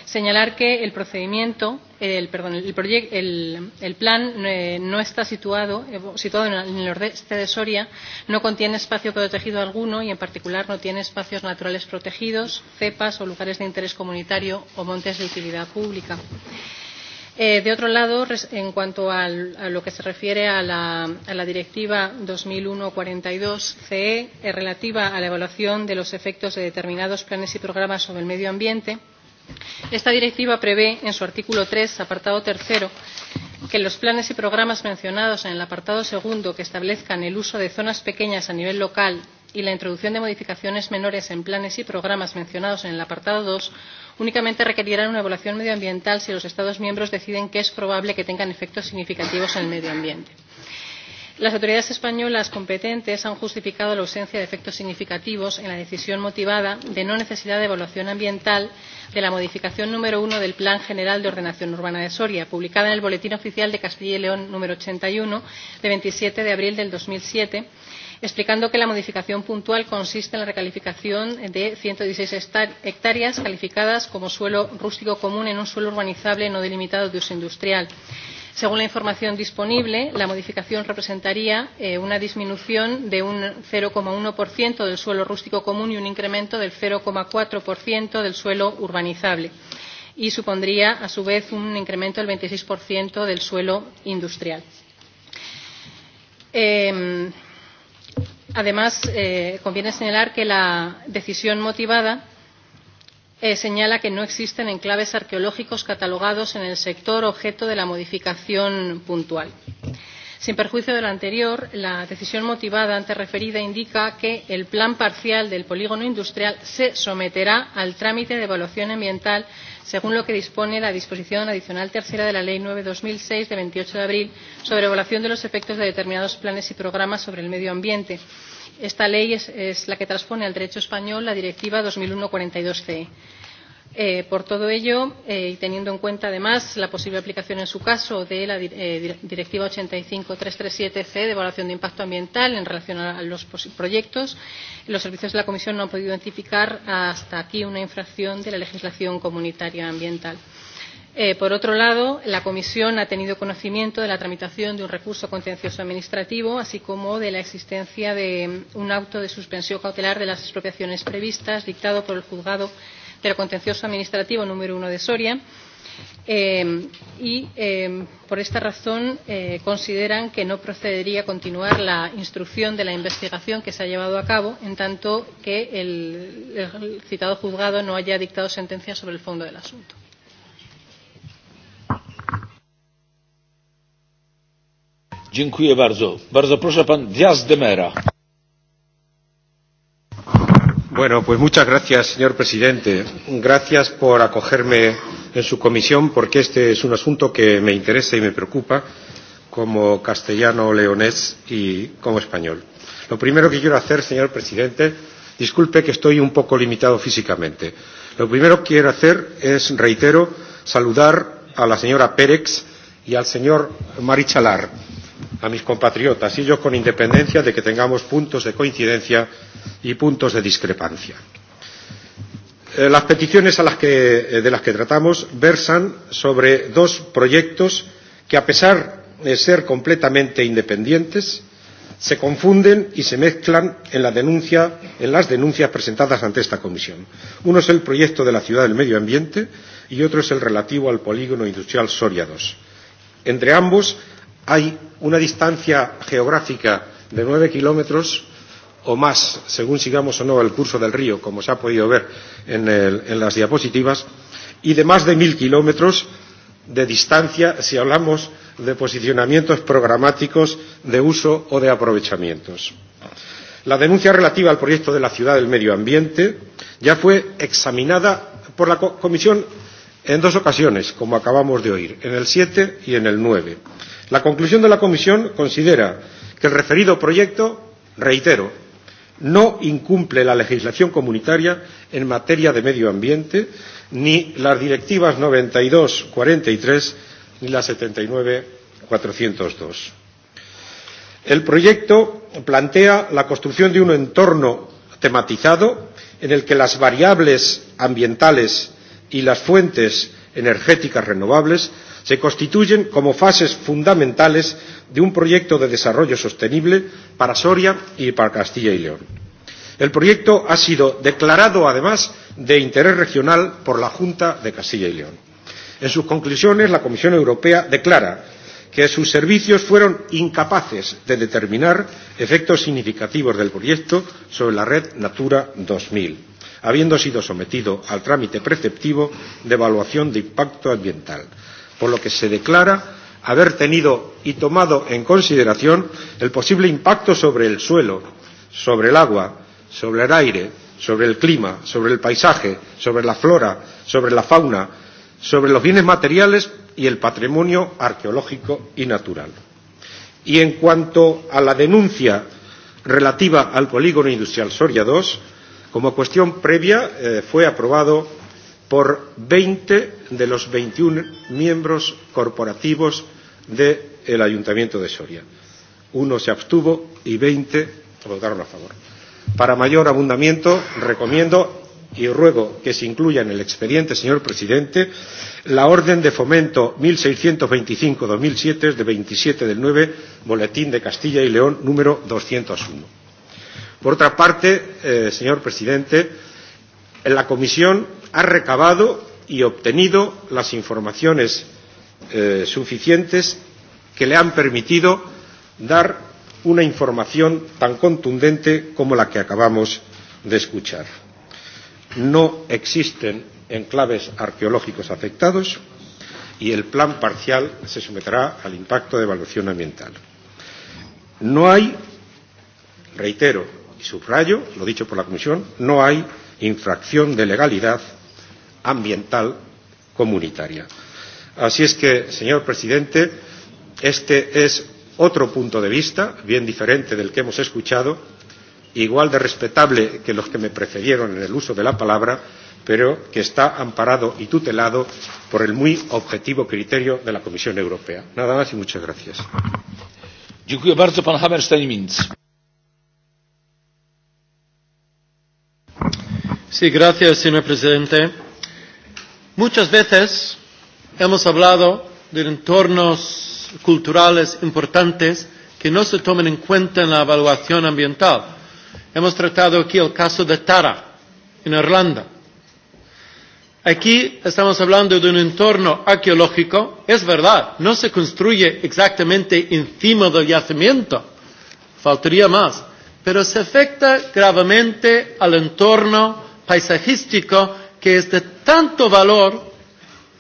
señalar que el procedimiento el, perdón, el, proyect, el, el plan eh, no está situado, eh, situado en el nordeste de Soria, no contiene espacio protegido alguno y, en particular, no tiene espacios naturales protegidos, cepas o lugares de interés comunitario o montes de utilidad pública. Eh, de otro lado, en cuanto al, a lo que se refiere a la, a la Directiva 2001-42-CE relativa a la evaluación de los efectos de determinados planes y programas sobre el medio ambiente, Esta directiva prevé, en su artículo 3, apartado tercero, que los planes y programas mencionados en el apartado segundo que establezcan el uso de zonas pequeñas a nivel local y la introducción de modificaciones menores en planes y programas mencionados en el apartado dos únicamente requerirán una evaluación medioambiental si los Estados miembros deciden que es probable que tengan efectos significativos en el medio ambiente las autoridades españolas competentes han justificado la ausencia de efectos significativos en la decisión motivada de no necesidad de evaluación ambiental de la modificación número uno del plan general de ordenación urbana de soria publicada en el boletín oficial de castilla y león número 81 de 27 de abril del 2007, explicando que la modificación puntual consiste en la recalificación de 116 hectáreas calificadas como suelo rústico común en un suelo urbanizable no delimitado de uso industrial Según la información disponible, la modificación representaría eh, una disminución de un 0,1% del suelo rústico común y un incremento del 0,4% del suelo urbanizable y supondría, a su vez, un incremento del 26% del suelo industrial. Eh, además, eh, conviene señalar que la decisión motivada Eh, señala que no existen enclaves arqueológicos catalogados en el sector objeto de la modificación puntual. Sin perjuicio de lo anterior, la decisión motivada antes referida indica que el plan parcial del polígono industrial se someterá al trámite de evaluación ambiental según lo que dispone la disposición adicional tercera de la Ley 9/2006 de 28 de abril sobre evaluación de los efectos de determinados planes y programas sobre el medio ambiente Esta ley es, es la que transpone al derecho español la Directiva 2001/42/CE. Eh, por todo ello, eh, y teniendo en cuenta además la posible aplicación en su caso de la eh, Directiva 85.337C de evaluación de impacto ambiental en relación a los proyectos, los servicios de la Comisión no han podido identificar hasta aquí una infracción de la legislación comunitaria ambiental. Eh, por otro lado, la Comisión ha tenido conocimiento de la tramitación de un recurso contencioso administrativo, así como de la existencia de mm, un auto de suspensión cautelar de las expropiaciones previstas dictado por el Juzgado del Contencioso Administrativo número uno de Soria. Eh, y eh, por esta razón eh, consideran que no procedería continuar la instrucción de la investigación que se ha llevado a cabo en tanto que el, el citado juzgado no haya dictado sentencia sobre el fondo del asunto. Dziękuję bardzo. Bardzo proszę pan Diaz de Mera. Bueno, pues muchas gracias, señor presidente. Gracias por acogerme en su comisión, porque este es un asunto que me interesa y me preocupa como castellano leonés y como español. Lo primero que quiero hacer, señor presidente, disculpe que estoy un poco limitado físicamente. Lo primero que quiero hacer es, reitero, saludar a la señora Pérez y al señor Marichalar a mis compatriotas y yo con independencia de que tengamos puntos de coincidencia y puntos de discrepancia. Eh, las peticiones a las que, eh, de las que tratamos versan sobre dos proyectos que, a pesar de ser completamente independientes, se confunden y se mezclan en, la denuncia, en las denuncias presentadas ante esta comisión. Uno es el proyecto de la ciudad del medio ambiente y otro es el relativo al polígono industrial Soria II. Entre ambos hay una distancia geográfica de nueve kilómetros o más, según sigamos o no el curso del río, como se ha podido ver en, el, en las diapositivas, y de más de mil kilómetros de distancia si hablamos de posicionamientos programáticos de uso o de aprovechamientos. La denuncia relativa al proyecto de la ciudad del medio ambiente ya fue examinada por la Comisión en dos ocasiones, como acabamos de oír, en el 7 y en el 9 la conclusión de la comisión considera que el referido proyecto reitero no incumple la legislación comunitaria en materia de medio ambiente ni las directivas noventa y dos cuarenta y tres ni la setenta y nueve cuatrocientos dos el proyecto plantea la construcción de un entorno tematizado en el que las variables ambientales y las fuentes energéticas renovables se constituyen como fases fundamentales de un proyecto de desarrollo sostenible para Soria y para Castilla y León. El proyecto ha sido declarado, además, de interés regional por la Junta de Castilla y León. En sus conclusiones, la Comisión Europea declara que sus servicios fueron incapaces de determinar efectos significativos del proyecto sobre la red Natura 2000, habiendo sido sometido al trámite preceptivo de evaluación de impacto ambiental por lo que se declara haber tenido y tomado en consideración el posible impacto sobre el suelo, sobre el agua, sobre el aire, sobre el clima, sobre el paisaje, sobre la flora, sobre la fauna, sobre los bienes materiales y el patrimonio arqueológico y natural. Y en cuanto a la denuncia relativa al polígono industrial Soria II, como cuestión previa eh, fue aprobado por 20 de los 21 miembros corporativos del de Ayuntamiento de Soria. Uno se abstuvo y 20 votaron a favor. Para mayor abundamiento, recomiendo y ruego que se incluya en el expediente, señor presidente, la orden de fomento 1625-2007 de 27 del 9, Boletín de Castilla y León número 201. Por otra parte, eh, señor presidente, la Comisión ha recabado y obtenido las informaciones eh, suficientes que le han permitido dar una información tan contundente como la que acabamos de escuchar. No existen enclaves arqueológicos afectados y el plan parcial se someterá al impacto de evaluación ambiental. No hay, reitero y subrayo, lo dicho por la Comisión, no hay infracción de legalidad ambiental comunitaria. Así es que, señor presidente, este es otro punto de vista, bien diferente del que hemos escuchado, igual de respetable que los que me precedieron en el uso de la palabra, pero que está amparado y tutelado por el muy objetivo criterio de la Comisión Europea. Nada más y muchas gracias. Dziękuję bardzo, pan Hammerstein-Mintz. Sí, gracias, señor presidente. Muchas veces hemos hablado de entornos culturales importantes que no se toman en cuenta en la evaluación ambiental. Hemos tratado aquí el caso de Tara, en Irlanda. Aquí estamos hablando de un entorno arqueológico, es verdad, no se construye exactamente encima del yacimiento, faltaría más, pero se afecta gravemente al entorno paisajístico que es de tanto valor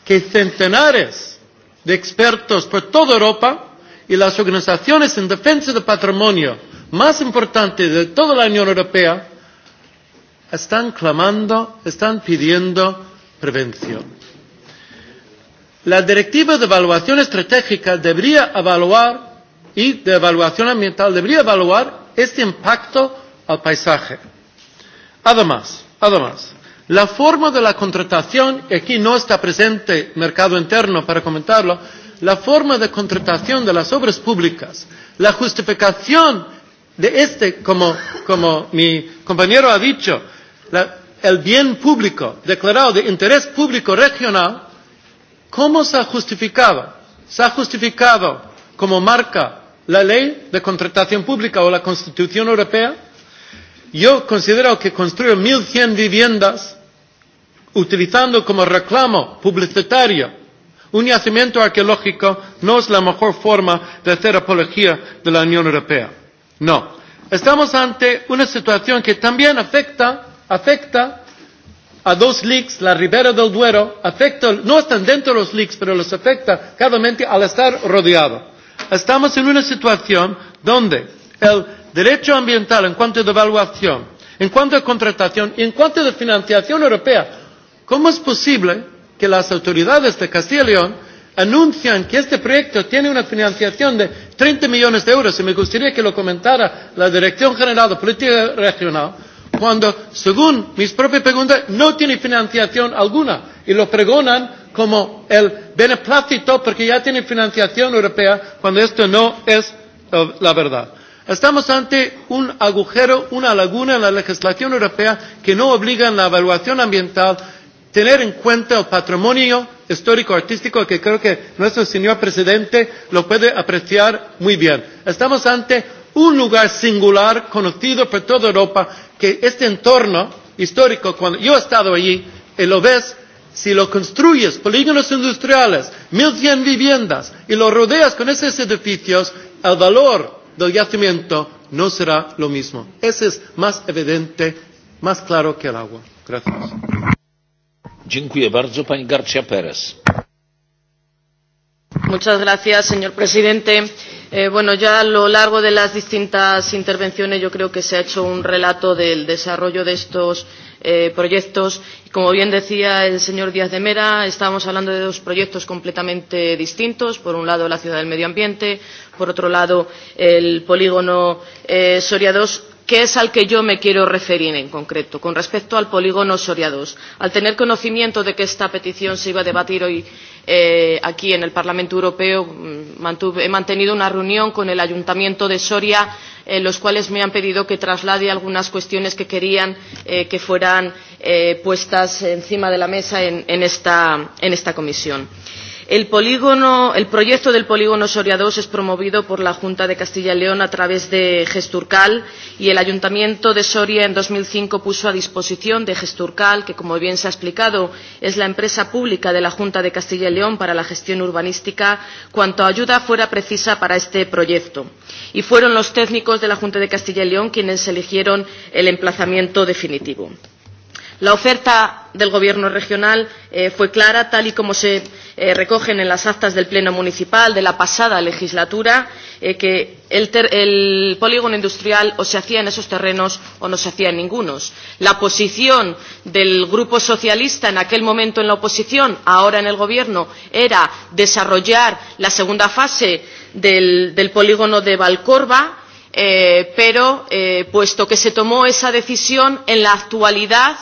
que centenares de expertos por toda Europa y las organizaciones en defensa del patrimonio más importantes de toda la Unión Europea están clamando, están pidiendo prevención. La Directiva de Evaluación Estratégica debería evaluar y de evaluación ambiental debería evaluar este impacto al paisaje. Además, Además, la forma de la contratación, y aquí no está presente mercado interno para comentarlo, la forma de contratación de las obras públicas, la justificación de este, como, como mi compañero ha dicho, la, el bien público declarado de interés público regional, ¿cómo se ha justificado? Se ha justificado como marca la ley de contratación pública o la Constitución Europea, yo considero que construir 1.100 viviendas utilizando como reclamo publicitario un yacimiento arqueológico no es la mejor forma de hacer apología de la Unión Europea. No. Estamos ante una situación que también afecta, afecta a dos leaks, la ribera del Duero, afecta, no están dentro de los leaks, pero los afecta claramente al estar rodeado. Estamos en una situación donde el derecho ambiental en cuanto a evaluación en cuanto a contratación y en cuanto a financiación europea cómo es posible que las autoridades de castilla y león anuncian que este proyecto tiene una financiación de treinta millones de euros y me gustaría que lo comentara la dirección general de política regional cuando según mis propias preguntas no tiene financiación alguna y lo pregonan como el beneplácito porque ya tiene financiación europea cuando esto no es eh, la verdad. Estamos ante un agujero, una laguna en la legislación europea que no obliga en la evaluación ambiental tener en cuenta el patrimonio histórico-artístico que creo que nuestro señor presidente lo puede apreciar muy bien. Estamos ante un lugar singular conocido por toda Europa que este entorno histórico, cuando yo he estado allí, y eh, lo ves, si lo construyes, polígonos industriales, 1.100 viviendas, y lo rodeas con esos edificios, el valor del yacimiento no será lo mismo. Ese es más evidente, más claro que el agua. Gracias. Dziękuję bardzo. Pani Garcia Pérez. Muchas gracias, señor presidente. Eh, bueno, ya a lo largo de las distintas intervenciones yo creo que se ha hecho un relato del desarrollo de estos eh, proyectos. Y como bien decía el señor Díaz de Mera, estábamos hablando de dos proyectos completamente distintos. Por un lado, la ciudad del medio ambiente, por otro lado, el polígono eh, Soria II que es al que yo me quiero referir en concreto, con respecto al polígono Soria II. Al tener conocimiento de que esta petición se iba a debatir hoy eh, aquí en el Parlamento Europeo mm, mantuve, he mantenido una reunión con el Ayuntamiento de Soria, eh, los cuales me han pedido que traslade algunas cuestiones que querían eh, que fueran eh, puestas encima de la mesa en, en, esta, en esta comisión. El, proyecto del polígono Soria 2 es promovido por la Junta de Castilla y León a través de Gesturcal y el Ayuntamiento de Soria en 2005 puso a disposición de Gesturcal, que como bien se ha explicado es la empresa pública de la Junta de Castilla y León para la gestión urbanística, cuanto ayuda fuera precisa para este proyecto. Y fueron los técnicos de la Junta de Castilla y León quienes eligieron el emplazamiento definitivo. La oferta del Gobierno regional eh, fue clara, tal y como se eh, recogen en las actas del Pleno Municipal de la pasada legislatura, eh, que el, ter el polígono industrial o se hacía en esos terrenos o no se hacía en ningunos. La posición del Grupo Socialista en aquel momento en la oposición, ahora en el Gobierno, era desarrollar la segunda fase del, del polígono de Valcorba, eh, pero eh, puesto que se tomó esa decisión, en la actualidad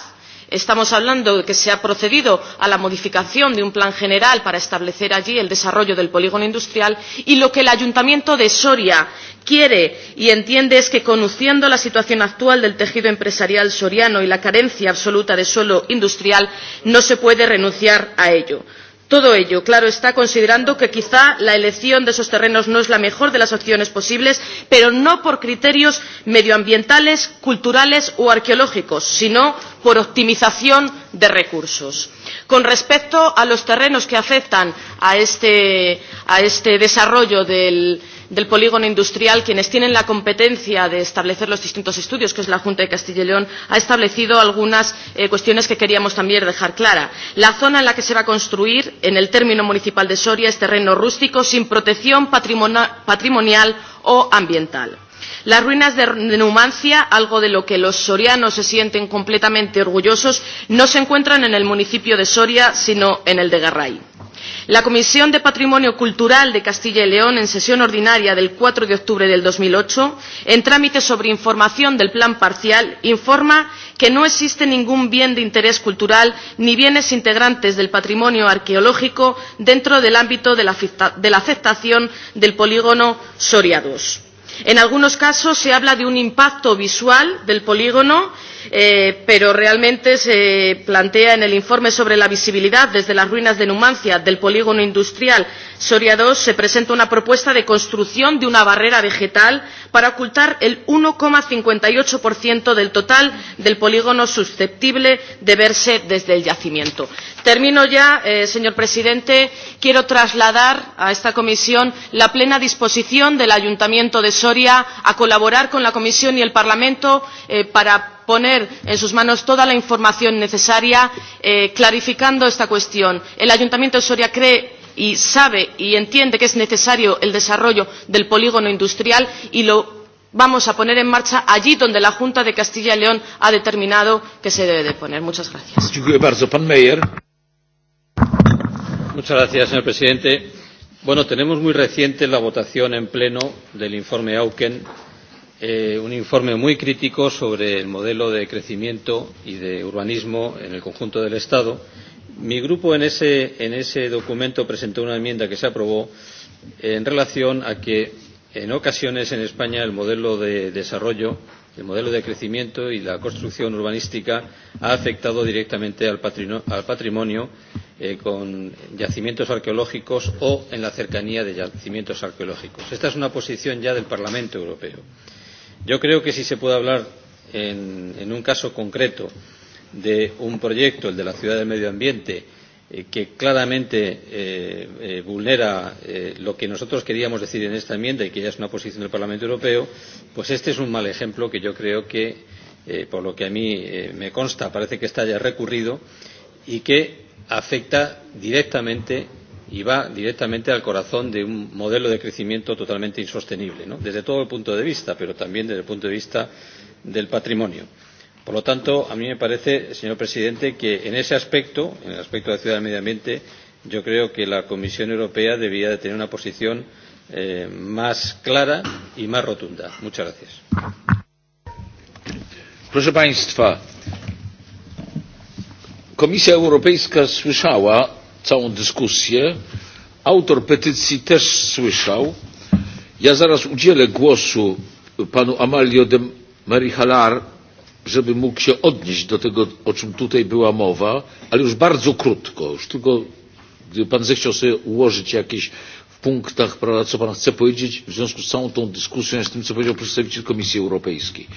estamos hablando de que se ha procedido a la modificación de un plan general para establecer allí el desarrollo del polígono industrial y lo que el ayuntamiento de soria quiere y entiende es que conociendo la situación actual del tejido empresarial soriano y la carencia absoluta de suelo industrial no se puede renunciar a ello. Todo ello, claro está, considerando que quizá la elección de esos terrenos no es la mejor de las opciones posibles, pero no por criterios medioambientales, culturales o arqueológicos, sino por optimización de recursos. Con respecto a los terrenos que afectan a este, a este desarrollo del, del polígono industrial, quienes tienen la competencia de establecer los distintos estudios, que es la Junta de Castilla y León, ha establecido algunas eh, cuestiones que queríamos también dejar clara. La zona en la que se va a construir, en el término municipal de Soria, es terreno rústico sin protección patrimonial o ambiental Las ruinas de, Numancia, algo de lo que los sorianos se sienten completamente orgullosos, no se encuentran en el municipio de Soria, sino en el de Garray. La Comisión de Patrimonio Cultural de Castilla y León, en sesión ordinaria del 4 de octubre del 2008, en trámite sobre información del plan parcial, informa que no existe ningún bien de interés cultural ni bienes integrantes del patrimonio arqueológico dentro del ámbito de la, aceptación del polígono Soria II. En algunos casos se habla de un impacto visual del polígono eh, pero realmente se plantea en el informe sobre la visibilidad desde las ruinas de Numancia del polígono industrial Soria II se presenta una propuesta de construcción de una barrera vegetal para ocultar el 1,58% del total del polígono susceptible de verse desde el yacimiento. Termino ya, eh, señor presidente. Quiero trasladar a esta comisión la plena disposición del Ayuntamiento de Soria a colaborar con la Comisión y el Parlamento eh, para poner en sus manos toda la información necesaria eh, clarificando esta cuestión. El Ayuntamiento de Soria cree y sabe y entiende que es necesario el desarrollo del polígono industrial y lo vamos a poner en marcha allí donde la Junta de Castilla y León ha determinado que se debe de poner. Muchas gracias. Muchas gracias, señor presidente. Bueno, tenemos muy reciente la votación en pleno del informe Auken eh, un informe muy crítico sobre el modelo de crecimiento y de urbanismo en el conjunto del Estado. Mi grupo en ese, en ese documento presentó una enmienda que se aprobó en relación a que en ocasiones en España el modelo de desarrollo, el modelo de crecimiento y la construcción urbanística ha afectado directamente al, patrimonio, al patrimonio eh, con yacimientos arqueológicos o en la cercanía de yacimientos arqueológicos. Esta es una posición ya del Parlamento Europeo. Yo creo que sí se puede hablar en, en un caso concreto de un proyecto, el de la ciudad del medio ambiente, eh, que claramente eh, eh, vulnera eh, lo que nosotros queríamos decir en esta enmienda y que ya es una posición del Parlamento Europeo, pues este es un mal ejemplo que yo creo que, eh, por lo que a mí eh, me consta, parece que está ya recurrido y que afecta directamente y va directamente al corazón de un modelo de crecimiento totalmente insostenible ¿no? desde todo el punto de vista pero también desde el punto de vista del patrimonio. por lo tanto a mí me parece señor presidente que en ese aspecto en el aspecto de la ciudad del medio ambiente yo creo que la comisión europea debería de tener una posición eh, más clara y más rotunda. muchas gracias. proszę państwa komisja europejska słyszała całą dyskusję. Autor petycji też słyszał. Ja zaraz udzielę głosu panu Amalio de Marihalar, żeby mógł się odnieść do tego, o czym tutaj była mowa, ale już bardzo krótko, już tylko gdyby pan zechciał sobie ułożyć jakieś w punktach, prawda, co pan chce powiedzieć w związku z całą tą dyskusją, z tym, co powiedział przedstawiciel Komisji Europejskiej.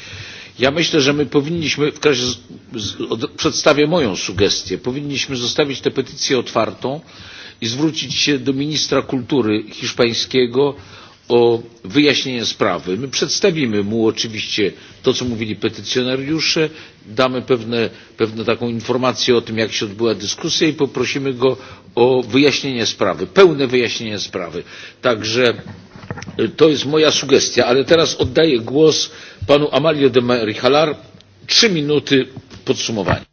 Ja myślę, że my powinniśmy, w każdym razie przedstawię moją sugestię, powinniśmy zostawić tę petycję otwartą i zwrócić się do ministra kultury hiszpańskiego o wyjaśnienie sprawy. My przedstawimy mu oczywiście to, co mówili petycjonariusze, damy pewne, pewne taką informację o tym, jak się odbyła dyskusja i poprosimy go o wyjaśnienie sprawy, pełne wyjaśnienie sprawy. Także To jest moja sugestia, ale teraz oddaję głos panu Amalio de Marichalar. Trzy minuty podsumowania.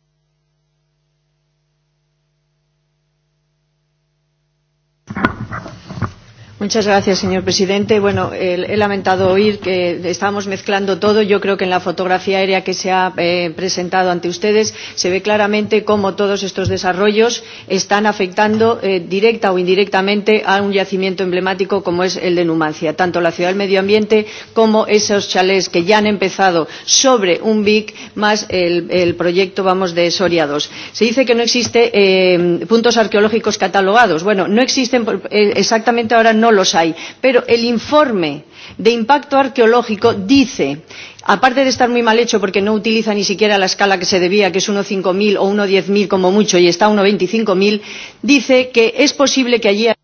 señor presidente. he lamentado oír que estábamos mezclando todo. Yo creo que en la fotografía aérea que se ha eh, presentado ante ustedes se ve claramente cómo todos estos desarrollos están afectando eh, directa o indirectamente a un yacimiento emblemático como es el de Numancia. Tanto la ciudad del medio ambiente como esos chalets que ya han empezado sobre un BIC más el, el proyecto vamos, de Soria ii. Se dice que no existen eh, puntos arqueológicos catalogados. Bueno, no existen eh, exactamente ahora no los hay pero el informe de impacto arqueológico dice aparte de estar muy mal hecho porque no utiliza ni siquiera la escala que se debía que es uno cinco mil o uno diez mil como mucho y está a uno veinticinco mil dice que es posible que allí Haya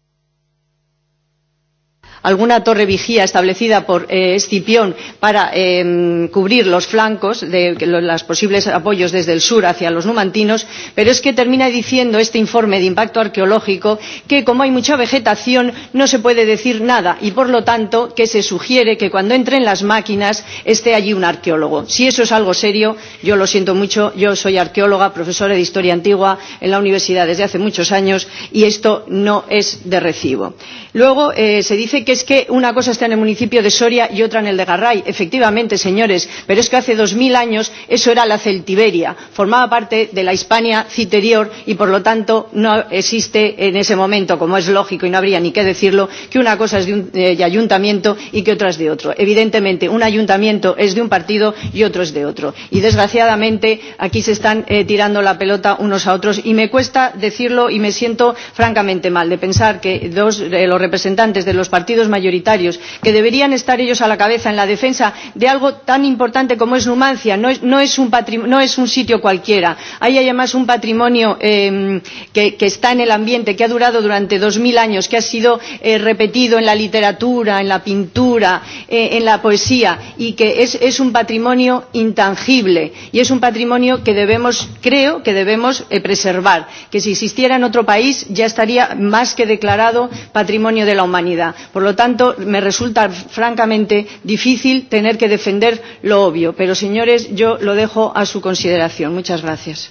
alguna torre vigía establecida por eh, Escipión para eh, cubrir los flancos de los posibles apoyos desde el sur hacia los numantinos, pero es que termina diciendo este informe de impacto arqueológico que, como hay mucha vegetación, no se puede decir nada y, por lo tanto, que se sugiere que cuando entren las máquinas esté allí un arqueólogo. Si eso es algo serio, yo lo siento mucho, yo soy arqueóloga, profesora de historia antigua en la universidad desde hace muchos años y esto no es de recibo. Luego eh, se dice que que es que una cosa está en el municipio de soria y otra en el de garray efectivamente señores pero es que hace dos mil años eso era la celtiberia formaba parte de la hispania citerior y por lo tanto no existe en ese momento como es lógico y no habría ni que decirlo que una cosa es de un eh, de ayuntamiento y que otra es de otro. evidentemente un ayuntamiento es de un partido y otro es de otro y desgraciadamente aquí se están eh, tirando la pelota unos a otros y me cuesta decirlo y me siento francamente mal de pensar que dos de los representantes de los partidos partidos mayoritarios que deberían estar ellos a la cabeza en la defensa de algo tan importante como es numancia no es, no es, un, no es un sitio cualquiera ahí hay además un patrimonio eh, que, que está en el ambiente que ha durado durante dos mil años que ha sido eh, repetido en la literatura en la pintura eh, en la poesía y que es, es un patrimonio intangible y es un patrimonio que debemos creo que debemos eh, preservar que si existiera en otro país ya estaría más que declarado patrimonio de la humanidad. por lo lo tanto, me resulta francamente difícil tener que defender lo obvio. Pero, señores, yo lo dejo a su consideración. Muchas gracias.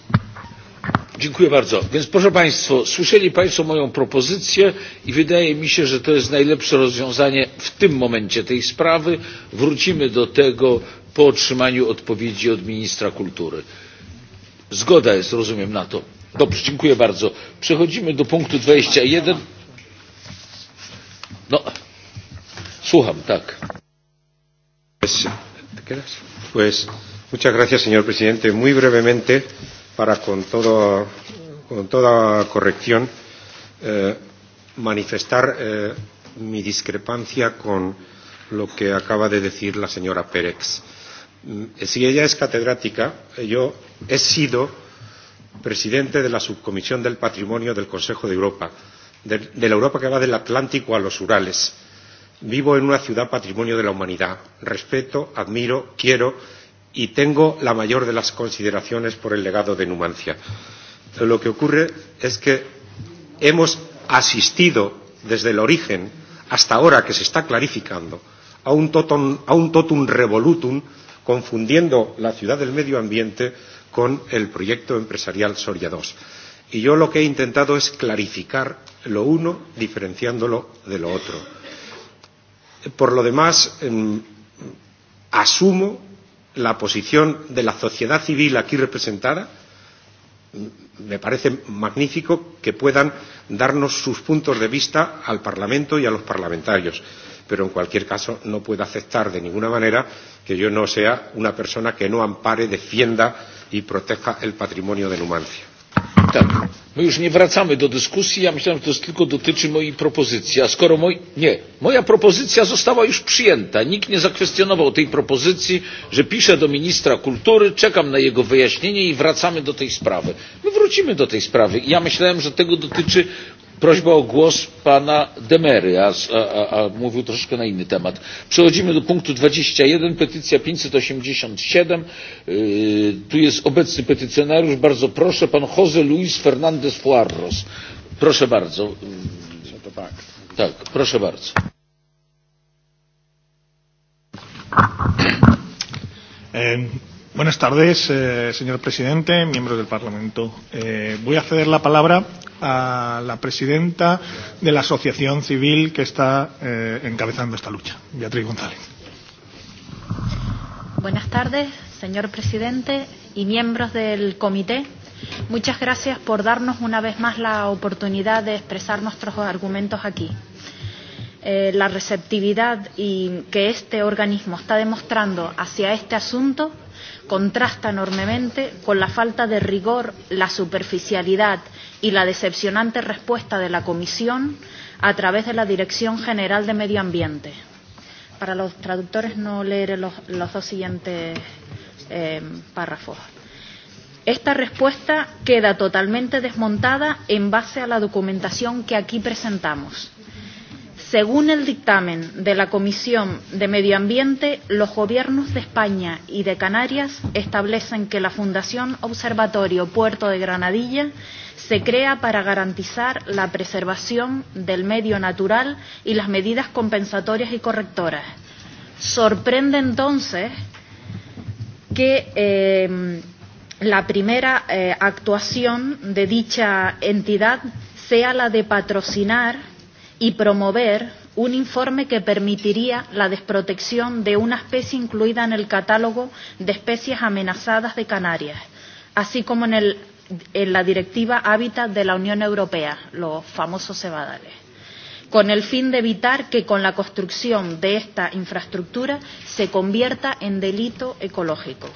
Dziękuję bardzo. Więc proszę Państwa, słyszeli Państwo moją propozycję i wydaje mi się, że to jest najlepsze rozwiązanie w tym momencie tej sprawy. Wrócimy do tego po otrzymaniu odpowiedzi od ministra kultury. Zgoda jest, rozumiem, na to. Dobrze, dziękuję bardzo. Przechodzimy do punktu 21. No. Słucham, tak. Pues, ¿te quedas? Pues muchas gracias, señor presidente. Muy brevemente, para con, todo, con toda corrección, eh, manifestar eh, mi discrepancia con lo que acaba de decir la señora Pérez. Mm, si ella es catedrática, yo he sido presidente de la subcomisión del patrimonio del Consejo de Europa, de, de la Europa que va del Atlántico a los Urales. Eh, Vivo en una ciudad patrimonio de la humanidad. Respeto, admiro, quiero y tengo la mayor de las consideraciones por el legado de Numancia. Pero lo que ocurre es que hemos asistido desde el origen hasta ahora que se está clarificando a un totum, a un totum revolutum confundiendo la ciudad del medio ambiente con el proyecto empresarial Soria II. Y yo lo que he intentado es clarificar lo uno diferenciándolo de lo otro Por lo demás, eh, asumo la posición de la sociedad civil aquí representada. Me parece magnífico que puedan darnos sus puntos de vista al Parlamento y a los parlamentarios pero en cualquier caso no puedo aceptar de ninguna manera que yo no sea una persona que no ampare, defienda y proteja el patrimonio de Numancia tak. My już nie wracamy do dyskusji. Ja myślałem, że to tylko dotyczy mojej propozycji. A skoro moj... Nie. Moja propozycja została już przyjęta. Nikt nie zakwestionował tej propozycji, że piszę do ministra kultury, czekam na jego wyjaśnienie i wracamy do tej sprawy. My wrócimy do tej sprawy. I ja myślałem, że tego dotyczy Prośba o głos pana Demery, a, a, a mówił troszkę na inny temat. Przechodzimy do punktu 21, petycja 587. Yy, tu jest obecny petycjonariusz. Bardzo proszę, pan Jose Luis Fernández Fuarros. Proszę bardzo. Tak. proszę bardzo. Eh, buenas tardes, eh, señor presidente, miembros del Parlamento. Eh, voy a ceder la palabra a la presidenta de la asociación civil que está eh, encabezando esta lucha, Beatriz González. Buenas tardes, señor presidente y miembros del comité. Muchas gracias por darnos una vez más la oportunidad de expresar nuestros argumentos aquí. Eh, la receptividad y que este organismo está demostrando hacia este asunto contrasta enormemente con la falta de rigor, la superficialidad y la decepcionante respuesta de la Comisión a través de la Dirección General de Medio Ambiente. Para los traductores no leeré los, los dos siguientes eh, párrafos. Esta respuesta queda totalmente desmontada en base a la documentación que aquí presentamos Según el dictamen de la Comisión de Medio Ambiente, los gobiernos de España y de Canarias establecen que la Fundación Observatorio Puerto de Granadilla se crea para garantizar la preservación del medio natural y las medidas compensatorias y correctoras. Sorprende entonces que eh, la primera eh, actuación de dicha entidad sea la de patrocinar y promover un informe que permitiría la desprotección de una especie incluida en el catálogo de especies amenazadas de Canarias, así como en, el, en la Directiva Hábitat de la Unión Europea, los famosos cebadales con el fin de evitar que con la construcción de esta infraestructura se convierta en delito ecológico.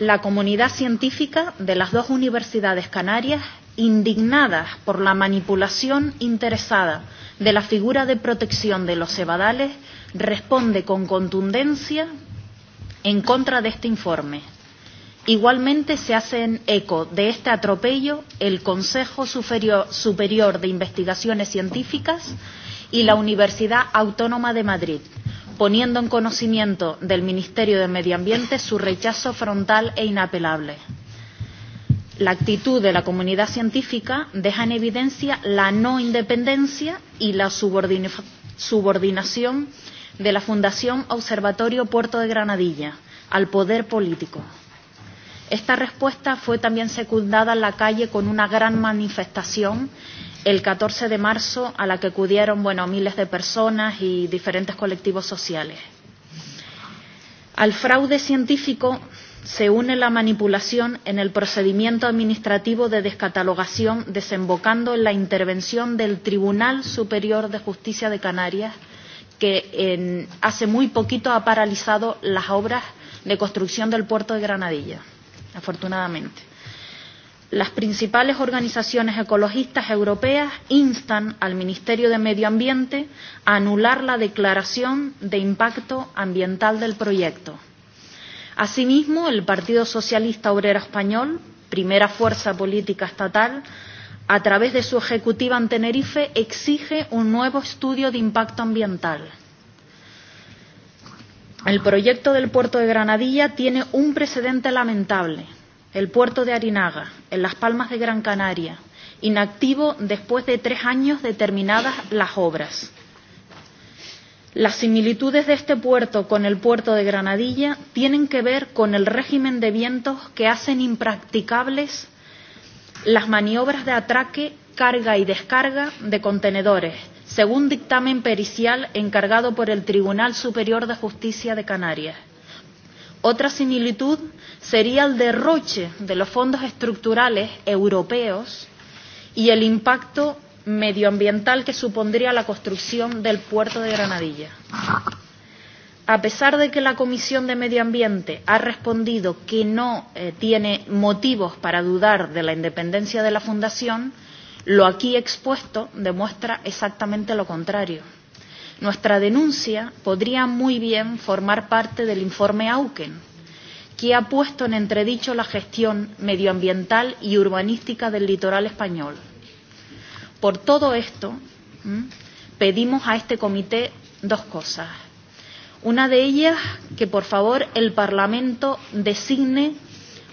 La comunidad científica de las dos universidades canarias indignadas por la manipulación interesada de la figura de protección de los cebadales, responde con contundencia en contra de este informe. Igualmente se hacen eco de este atropello el Consejo Superior, Superior de Investigaciones Científicas y la Universidad Autónoma de Madrid, poniendo en conocimiento del Ministerio de Medio Ambiente su rechazo frontal e inapelable la actitud de la comunidad científica deja en evidencia la no independencia y la subordinación de la Fundación Observatorio Puerto de Granadilla al poder político. Esta respuesta fue también secundada en la calle con una gran manifestación el 14 de marzo a la que acudieron bueno, miles de personas y diferentes colectivos sociales. Al fraude científico se une la manipulación en el procedimiento administrativo de descatalogación desembocando en la intervención del Tribunal Superior de Justicia de Canarias que en, hace muy poquito ha paralizado las obras de construcción del puerto de Granadilla, afortunadamente. Las principales organizaciones ecologistas europeas instan al Ministerio de Medio Ambiente a anular la declaración de impacto ambiental del proyecto Asimismo, el Partido Socialista Obrero Español, primera fuerza política estatal, a través de su ejecutiva en Tenerife, exige un nuevo estudio de impacto ambiental. El proyecto del puerto de Granadilla tiene un precedente lamentable. El puerto de Arinaga, en Las Palmas de Gran Canaria, inactivo después de tres años de terminadas las obras. Las similitudes de este puerto con el puerto de Granadilla tienen que ver con el régimen de vientos que hacen impracticables las maniobras de atraque, carga y descarga de contenedores, según dictamen pericial encargado por el Tribunal Superior de Justicia de Canarias. Otra similitud sería el derroche de los fondos estructurales europeos y el impacto medioambiental que supondría la construcción del puerto de Granadilla. A pesar de que la Comisión de Medio Ambiente ha respondido que no eh, tiene motivos para dudar de la independencia de la Fundación, lo aquí expuesto demuestra exactamente lo contrario. Nuestra denuncia podría muy bien formar parte del informe Auken, que ha puesto en entredicho la gestión medioambiental y urbanística del litoral español Por todo esto, ¿m? pedimos a este comité dos cosas. Una de ellas, que por favor el Parlamento designe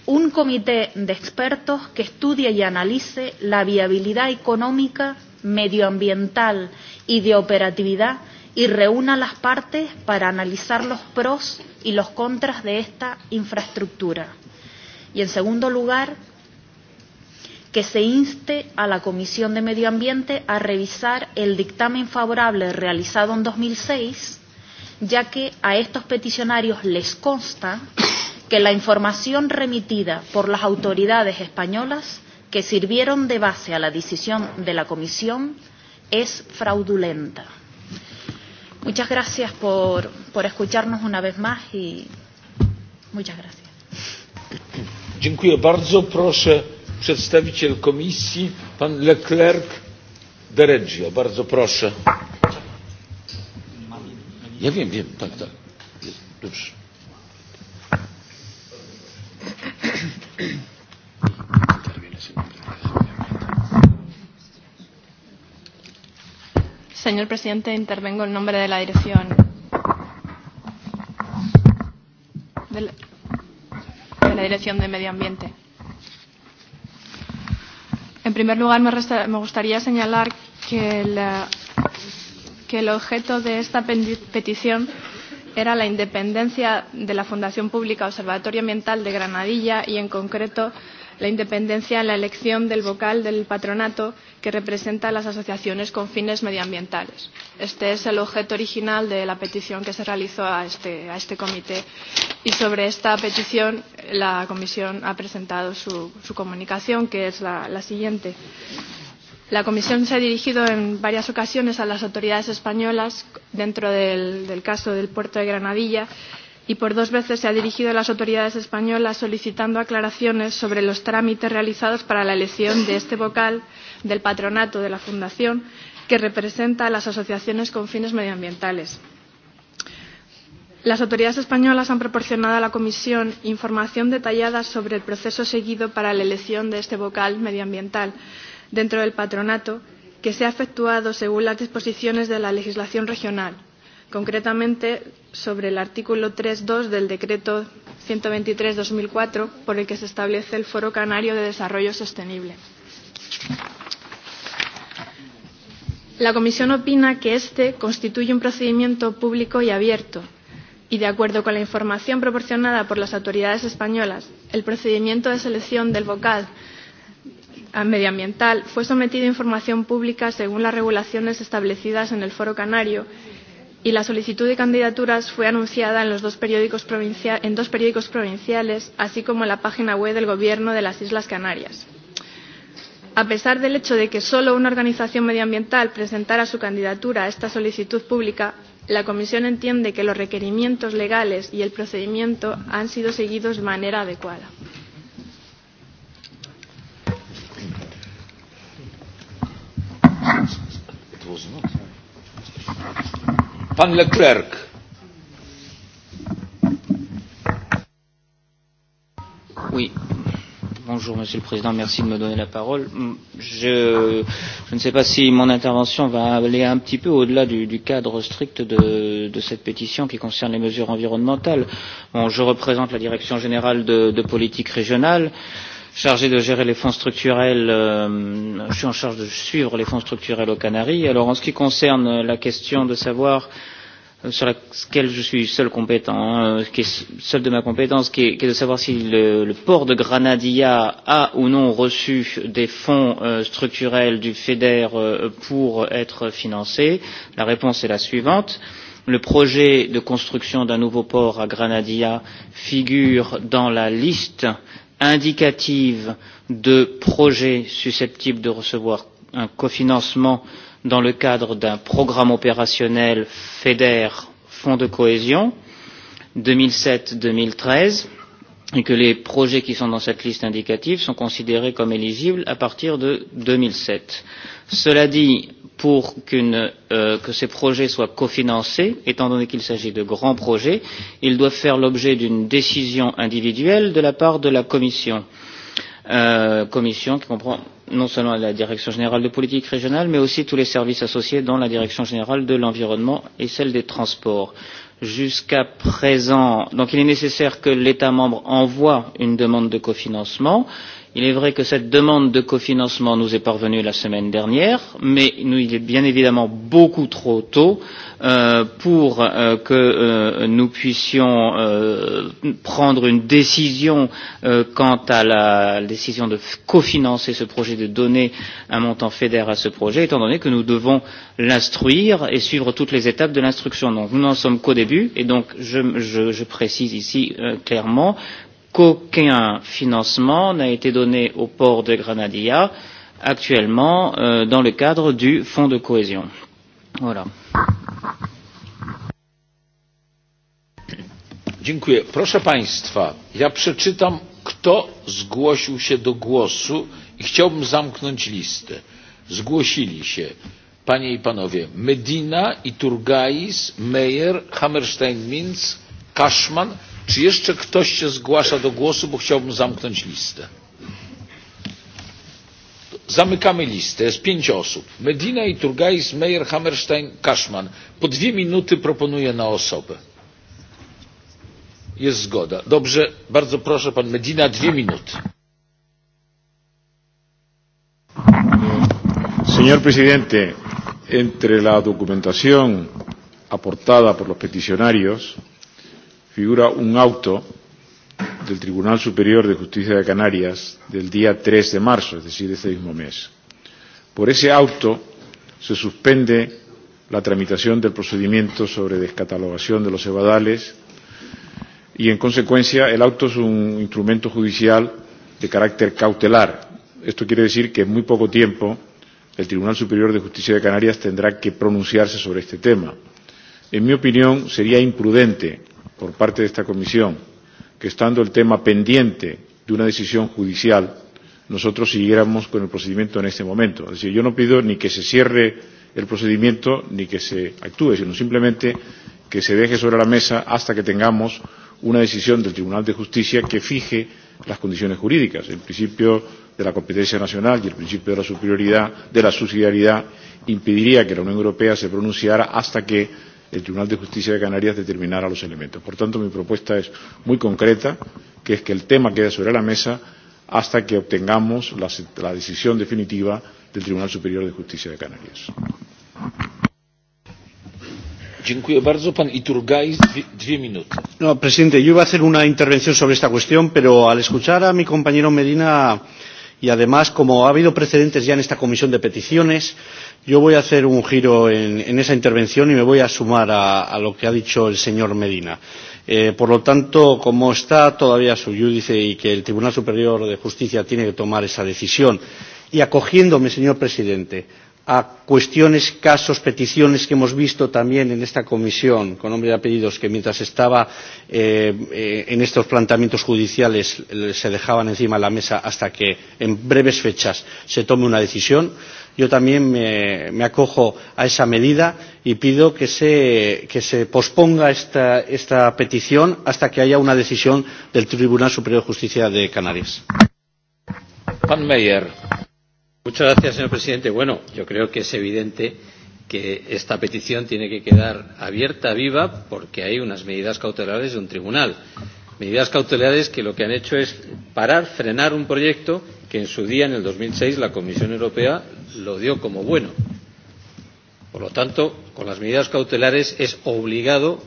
un comité de expertos que estudie y analice la viabilidad económica, medioambiental y de operatividad y reúna las partes para analizar los pros y los contras de esta infraestructura. Y en segundo lugar, que se inste a la Comisión de Medio Ambiente a revisar el dictamen favorable realizado en 2006, ya que a estos peticionarios les consta que la información remitida por las autoridades españolas que sirvieron de base a la decisión de la Comisión es fraudulenta. Muchas gracias por, por escucharnos una vez más y muchas gracias. Dziękuję bardzo. Proszę przedstawiciel komisji pan leclerc de reggio bardzo proszę. ja wiem wiem tak tak dobrze. Señor presidente, intervengo en nombre de la dirección. De la, de la Dirección de Medio Ambiente. En primer lugar, me, resta, me gustaría señalar que, la, que el objeto de esta petición era la independencia de la Fundación Pública Observatorio Ambiental de Granadilla y, en concreto, la independencia en la elección del vocal del patronato que representa a las asociaciones con fines medioambientales. Este es el objeto original de la petición que se realizó a este, a este comité y sobre esta petición la Comisión ha presentado su, su comunicación, que es la, la siguiente. La Comisión se ha dirigido en varias ocasiones a las autoridades españolas dentro del, del caso del puerto de Granadilla y por dos veces se ha dirigido a las autoridades españolas solicitando aclaraciones sobre los trámites realizados para la elección de este vocal del patronato de la fundación que representa a las asociaciones con fines medioambientales. Las autoridades españolas han proporcionado a la Comisión información detallada sobre el proceso seguido para la elección de este vocal medioambiental dentro del patronato que se ha efectuado según las disposiciones de la legislación regional concretamente sobre el artículo 3.2 del decreto 123-2004, por el que se establece el Foro Canario de Desarrollo Sostenible. La Comisión opina que este constituye un procedimiento público y abierto, y de acuerdo con la información proporcionada por las autoridades españolas, el procedimiento de selección del vocal medioambiental fue sometido a información pública según las regulaciones establecidas en el Foro Canario y la solicitud de candidaturas fue anunciada en, los dos periódicos en dos periódicos provinciales, así como en la página web del Gobierno de las Islas Canarias. A pesar del hecho de que solo una organización medioambiental presentara su candidatura a esta solicitud pública, la Comisión entiende que los requerimientos legales y el procedimiento han sido seguidos de manera adecuada. It was van Leclerc. Oui. Bonjour Monsieur le Président, merci de me donner la parole. Mm, je, je ne sais pas si mon intervention va aller un petit peu au-delà du, du cadre strict de, de cette pétition qui concerne les mesures environnementales. Bon, je représente la Direction générale de, de politique régionale. Euh, chargé de gérer les fonds structurels, euh, je suis en charge de suivre les fonds structurels aux Canaries. Alors en ce qui concerne la question de savoir euh, sur laquelle je suis seul compétent, hein, euh, qui est seul de ma compétence, qui est, qui est de savoir si le, le port de Granadilla a ou non reçu des fonds euh, structurels du FEDER euh, pour être financé. La réponse est la suivante. le projet de construction d'un nouveau port à granadilla figure dans la liste indicative de projets susceptibles de recevoir un cofinancement dans le cadre d'un programme opérationnel feder fonds de cohésion deux mille sept deux mille treize et que les projets qui sont dans cette liste indicative sont considérés comme éligibles à partir de deux mille sept Cela dit, pour qu euh, que ces projets soient cofinancés, étant donné qu'il s'agit de grands projets, ils doivent faire l'objet d'une décision individuelle de la part de la Commission. Euh, commission qui comprend non seulement la direction générale de politique régionale, mais aussi tous les services associés, dont la direction générale de l'environnement et celle des transports. Jusqu'à présent, donc il est nécessaire que l'État membre envoie une demande de cofinancement il est vrai que cette demande de cofinancement nous est parvenue la semaine dernière mais il est bien évidemment beaucoup trop tôt euh, pour euh, que euh, nous puissions prendre une décision quant à la décision de cofinancer ce projet de donner un montant fédéral à ce projet étant donné que nous devons l'instruire et suivre toutes les étapes de l'instruction. Donc nous n'en sommes qu'au début et donc je, je, je précise ici clairement qu'aucun financement n'a été donné au port de Granadilla actuellement euh, dans le cadre du fonds de cohésion. Voilà. Dziękuję. Proszę Państwa, ja przeczytam, kto zgłosił się do głosu i chciałbym zamknąć listę. Zgłosili się Panie i Panowie Medina, Iturgais, Meyer, Hammerstein-Minz, Kaszman, Czy jeszcze ktoś się zgłasza do głosu, bo chciałbym zamknąć listę? Zamykamy listę. Jest pięć osób. Medina, i Turgais, Meyer, Hammerstein, Kaszman. Po dwie minuty proponuję na osobę. Jest zgoda. Dobrze. Bardzo proszę, pan Medina, dwie minuty. Señor presidente, entre la documentación aportada por los peticionarios figura un auto del Tribunal Superior de Justicia de Canarias del día 3 de marzo, es decir, este mismo mes. Por ese auto se suspende la tramitación del procedimiento sobre descatalogación de los evadales y, en consecuencia, el auto es un instrumento judicial de carácter cautelar. Esto quiere decir que en muy poco tiempo el Tribunal Superior de Justicia de Canarias tendrá que pronunciarse sobre este tema. En mi opinión, sería imprudente por parte de esta Comisión que, estando el tema pendiente de una decisión judicial, nosotros siguiéramos con el procedimiento en este momento. Es decir, yo no pido ni que se cierre el procedimiento ni que se actúe, sino simplemente que se deje sobre la mesa hasta que tengamos una decisión del Tribunal de Justicia que fije las condiciones jurídicas, el principio de la competencia nacional y el principio de la superioridad, de la subsidiariedad impediría que la Unión Europea se pronunciara hasta que el Tribunal de Justicia de Canarias determinara los elementos. Por tanto, mi propuesta es muy concreta, que es que el tema quede sobre la mesa hasta que obtengamos la, la decisión definitiva del Tribunal Superior de Justicia de Canarias. Dziękuję bardzo. Pan Iturgay, dwie minuty. No, presidente, yo iba a hacer una intervención sobre esta cuestión, pero al escuchar a mi compañero Medina y además como ha habido precedentes ya en esta comisión de peticiones yo voy a hacer un giro en, en esa intervención y me voy a sumar a, a lo que ha dicho el señor Medina. Eh, por lo tanto, como está todavía su judice y que el Tribunal Superior de Justicia tiene que tomar esa decisión, y acogiéndome, señor presidente, a cuestiones, casos, peticiones que hemos visto también en esta comisión, con nombre y apellidos, que mientras estaba eh, eh, en estos planteamientos judiciales se dejaban encima de la mesa hasta que en breves fechas se tome una decisión. Yo también me, me acojo a esa medida y pido que se, que se posponga esta, esta petición hasta que haya una decisión del Tribunal Superior de Justicia de Canarias. Pan Meyer. Muchas gracias, señor presidente. Bueno, yo creo que es evidente que esta petición tiene que quedar abierta, viva, porque hay unas medidas cautelares de un tribunal. Medidas cautelares que lo que han hecho es parar, frenar un proyecto que en su día, en el 2006, la Comisión Europea lo dio como bueno. Por lo tanto, con las medidas cautelares es obligado,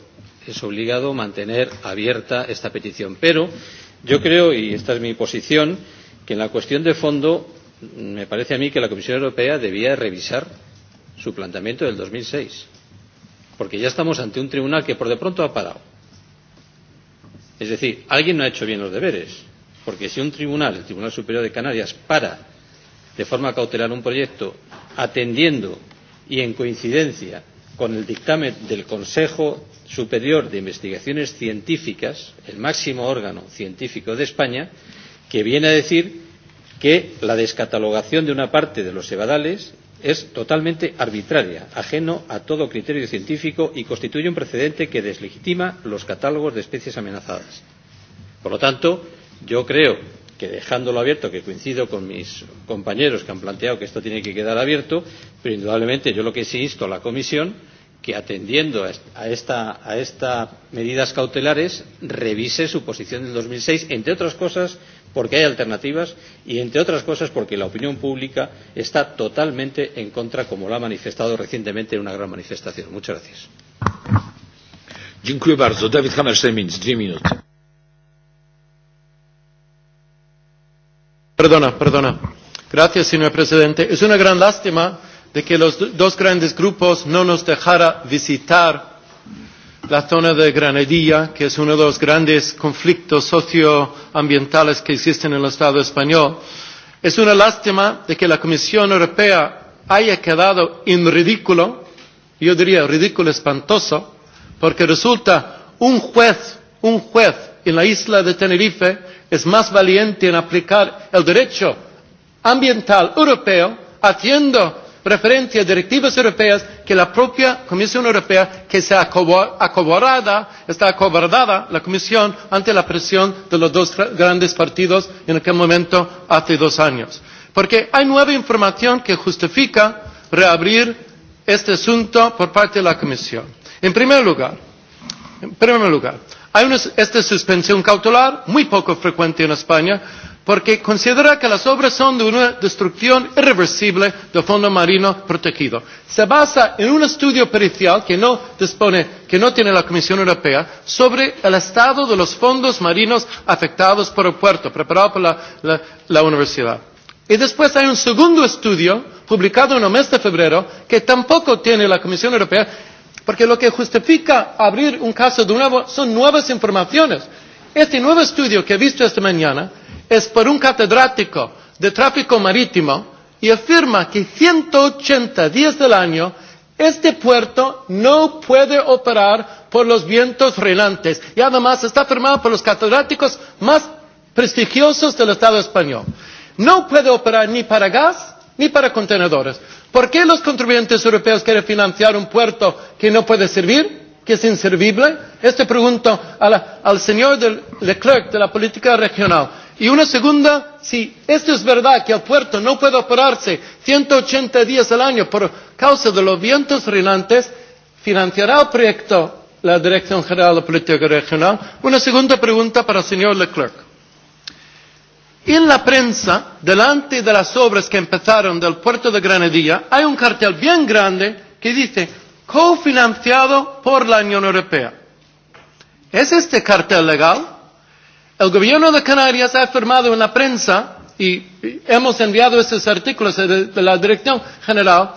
es obligado mantener abierta esta petición. Pero yo creo, y esta es mi posición, que en la cuestión de fondo me parece a mí que la Comisión Europea debía revisar su planteamiento del 2006, porque ya estamos ante un tribunal que por de pronto ha parado. Es decir, alguien no ha hecho bien los deberes, porque si un tribunal, el Tribunal Superior de Canarias, para de forma cautelar un proyecto atendiendo y en coincidencia con el dictamen del Consejo Superior de Investigaciones Científicas, el máximo órgano científico de España, que viene a decir que la descatalogación de una parte de los cebadales es totalmente arbitraria, ajeno a todo criterio científico y constituye un precedente que deslegitima los catálogos de especies amenazadas. Por lo tanto, yo creo que dejándolo abierto, que coincido con mis compañeros que han planteado que esto tiene que quedar abierto, pero indudablemente yo lo que sí insto a la Comisión que atendiendo a estas a esta medidas cautelares revise su posición del 2006, entre otras cosas porque hay alternativas y, entre otras cosas, porque la opinión pública está totalmente en contra, como lo ha manifestado recientemente en una gran manifestación. Muchas gracias. Dziękuję bardzo. David Hammerstein, dwie minuty. Perdona, perdona. Gracias, señor presidente. Es una gran lástima de que los dos grandes grupos no nos dejara visitar la zona de Granadilla, que es uno de los grandes conflictos socioambientales que existen en el Estado español. Es una lástima de que la Comisión Europea haya quedado en ridículo, yo diría ridículo espantoso, porque resulta un juez, un juez en la isla de Tenerife es más valiente en aplicar el derecho ambiental europeo haciendo referente a directivas europeas que la propia Comisión Europea que se ha acobardada, está acobardada la Comisión ante la presión de los dos grandes partidos en aquel momento hace dos años. Porque hay nueva información que justifica reabrir este asunto por parte de la Comisión. En primer lugar, en primer lugar hay una, esta suspensión cautelar muy poco frecuente en España porque considera que las obras son de una destrucción irreversible del fondo marino protegido. Se basa en un estudio pericial que no dispone, que no tiene la Comisión Europea, sobre el estado de los fondos marinos afectados por el puerto, preparado por la, la, la universidad. Y después hay un segundo estudio, publicado en el mes de febrero, que tampoco tiene la Comisión Europea, porque lo que justifica abrir un caso de nuevo son nuevas informaciones. Este nuevo estudio que he visto esta mañana es por un catedrático de tráfico marítimo y afirma que 180 días del año este puerto no puede operar por los vientos reinantes y además está firmado por los catedráticos más prestigiosos del Estado español. No puede operar ni para gas ni para contenedores. ¿Por qué los contribuyentes europeos quieren financiar un puerto que no puede servir, que es inservible? Esto pregunto a la, al señor Leclerc de la política regional Y una segunda, si esto es verdad que el puerto no puede operarse 180 días al año por causa de los vientos relantes, ¿financiará el proyecto la Dirección General de Política Regional? Una segunda pregunta para el señor Leclerc. En la prensa, delante de las obras que empezaron del puerto de Granadilla, hay un cartel bien grande que dice cofinanciado por la Unión Europea. ¿Es este cartel legal? El gobierno de Canarias ha afirmado en la prensa, y hemos enviado estos artículos de, de la Dirección General,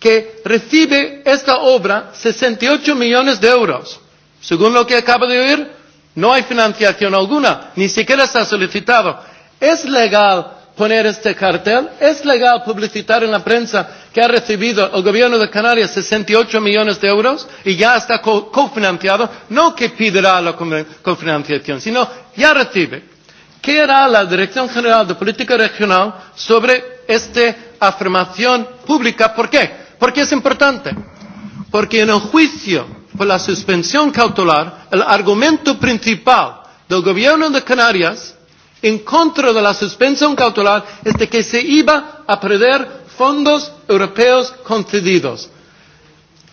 que recibe esta obra 68 millones de euros. Según lo que acabo de oír, no hay financiación alguna, ni siquiera se ha solicitado. ¿Es legal poner este cartel? ¿Es legal publicitar en la prensa que ha recibido el gobierno de Canarias 68 millones de euros y ya está co cofinanciado? No que pedirá la cofinanciación, sino ya recibe. ¿Qué hará la Dirección General de Política Regional sobre esta afirmación pública? ¿Por qué? Porque es importante. Porque en el juicio por la suspensión cautelar, el argumento principal del gobierno de Canarias en contra de la suspensión cautelar es de que se iba a perder fondos europeos concedidos.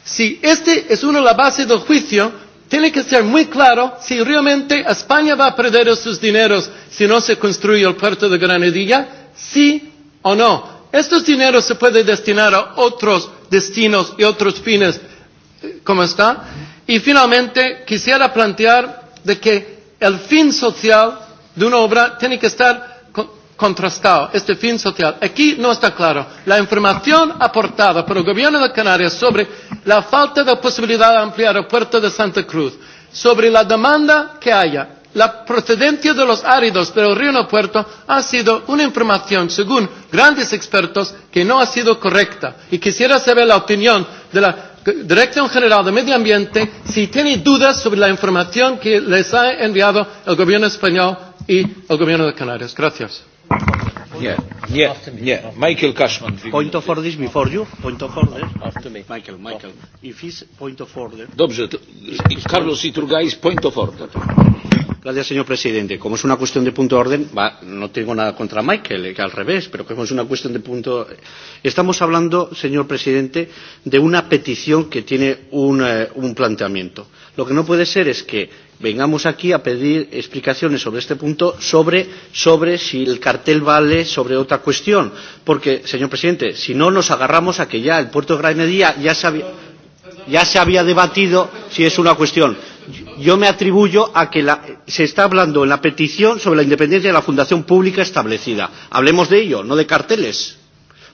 Si esta es una de base del juicio, tiene que ser muy claro si realmente España va a perder sus dineros si no se construye el puerto de Granadilla, sí o no. Estos dineros se pueden destinar a otros destinos y otros fines, eh, como está. Y finalmente quisiera plantear de que el fin social de una obra tiene que estar contrastado este fin social. Aquí no está claro. La información aportada por el gobierno de Canarias sobre la falta de posibilidad de ampliar el puerto de Santa Cruz, sobre la demanda que haya, la procedencia de los áridos del río no puerto ha sido una información, según grandes expertos, que no ha sido correcta. Y quisiera saber la opinión de la Dirección General de Medio Ambiente si tiene dudas sobre la información que les ha enviado el gobierno español y el Gobierno de Canarias. Gracias. Yeah, yeah, me, yeah. Michael Cashman. Point of order is before you. Point of order. After me. Michael, Michael. If he's point of order. Dobrze. Carlos Iturgaiz, point of order. Gracias, señor presidente. Como es una cuestión de punto de orden, va, no tengo nada contra Michael, eh, que al revés, pero como es una cuestión de punto. Estamos hablando, señor presidente, de una petición que tiene un, eh, un planteamiento. Lo que no puede ser es que vengamos aquí a pedir explicaciones sobre este punto, sobre, sobre si el cartel vale sobre otra cuestión. Porque, señor presidente, si no nos agarramos a que ya el puerto de Granadilla ya se había, ya se había debatido si es una cuestión. Yo me atribuyo a que la, se está hablando en la petición sobre la independencia de la fundación pública establecida. Hablemos de ello, no de carteles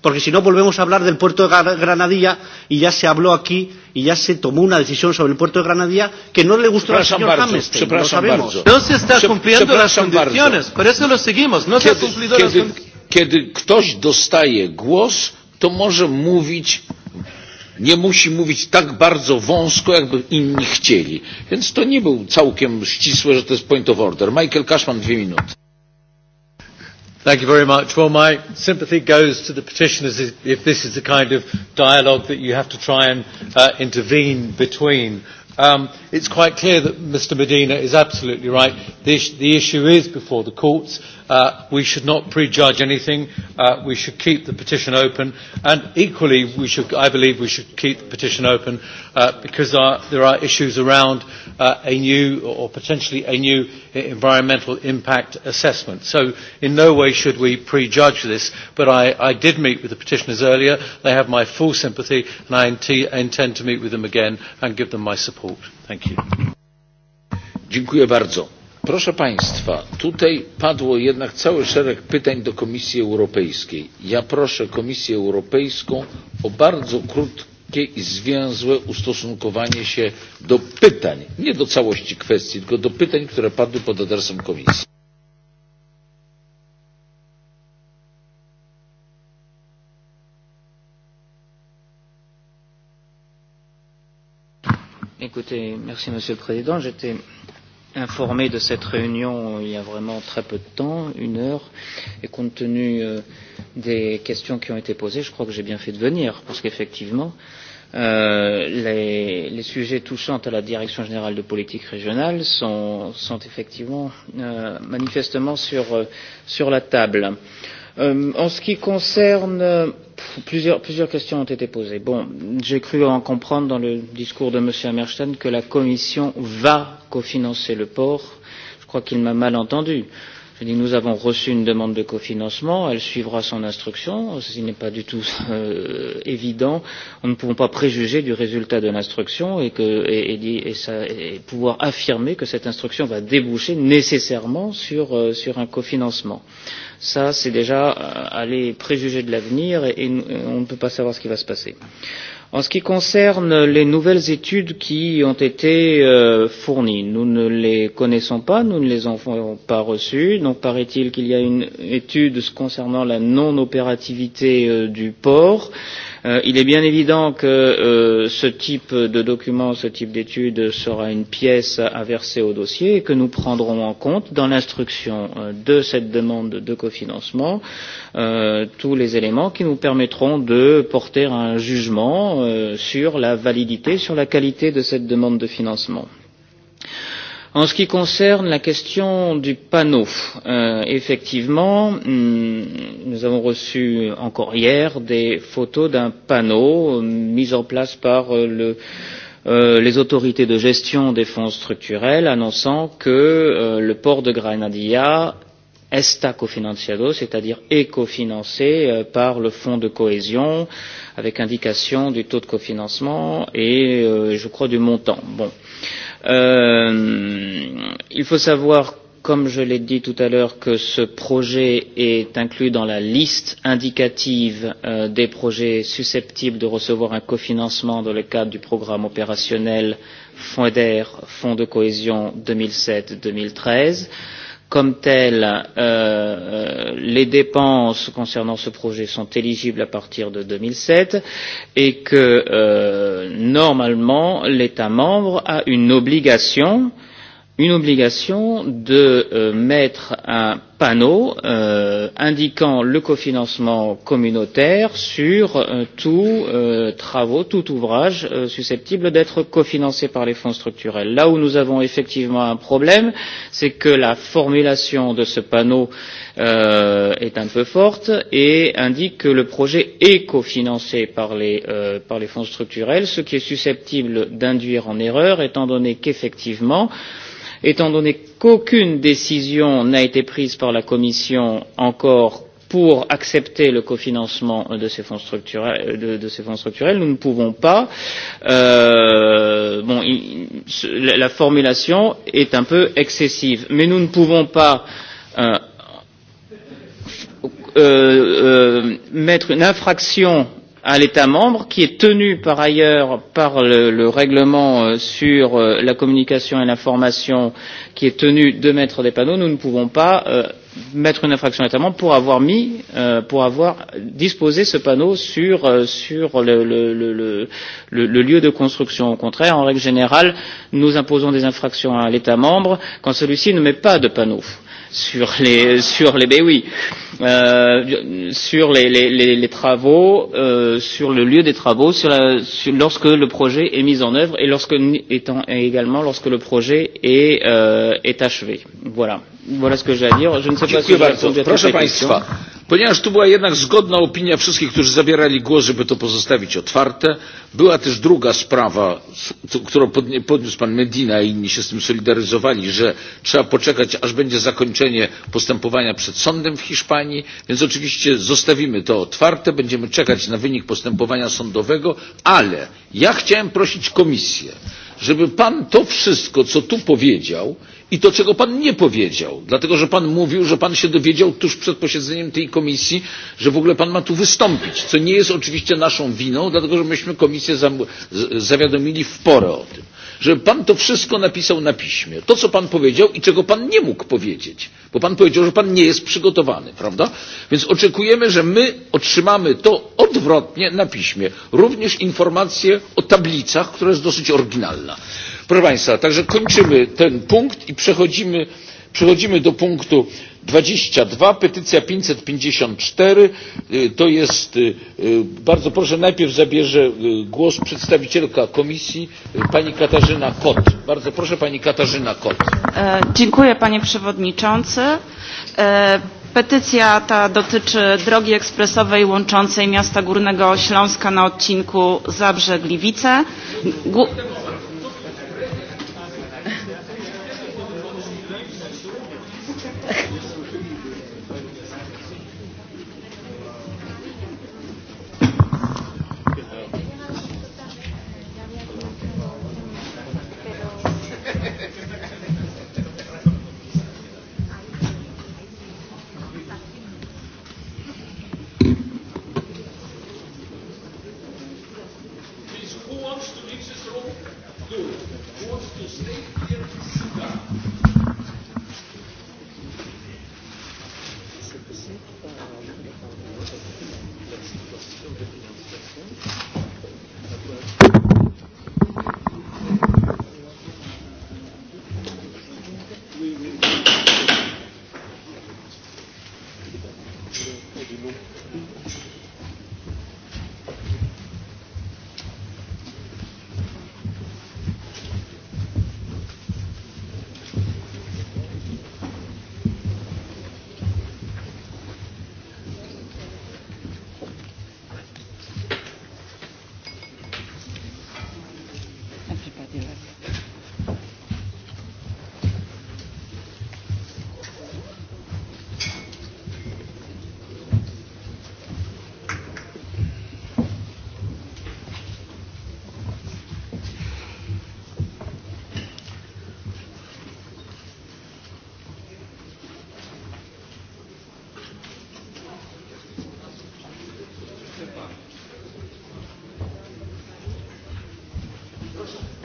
porque si no volvemos a hablar del puerto de Granadilla y ya se habló aquí y ya se tomó una decisión sobre el puerto de Granadilla que no le gustó al señor bardzo, lo sabemos. No se está cumpliendo las condiciones, por eso lo seguimos, no se ha cumplido kiedy, las Kiedy ktoś dostaje głos, to może mówić nie musi mówić tak bardzo wąsko, jakby inni chcieli. Więc to nie był całkiem ścisłe, że to jest point of order. Michael Cashman, dwie minuty. Thank you very much. Well, my sympathy goes to the petitioners if this is the kind of dialogue that you have to try and uh, intervene between. Um, it's quite clear that Mr Medina is absolutely right. The, is the issue is before the courts. Uh, we should not prejudge anything. Uh, we should keep the petition open. And equally, we should, I believe we should keep the petition open uh, because our, there are issues around uh, a new or potentially a new E, environmental impact assessment. So in no way should we prejudge this, but I, I did meet with the petitioners earlier. They have my full sympathy, and I intend to meet with them again and give them my support. Thank you. Dziękuję bardzo. Proszę Państwa, tutaj padło jednak cały szereg pytań do Komisji Europejskiej. Ja proszę Komisję Europejską o bardzo krótką krótkie i zwięzłe ustosunkowanie się do pytań, nie do całości kwestii, tylko do pytań, które padły pod adresem Komisji. Écoutez, Monsieur le Président. J'étais informé de cette réunion euh, il y a vraiment très peu de temps, une heure, et compte tenu euh, des questions qui ont été posées, je crois que j'ai bien fait de venir, parce qu'effectivement, euh, les, les sujets touchant à la Direction générale de politique régionale sont, sont effectivement euh, manifestement sur, euh, sur la table. Euh, Euh, en ce qui concerne pff, euh, plusieurs, plusieurs questions ont été posées. Bon, j'ai cru en comprendre dans le discours de M. Hammerstein que la Commission va cofinancer le port. Je crois qu'il m'a mal entendu. Euh, Je nous avons reçu une demande de cofinancement, elle suivra son instruction. Ce n'est pas du tout euh, évident. On ne pouvons pas préjuger du résultat de l'instruction et, que, et, et, et, et pouvoir affirmer que cette instruction va déboucher nécessairement sur, euh, sur un cofinancement. Ça, c'est déjà euh, aller préjuger de l'avenir et, et on ne peut pas savoir ce qui va se passer. Euh, En ce qui concerne les nouvelles études qui ont été euh, fournies, nous ne les connaissons pas, nous ne les avons pas reçues. Donc paraît-il qu'il y a une étude concernant la non-opérativité euh, du port. Euh, il est bien évident que euh, ce type de document, ce type d'étude sera une pièce à verser au dossier et que nous prendrons en compte dans l'instruction euh, de cette demande de cofinancement euh, tous les éléments qui nous permettront de porter un jugement euh, sur la validité, sur la qualité de cette demande de financement. En ce qui concerne la question du panneau, euh, effectivement, hmm, nous avons reçu encore hier des photos d'un panneau euh, mis en place par euh, le, euh, les autorités de gestion des fonds structurels annonçant que euh, le port de Granadilla est cofinanciado, c'est-à-dire est cofinancé euh, par le fonds de cohésion, avec indication du taux de cofinancement et, euh, je crois, du montant. Bon. Euh, Euh, il faut savoir comme je l'ai dit tout à l'heure, que ce projet est inclus dans la liste indicative euh, des projets susceptibles de recevoir un cofinancement dans le cadre du programme opérationnel FONDER, Fonds de cohésion 2007-2013 comme telles, euh, euh, les dépenses concernant ce projet sont éligibles à partir de 2007 et que euh, normalement l'État membre a une obligation euh, une obligation de euh, mettre un panneau euh, indiquant le cofinancement communautaire sur euh, tous les travaux, tout ouvrage susceptible d'être cofinancé par les fonds structurels. Là où nous avons effectivement un problème, c'est que la formulation de ce panneau est un peu forte et indique que le projet est cofinancé par les, par les fonds structurels, ce qui est susceptible d'induire en erreur étant donné qu'effectivement, euh, étant donné qu'aucune décision n'a été prise par la commission encore pour accepter le cofinancement de ces fonds structurels, nous ne pouvons pas euh, bon, il, la formulation est un peu excessive mais nous ne pouvons pas euh, euh, euh mettre une infraction à l'état membre qui est tenu par ailleurs par le, le règlement euh, sur euh, la communication et l'information qui est tenu de mettre des panneaux nous ne pouvons pas euh, mettre une infraction à l'état membre pour avoir mis euh, pour avoir disposé ce panneau sur euh, sur le, le, le, le, le le lieu de construction. au contraire en règle générale nous imposons des infractions à l'état membre quand celui ci ne met pas de panneaux sur les sur les ben oui euh, sur les, les, les, les travaux euh, sur le lieu des travaux sur la, sur, lorsque le projet est mis en œuvre et lorsque étant, également lorsque le projet est, euh, est achevé voilà Voilà bardzo. Proszę Państwa, ponieważ tu była jednak zgodna opinia wszystkich, którzy zabierali głos, żeby to pozostawić otwarte, była też druga sprawa, którą podniósł Pan Medina i inni się z tym solidaryzowali, że trzeba poczekać, aż będzie zakończenie postępowania przed sądem w Hiszpanii, więc oczywiście zostawimy to otwarte, będziemy czekać na wynik postępowania sądowego, ale ja chciałem prosić Komisję, żeby pan to wszystko, co tu powiedział i to, czego pan nie powiedział, dlatego że pan mówił, że pan się dowiedział tuż przed posiedzeniem tej komisji, że w ogóle pan ma tu wystąpić, co nie jest oczywiście naszą winą, dlatego że myśmy komisję zawiadomili w porę o tym żeby pan to wszystko napisał na piśmie. To, co pan powiedział i czego pan nie mógł powiedzieć, bo pan powiedział, że pan nie jest przygotowany, prawda? Więc oczekujemy, że my otrzymamy to odwrotnie na piśmie. Również informacje o tablicach, która jest dosyć oryginalna. Proszę państwa, także kończymy ten punkt i przechodzimy, przechodzimy do punktu dwadzieścia dwa petycja pięćset pięćdziesiąt cztery to jest, bardzo proszę, najpierw zabierze głos przedstawicielka komisji, pani Katarzyna Kot. Bardzo proszę, pani Katarzyna Kot. E, dziękuję, panie przewodniczący. E, petycja ta dotyczy drogi ekspresowej łączącej miasta Górnego Śląska na odcinku Zabrze-Gliwice. Gł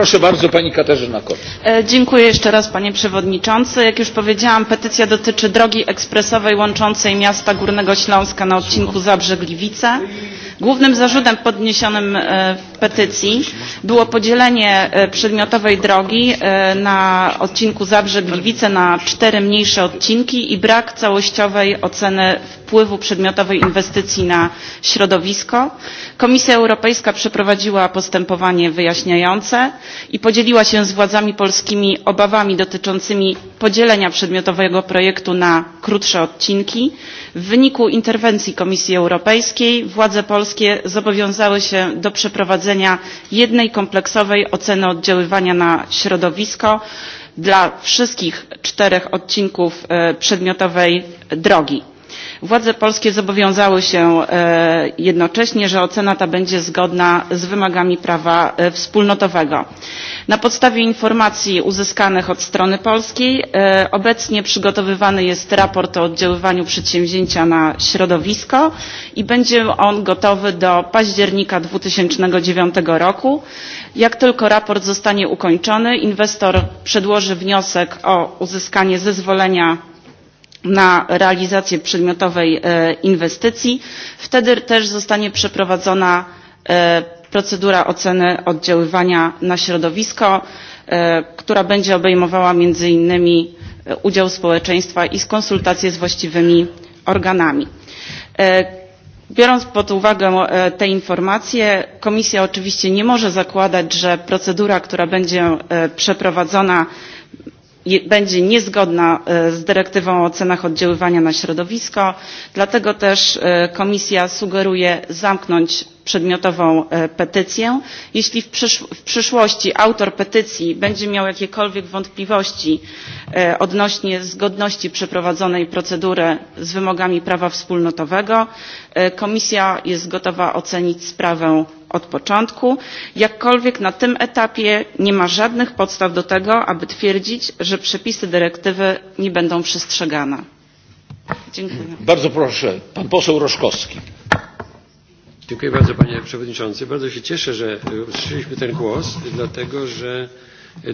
Proszę bardzo, pani Katarzyna Kot. E, dziękuję jeszcze raz, panie przewodniczący. Jak już powiedziałam, petycja dotyczy drogi ekspresowej łączącej miasta Górnego Śląska na odcinku Zabrze-Gliwice. Głównym zarzutem podniesionym e, w petycji było podzielenie e, przedmiotowej drogi na odcinku Zabrze-Gliwice na cztery mniejsze odcinki i brak całościowej oceny wpływu wpływu przedmiotowej inwestycji na środowisko komisja europejska przeprowadziła postępowanie wyjaśniające i podzieliła się z władzami polskimi obawami dotyczącymi podzielenia przedmiotowego projektu na krótsze odcinki w wyniku interwencji komisji europejskiej władze polskie zobowiązały się do przeprowadzenia jednej kompleksowej oceny oddziaływania na środowisko dla wszystkich czterech odcinków e, przedmiotowej drogi władze polskie zobowiązały się e, jednocześnie że ocena ta będzie zgodna z wymogami prawa e, wspólnotowego. na podstawie informacji uzyskanych od strony polskiej e, obecnie przygotowywany jest raport o oddziaływaniu przedsięwzięcia na środowisko i będzie on gotowy do października dwa tysiące dziewięć roku. jak tylko raport zostanie ukończony inwestor przedłoży wniosek o uzyskanie zezwolenia na realizację przedmiotowej e, inwestycji wtedy też zostanie przeprowadzona e, procedura oceny oddziaływania na środowisko e, która będzie obejmowała między innymi udział społeczeństwa i konsultacje z właściwymi organami. biorąc pod uwagę te informacje komisja oczywiście nie może zakładać że procedura która będzie przeprowadzona będzie niezgodna e, z dyrektywą o ocenach oddziaływania na środowisko dlatego też e, komisja sugeruje zamknąć przedmiotową e, petycję. jeśli w, przysz w przyszłości autor petycji będzie miał jakiekolwiek wątpliwości odnośnie zgodności przeprowadzonej procedury z wymogami prawa wspólnotowego komisja jest gotowa ocenić sprawę od początku jakkolwiek na tym etapie nie ma żadnych podstaw do tego aby twierdzić że przepisy dyrektywy nie będą przestrzegane. Dziękuję. Bardzo proszę, pan poseł Roszkowski. Dziękuję bardzo panie przewodniczący. Bardzo się cieszę, że usłyszeliśmy ten głos, dlatego że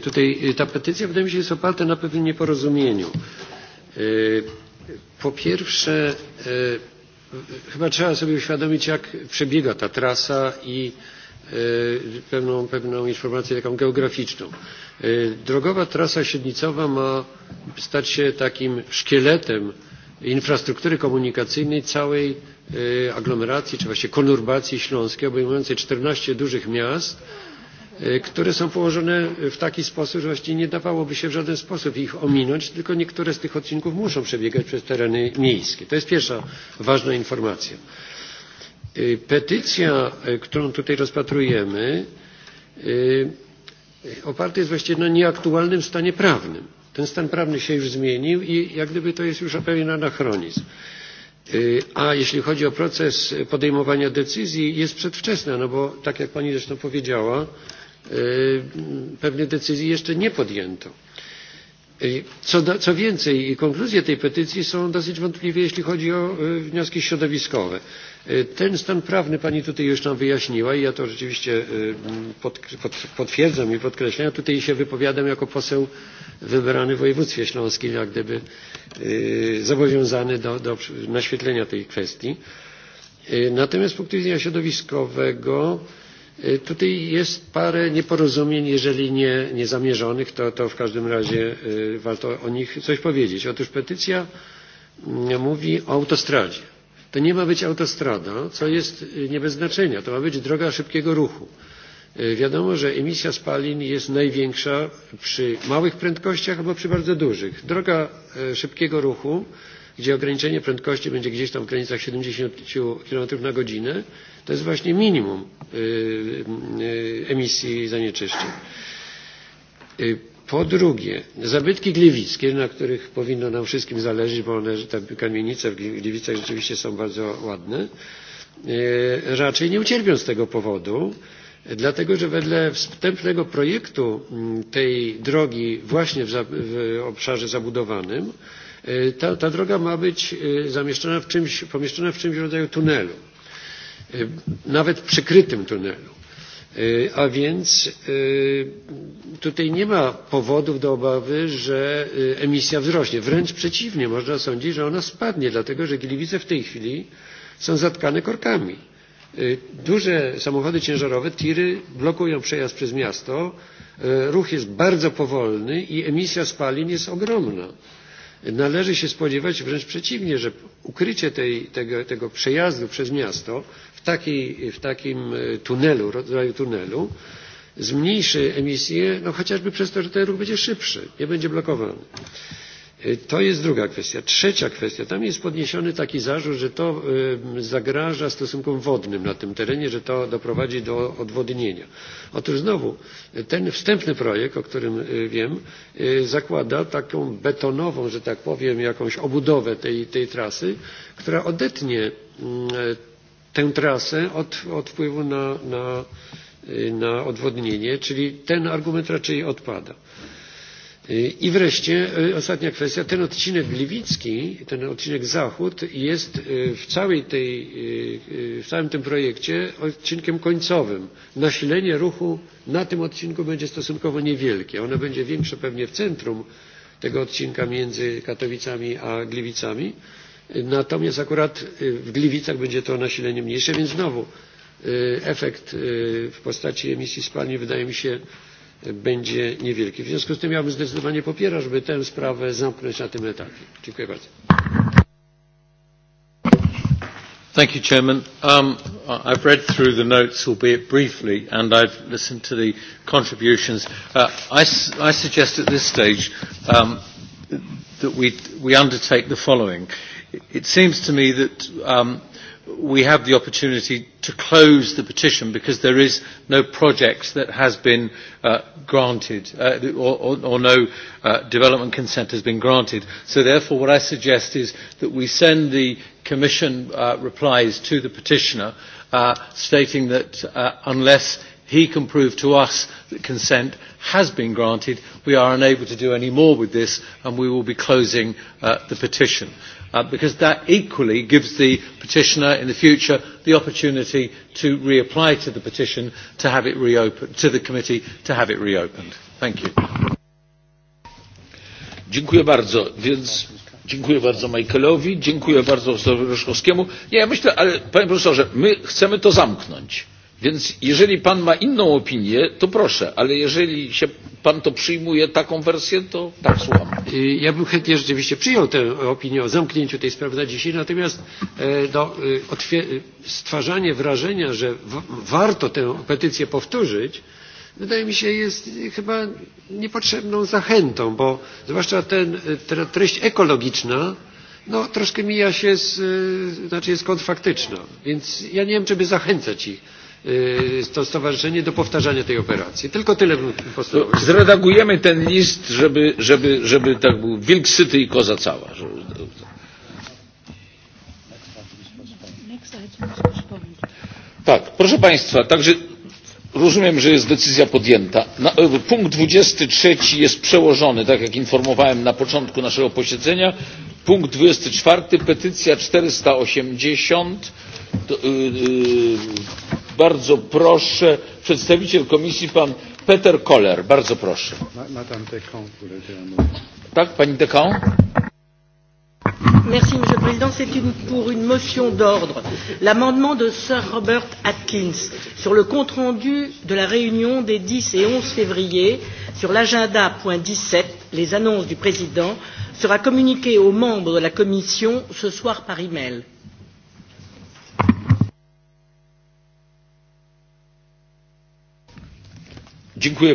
tutaj ta petycja wydaje mi się jest oparta na pewnym nieporozumieniu. E, po pierwsze e, chyba trzeba sobie uświadomić, jak przebiega ta trasa i e, pewną, pewną informację taką geograficzną. E, drogowa trasa średnicowa ma stać się takim szkieletem infrastruktury komunikacyjnej całej e, aglomeracji, czy właściwie konurbacji śląskiej, obejmującej 14 dużych miast, E, które są położone e, w taki sposób, że właściwie nie dawałoby się w żaden sposób ich ominąć, tylko niektóre z tych odcinków muszą przebiegać przez tereny miejskie. To jest pierwsza ważna informacja. E, petycja, którą tutaj rozpatrujemy, oparta jest właściwie na nieaktualnym stanie prawnym. Ten stan prawny się już zmienił i jak gdyby to jest już pewien anachronizm. A jeśli chodzi o proces podejmowania decyzji, jest przedwczesna, no bo tak jak Pani zresztą powiedziała, E, pewnych decyzji jeszcze nie podjęto. Co, do, co więcej, konkluzje tej petycji są dosyć wątpliwe, jeśli chodzi o e, wnioski środowiskowe. E, ten stan prawny Pani tutaj już nam wyjaśniła i ja to rzeczywiście pod, pod, potwierdzam i podkreślam. Ja tutaj się wypowiadam jako poseł wybrany w województwie śląskim, jak gdyby zobowiązany do, do naświetlenia tej kwestii. Natomiast z punktu widzenia środowiskowego E, tutaj jest parę nieporozumień, jeżeli nie, niezamierzonych, to, to w każdym razie e, warto o nich coś powiedzieć. Otóż petycja mm, mówi o autostradzie. To nie ma być autostrada, co jest e, nie bez znaczenia. To ma być droga szybkiego ruchu. Wiadomo, że emisja spalin jest największa przy małych prędkościach albo przy bardzo dużych. Droga szybkiego ruchu gdzie ograniczenie prędkości będzie gdzieś tam w granicach 70 km na godzinę, to jest właśnie minimum emisji zanieczyszczeń. Po drugie, zabytki gliwickie, na których powinno nam wszystkim zależeć, bo one, te kamienice w Gliwicach rzeczywiście są bardzo ładne, raczej nie ucierpią z tego powodu, dlatego że wedle wstępnego projektu mm, tej drogi właśnie w, obszarze zabudowanym, E, ta, ta droga ma być e, zamieszczona w czymś, pomieszczona w czymś w rodzaju tunelu, e, nawet przykrytym tunelu. A więc tutaj nie ma powodów do obawy, że emisja wzrośnie. Wręcz przeciwnie, można sądzić, że ona spadnie, dlatego że Gliwice w tej chwili są zatkane korkami. Duże samochody ciężarowe, tiry blokują przejazd przez miasto, ruch jest bardzo powolny i emisja spalin jest ogromna. Należy się spodziewać wręcz przeciwnie, że ukrycie tej, tego, tego przejazdu przez miasto w, takiej, w takim e, tunelu, rodzaju tunelu, zmniejszy emisję, no chociażby przez to, że ten ruch będzie szybszy, nie będzie blokowany. To jest druga kwestia. Trzecia kwestia. Tam jest podniesiony taki zarzut, że to zagraża stosunkom wodnym na tym terenie, że to doprowadzi do odwodnienia. Otóż znowu, ten wstępny projekt, o którym wiem, zakłada taką betonową, że tak powiem, jakąś obudowę tej, tej trasy, która odetnie tę trasę od, od wpływu na, na, na odwodnienie, czyli ten argument raczej odpada. I wreszcie e, ostatnia kwestia. Ten odcinek gliwicki, ten odcinek zachód jest e, w, całej tej, e, w całym tym projekcie odcinkiem końcowym. Nasilenie ruchu na tym odcinku będzie stosunkowo niewielkie. Ono będzie większe pewnie w centrum tego odcinka między Katowicami a Gliwicami. Natomiast akurat w Gliwicach będzie to nasilenie mniejsze, więc znowu efekt w postaci emisji spalni wydaje mi się będzie niewielki. W związku z tym ja bym zdecydowanie popierał, żeby tę sprawę zamknąć na tym etapie. Dziękuję bardzo. Thank you, Chairman. Um, I've read through the notes, albeit briefly, and I've listened to the contributions. Uh, I, I suggest at this stage um, that we, we undertake the following. It seems to me that um, we have the opportunity to close the petition because there is no project that has been uh, granted uh, or, or, or no uh, development consent has been granted. So therefore what I suggest is that we send the Commission uh, replies to the petitioner uh, stating that uh, unless he can prove to us that consent has been granted, we are unable to do any more with this and we will be closing uh, the petition. Uh, Uh, because that equally gives the petitioner in the future the opportunity to reapply to the petition to have it reopened, to the committee to have it reopened. Thank you. Dziękuję bardzo. Więc dziękuję bardzo Michaelowi, dziękuję bardzo Roszkowskiemu. Nie, ja myślę, ale panie profesorze, my chcemy to zamknąć Więc jeżeli pan ma inną opinię, to proszę, ale jeżeli się pan to przyjmuje, taką wersję, to tak słucham. Ja bym chętnie rzeczywiście przyjął tę opinię o zamknięciu tej sprawy na dzisiaj, natomiast e, no, stwarzanie wrażenia, że warto tę petycję powtórzyć, wydaje mi się jest chyba niepotrzebną zachętą, bo zwłaszcza ten, ta treść ekologiczna no, troszkę mija się z, znaczy jest kontrfaktyczna, więc ja nie wiem, czy by zachęcać ich to stowarzyszenie do powtarzania tej operacji. Tylko tyle bym postulował. Zredagujemy ten list, żeby, żeby, żeby tak był wilk syty i koza cała. Tak, proszę Państwa, także rozumiem, że jest decyzja podjęta. Na, e, punkt 23 jest przełożony, tak jak informowałem na początku naszego posiedzenia. Punkt 24, petycja 480. To, yy, yy, bardzo proszę przedstawiciel komisji pan peter koller bardzo proszę tak pani de camp Merci, Monsieur le Président. C'est une, pour une motion d'ordre. L'amendement de Sir Robert Atkins sur le compte rendu de la réunion des 10 et 11 février sur l'agenda point 17, les annonces du Président, sera communiqué aux membres de la Commission ce soir par email. mail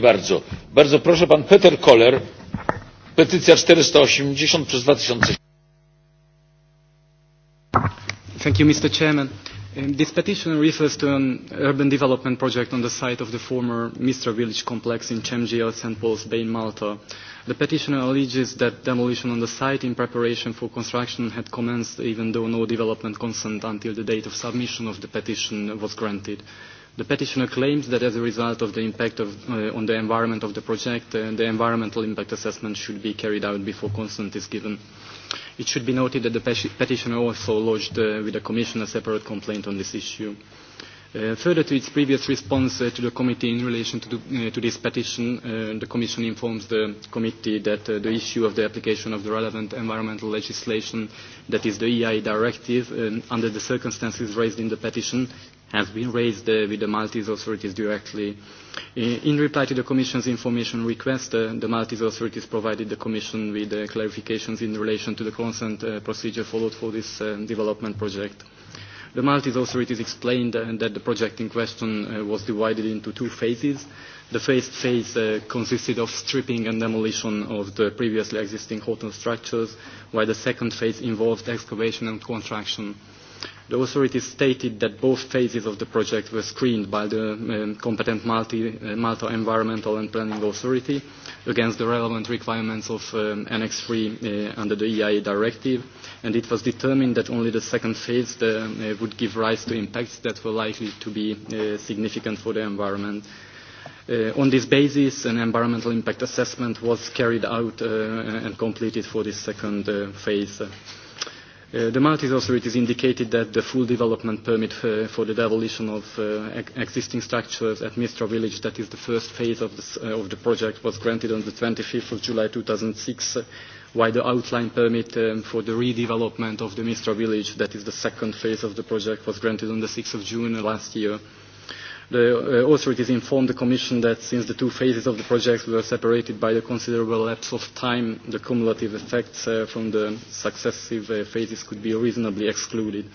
bardzo. proszę, pan Peter Koller, petycja 480 przez 2000. Thank you, Mr. Chairman. Um, this petition refers to an urban development project on the site of the former Mistra village complex in Chemgiel, St. Paul's Bay in Malta. The petitioner alleges that demolition on the site in preparation for construction had commenced even though no development consent until the date of submission of the petition was granted. The petitioner claims that as a result of the impact of, uh, on the environment of the project, uh, the environmental impact assessment should be carried out before consent is given. It should be noted that the petitioner also lodged uh, with the Commission a separate complaint on this issue. Uh, further to its previous response uh, to the committee in relation to, the, uh, to this petition, uh, the Commission informs the committee that uh, the issue of the application of the relevant environmental legislation, that is the EI directive, uh, under the circumstances raised in the petition, has been raised uh, with the Maltese authorities directly. Uh, in reply to the Commission's information request, uh, the Maltese authorities provided the Commission with uh, clarifications in relation to the consent uh, procedure followed for this uh, development project. The Maltese authorities explained uh, that the project in question uh, was divided into two phases. The first phase uh, consisted of stripping and demolition of the previously existing hotel structures, while the second phase involved excavation and construction. Uh, The authorities stated that both phases of the project were screened by the um, competent Malti, uh, Malta Environmental and Planning Authority against the relevant requirements of um, Annex 3 uh, under the EIA directive, and it was determined that only the second phase the, uh, would give rise to impacts that were likely to be uh, significant for the environment. Uh, on this basis, an environmental impact assessment was carried out uh, and completed for this second uh, phase. Uh, Uh, the Maltese authorities indicated that the full development permit uh, for the demolition of uh, ex existing structures at Mistra village, that is the first phase of, this, uh, of the project, was granted on the 25th of July 2006, uh, while the outline permit um, for the redevelopment of the Mistra village, that is the second phase of the project, was granted on the 6th of June last year. Uh, The uh, authorities informed the Commission that since the two phases of the project were separated by the considerable lapse of time, the cumulative effects uh, from the successive uh, phases could be reasonably excluded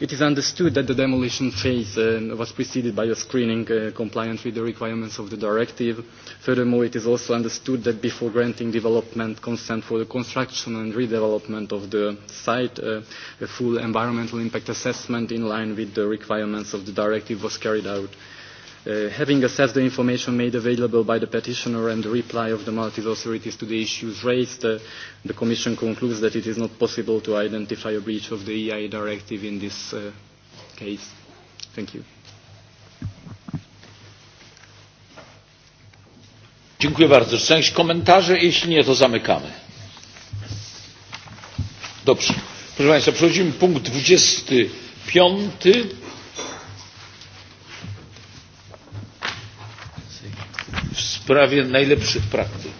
it is understood that the demolition phase uh, was preceded by a screening uh, compliant with the requirements of the directive. Furthermore, it is also understood that before granting development consent for the construction and redevelopment of the site, uh, a full environmental impact assessment in line with the requirements of the directive was carried out. Uh, having assessed the information made available by the petitioner and the reply of the Maltese authorities to the issues raised, uh, the Commission concludes that it is not possible to identify a breach of the EI directive in this uh, case. Thank you. Dziękuję bardzo. Część komentarzy, jeśli nie, to zamykamy. Dobrze. Proszę Państwa, przechodzimy punkt 25 sprawie najlepszych praktyk.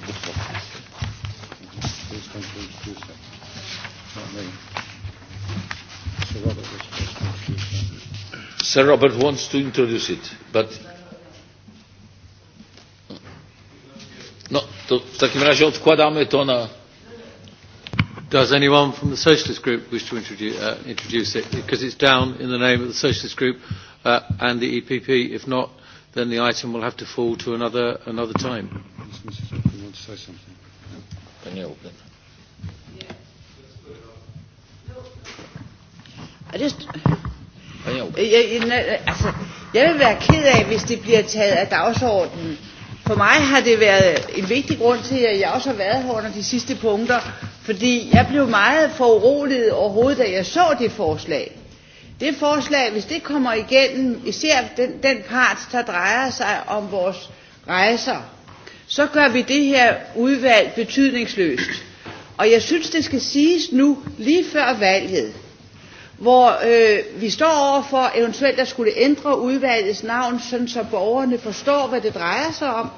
Sir Robert wants to introduce it, but no, to w takim razie odkładamy to na Does anyone from the Socialist Group wish to introduce, uh, introduce it? Because it's down in the name of the Socialist Group uh, and the EPP. If not, then the item will have to fall to another, another time. I just, jeg, jeg, altså, jeg vil være ked af, hvis det bliver taget af dagsordenen. For mig har det været en vigtig grund til, at jeg også har været her under de sidste punkter, fordi jeg blev meget foruroliget overhovedet, da jeg så det forslag. Det forslag, hvis det kommer igennem, især den, den part, der drejer sig om vores rejser, så gør vi det her udvalg betydningsløst. Og jeg synes, det skal siges nu, lige før valget, hvor øh, vi står over for eventuelt at skulle ændre udvalgets navn, sådan så borgerne forstår, hvad det drejer sig om.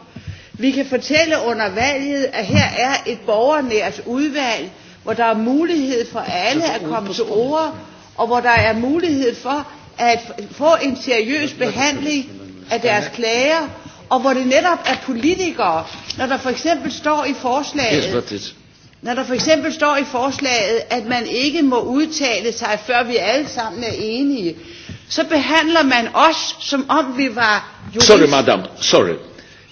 Vi kan fortælle under valget, at her er et borgernært udvalg, hvor der er mulighed for alle at komme til ord og hvor der er mulighed for at få en seriøs behandling af deres klager, og hvor det netop er politikere, når der for eksempel står i forslaget, når der for eksempel står i forslaget, at man ikke må udtale sig, før vi alle sammen er enige, så behandler man os, som om vi var jurister. Sorry, madam. Sorry.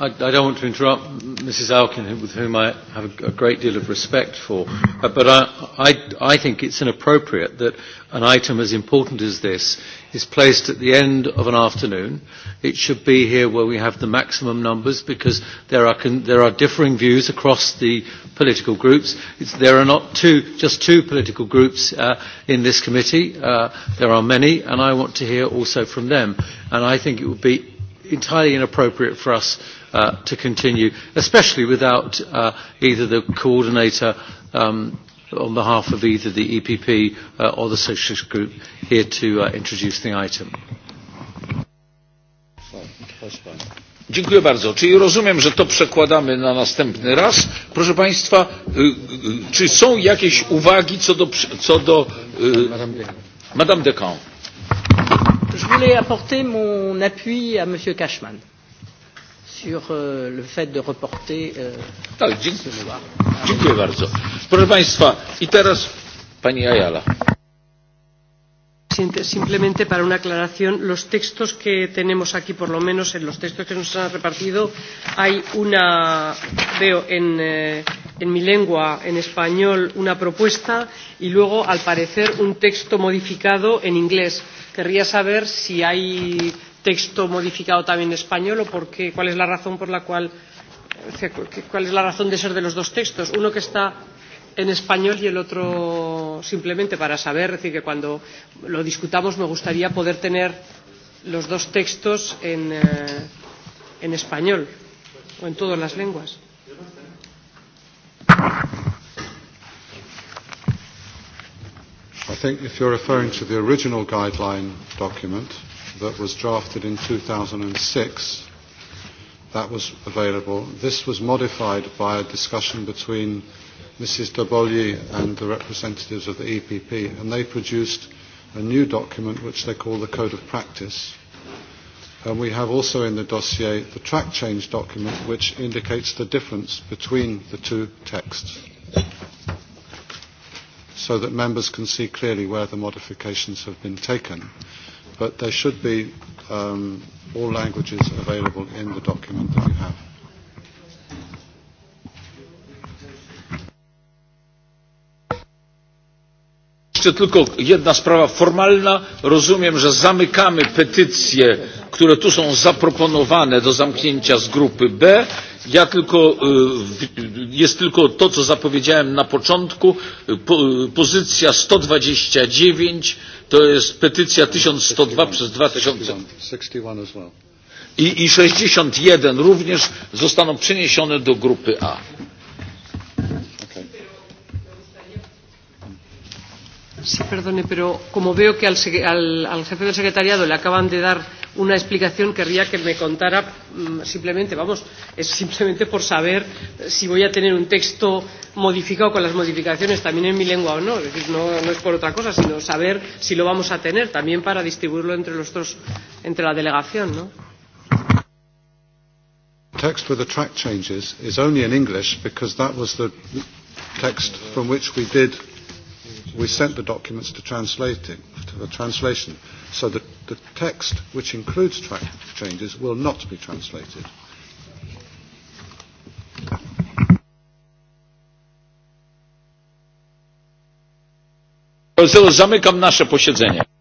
I, I don't want to interrupt Mrs. Alkin, with whom I have a, a great deal of respect for, uh, but I, I, I think it's inappropriate that an item as important as this is placed at the end of an afternoon. It should be here where we have the maximum numbers because there are, con- there are differing views across the political groups. It's, there are not two, just two political groups uh, in this committee. Uh, there are many, and I want to hear also from them. And I think it would be entirely inappropriate for us uh, to continue, especially without uh, either the coordinator um, on behalf of either the EPP uh, or the Socialist Group here to uh, introduce the item. Dziękuję bardzo. Czyli rozumiem, że to przekładamy na następny raz. Proszę Państwa, czy są jakieś uwagi co do... Co do Madame Decan. Je voulais apporter mon appui à Monsieur Cashman sur euh, le fait de reporter euh, tak, dziękuję, ce soir. Dziękuję bardzo. Proszę Państwa, i teraz Pani Ayala. Simplemente para una aclaración, los textos que tenemos aquí, por lo menos en los textos que nos han repartido, hay una, veo en, eh, en mi lengua, en español, una propuesta y luego, al parecer, un texto modificado en inglés. Querría saber si hay texto modificado también español o por qué, cuál es la razón por la cual cuál es la razón de ser de los dos textos uno que está en español y el otro simplemente para saber es decir que cuando lo discutamos me gustaría poder tener los dos textos en, eh, en español o en todas las lenguas. I think if you're referring to the original guideline document, that was drafted in 2006. That was available. This was modified by a discussion between Mrs. Dabolyi and the representatives of the EPP, and they produced a new document which they call the Code of Practice. And we have also in the dossier the track change document which indicates the difference between the two texts so that members can see clearly where the modifications have been taken. But there should be um, all languages available in the document that you have. Jeszcze tylko jedna sprawa formalna. Rozumiem, że zamykamy petycje, które tu są zaproponowane do zamknięcia z grupy B. Ja tylko, jest tylko to, co zapowiedziałem na początku. Pozycja 129 To jest petycja 1102 przez 2000. I, I 61 również zostaną przeniesione do grupy A. Sí, perdone, pero como veo que al, al, al jefe del secretariado le acaban de dar una explicación querría que me contara mm, simplemente, vamos, es simplemente por saber eh, si voy a tener un texto modificado con las modificaciones también en mi lengua o no. Es decir, no, no es por otra cosa, sino saber si lo vamos a tener también para distribuirlo entre los dos, entre la delegación, ¿no? Text with the track changes is only in English because that was the text from which we did, we sent the documents to translate it, to the translation so that the text, which includes track changes, will not be translated. Zamykam nasze posiedzenie.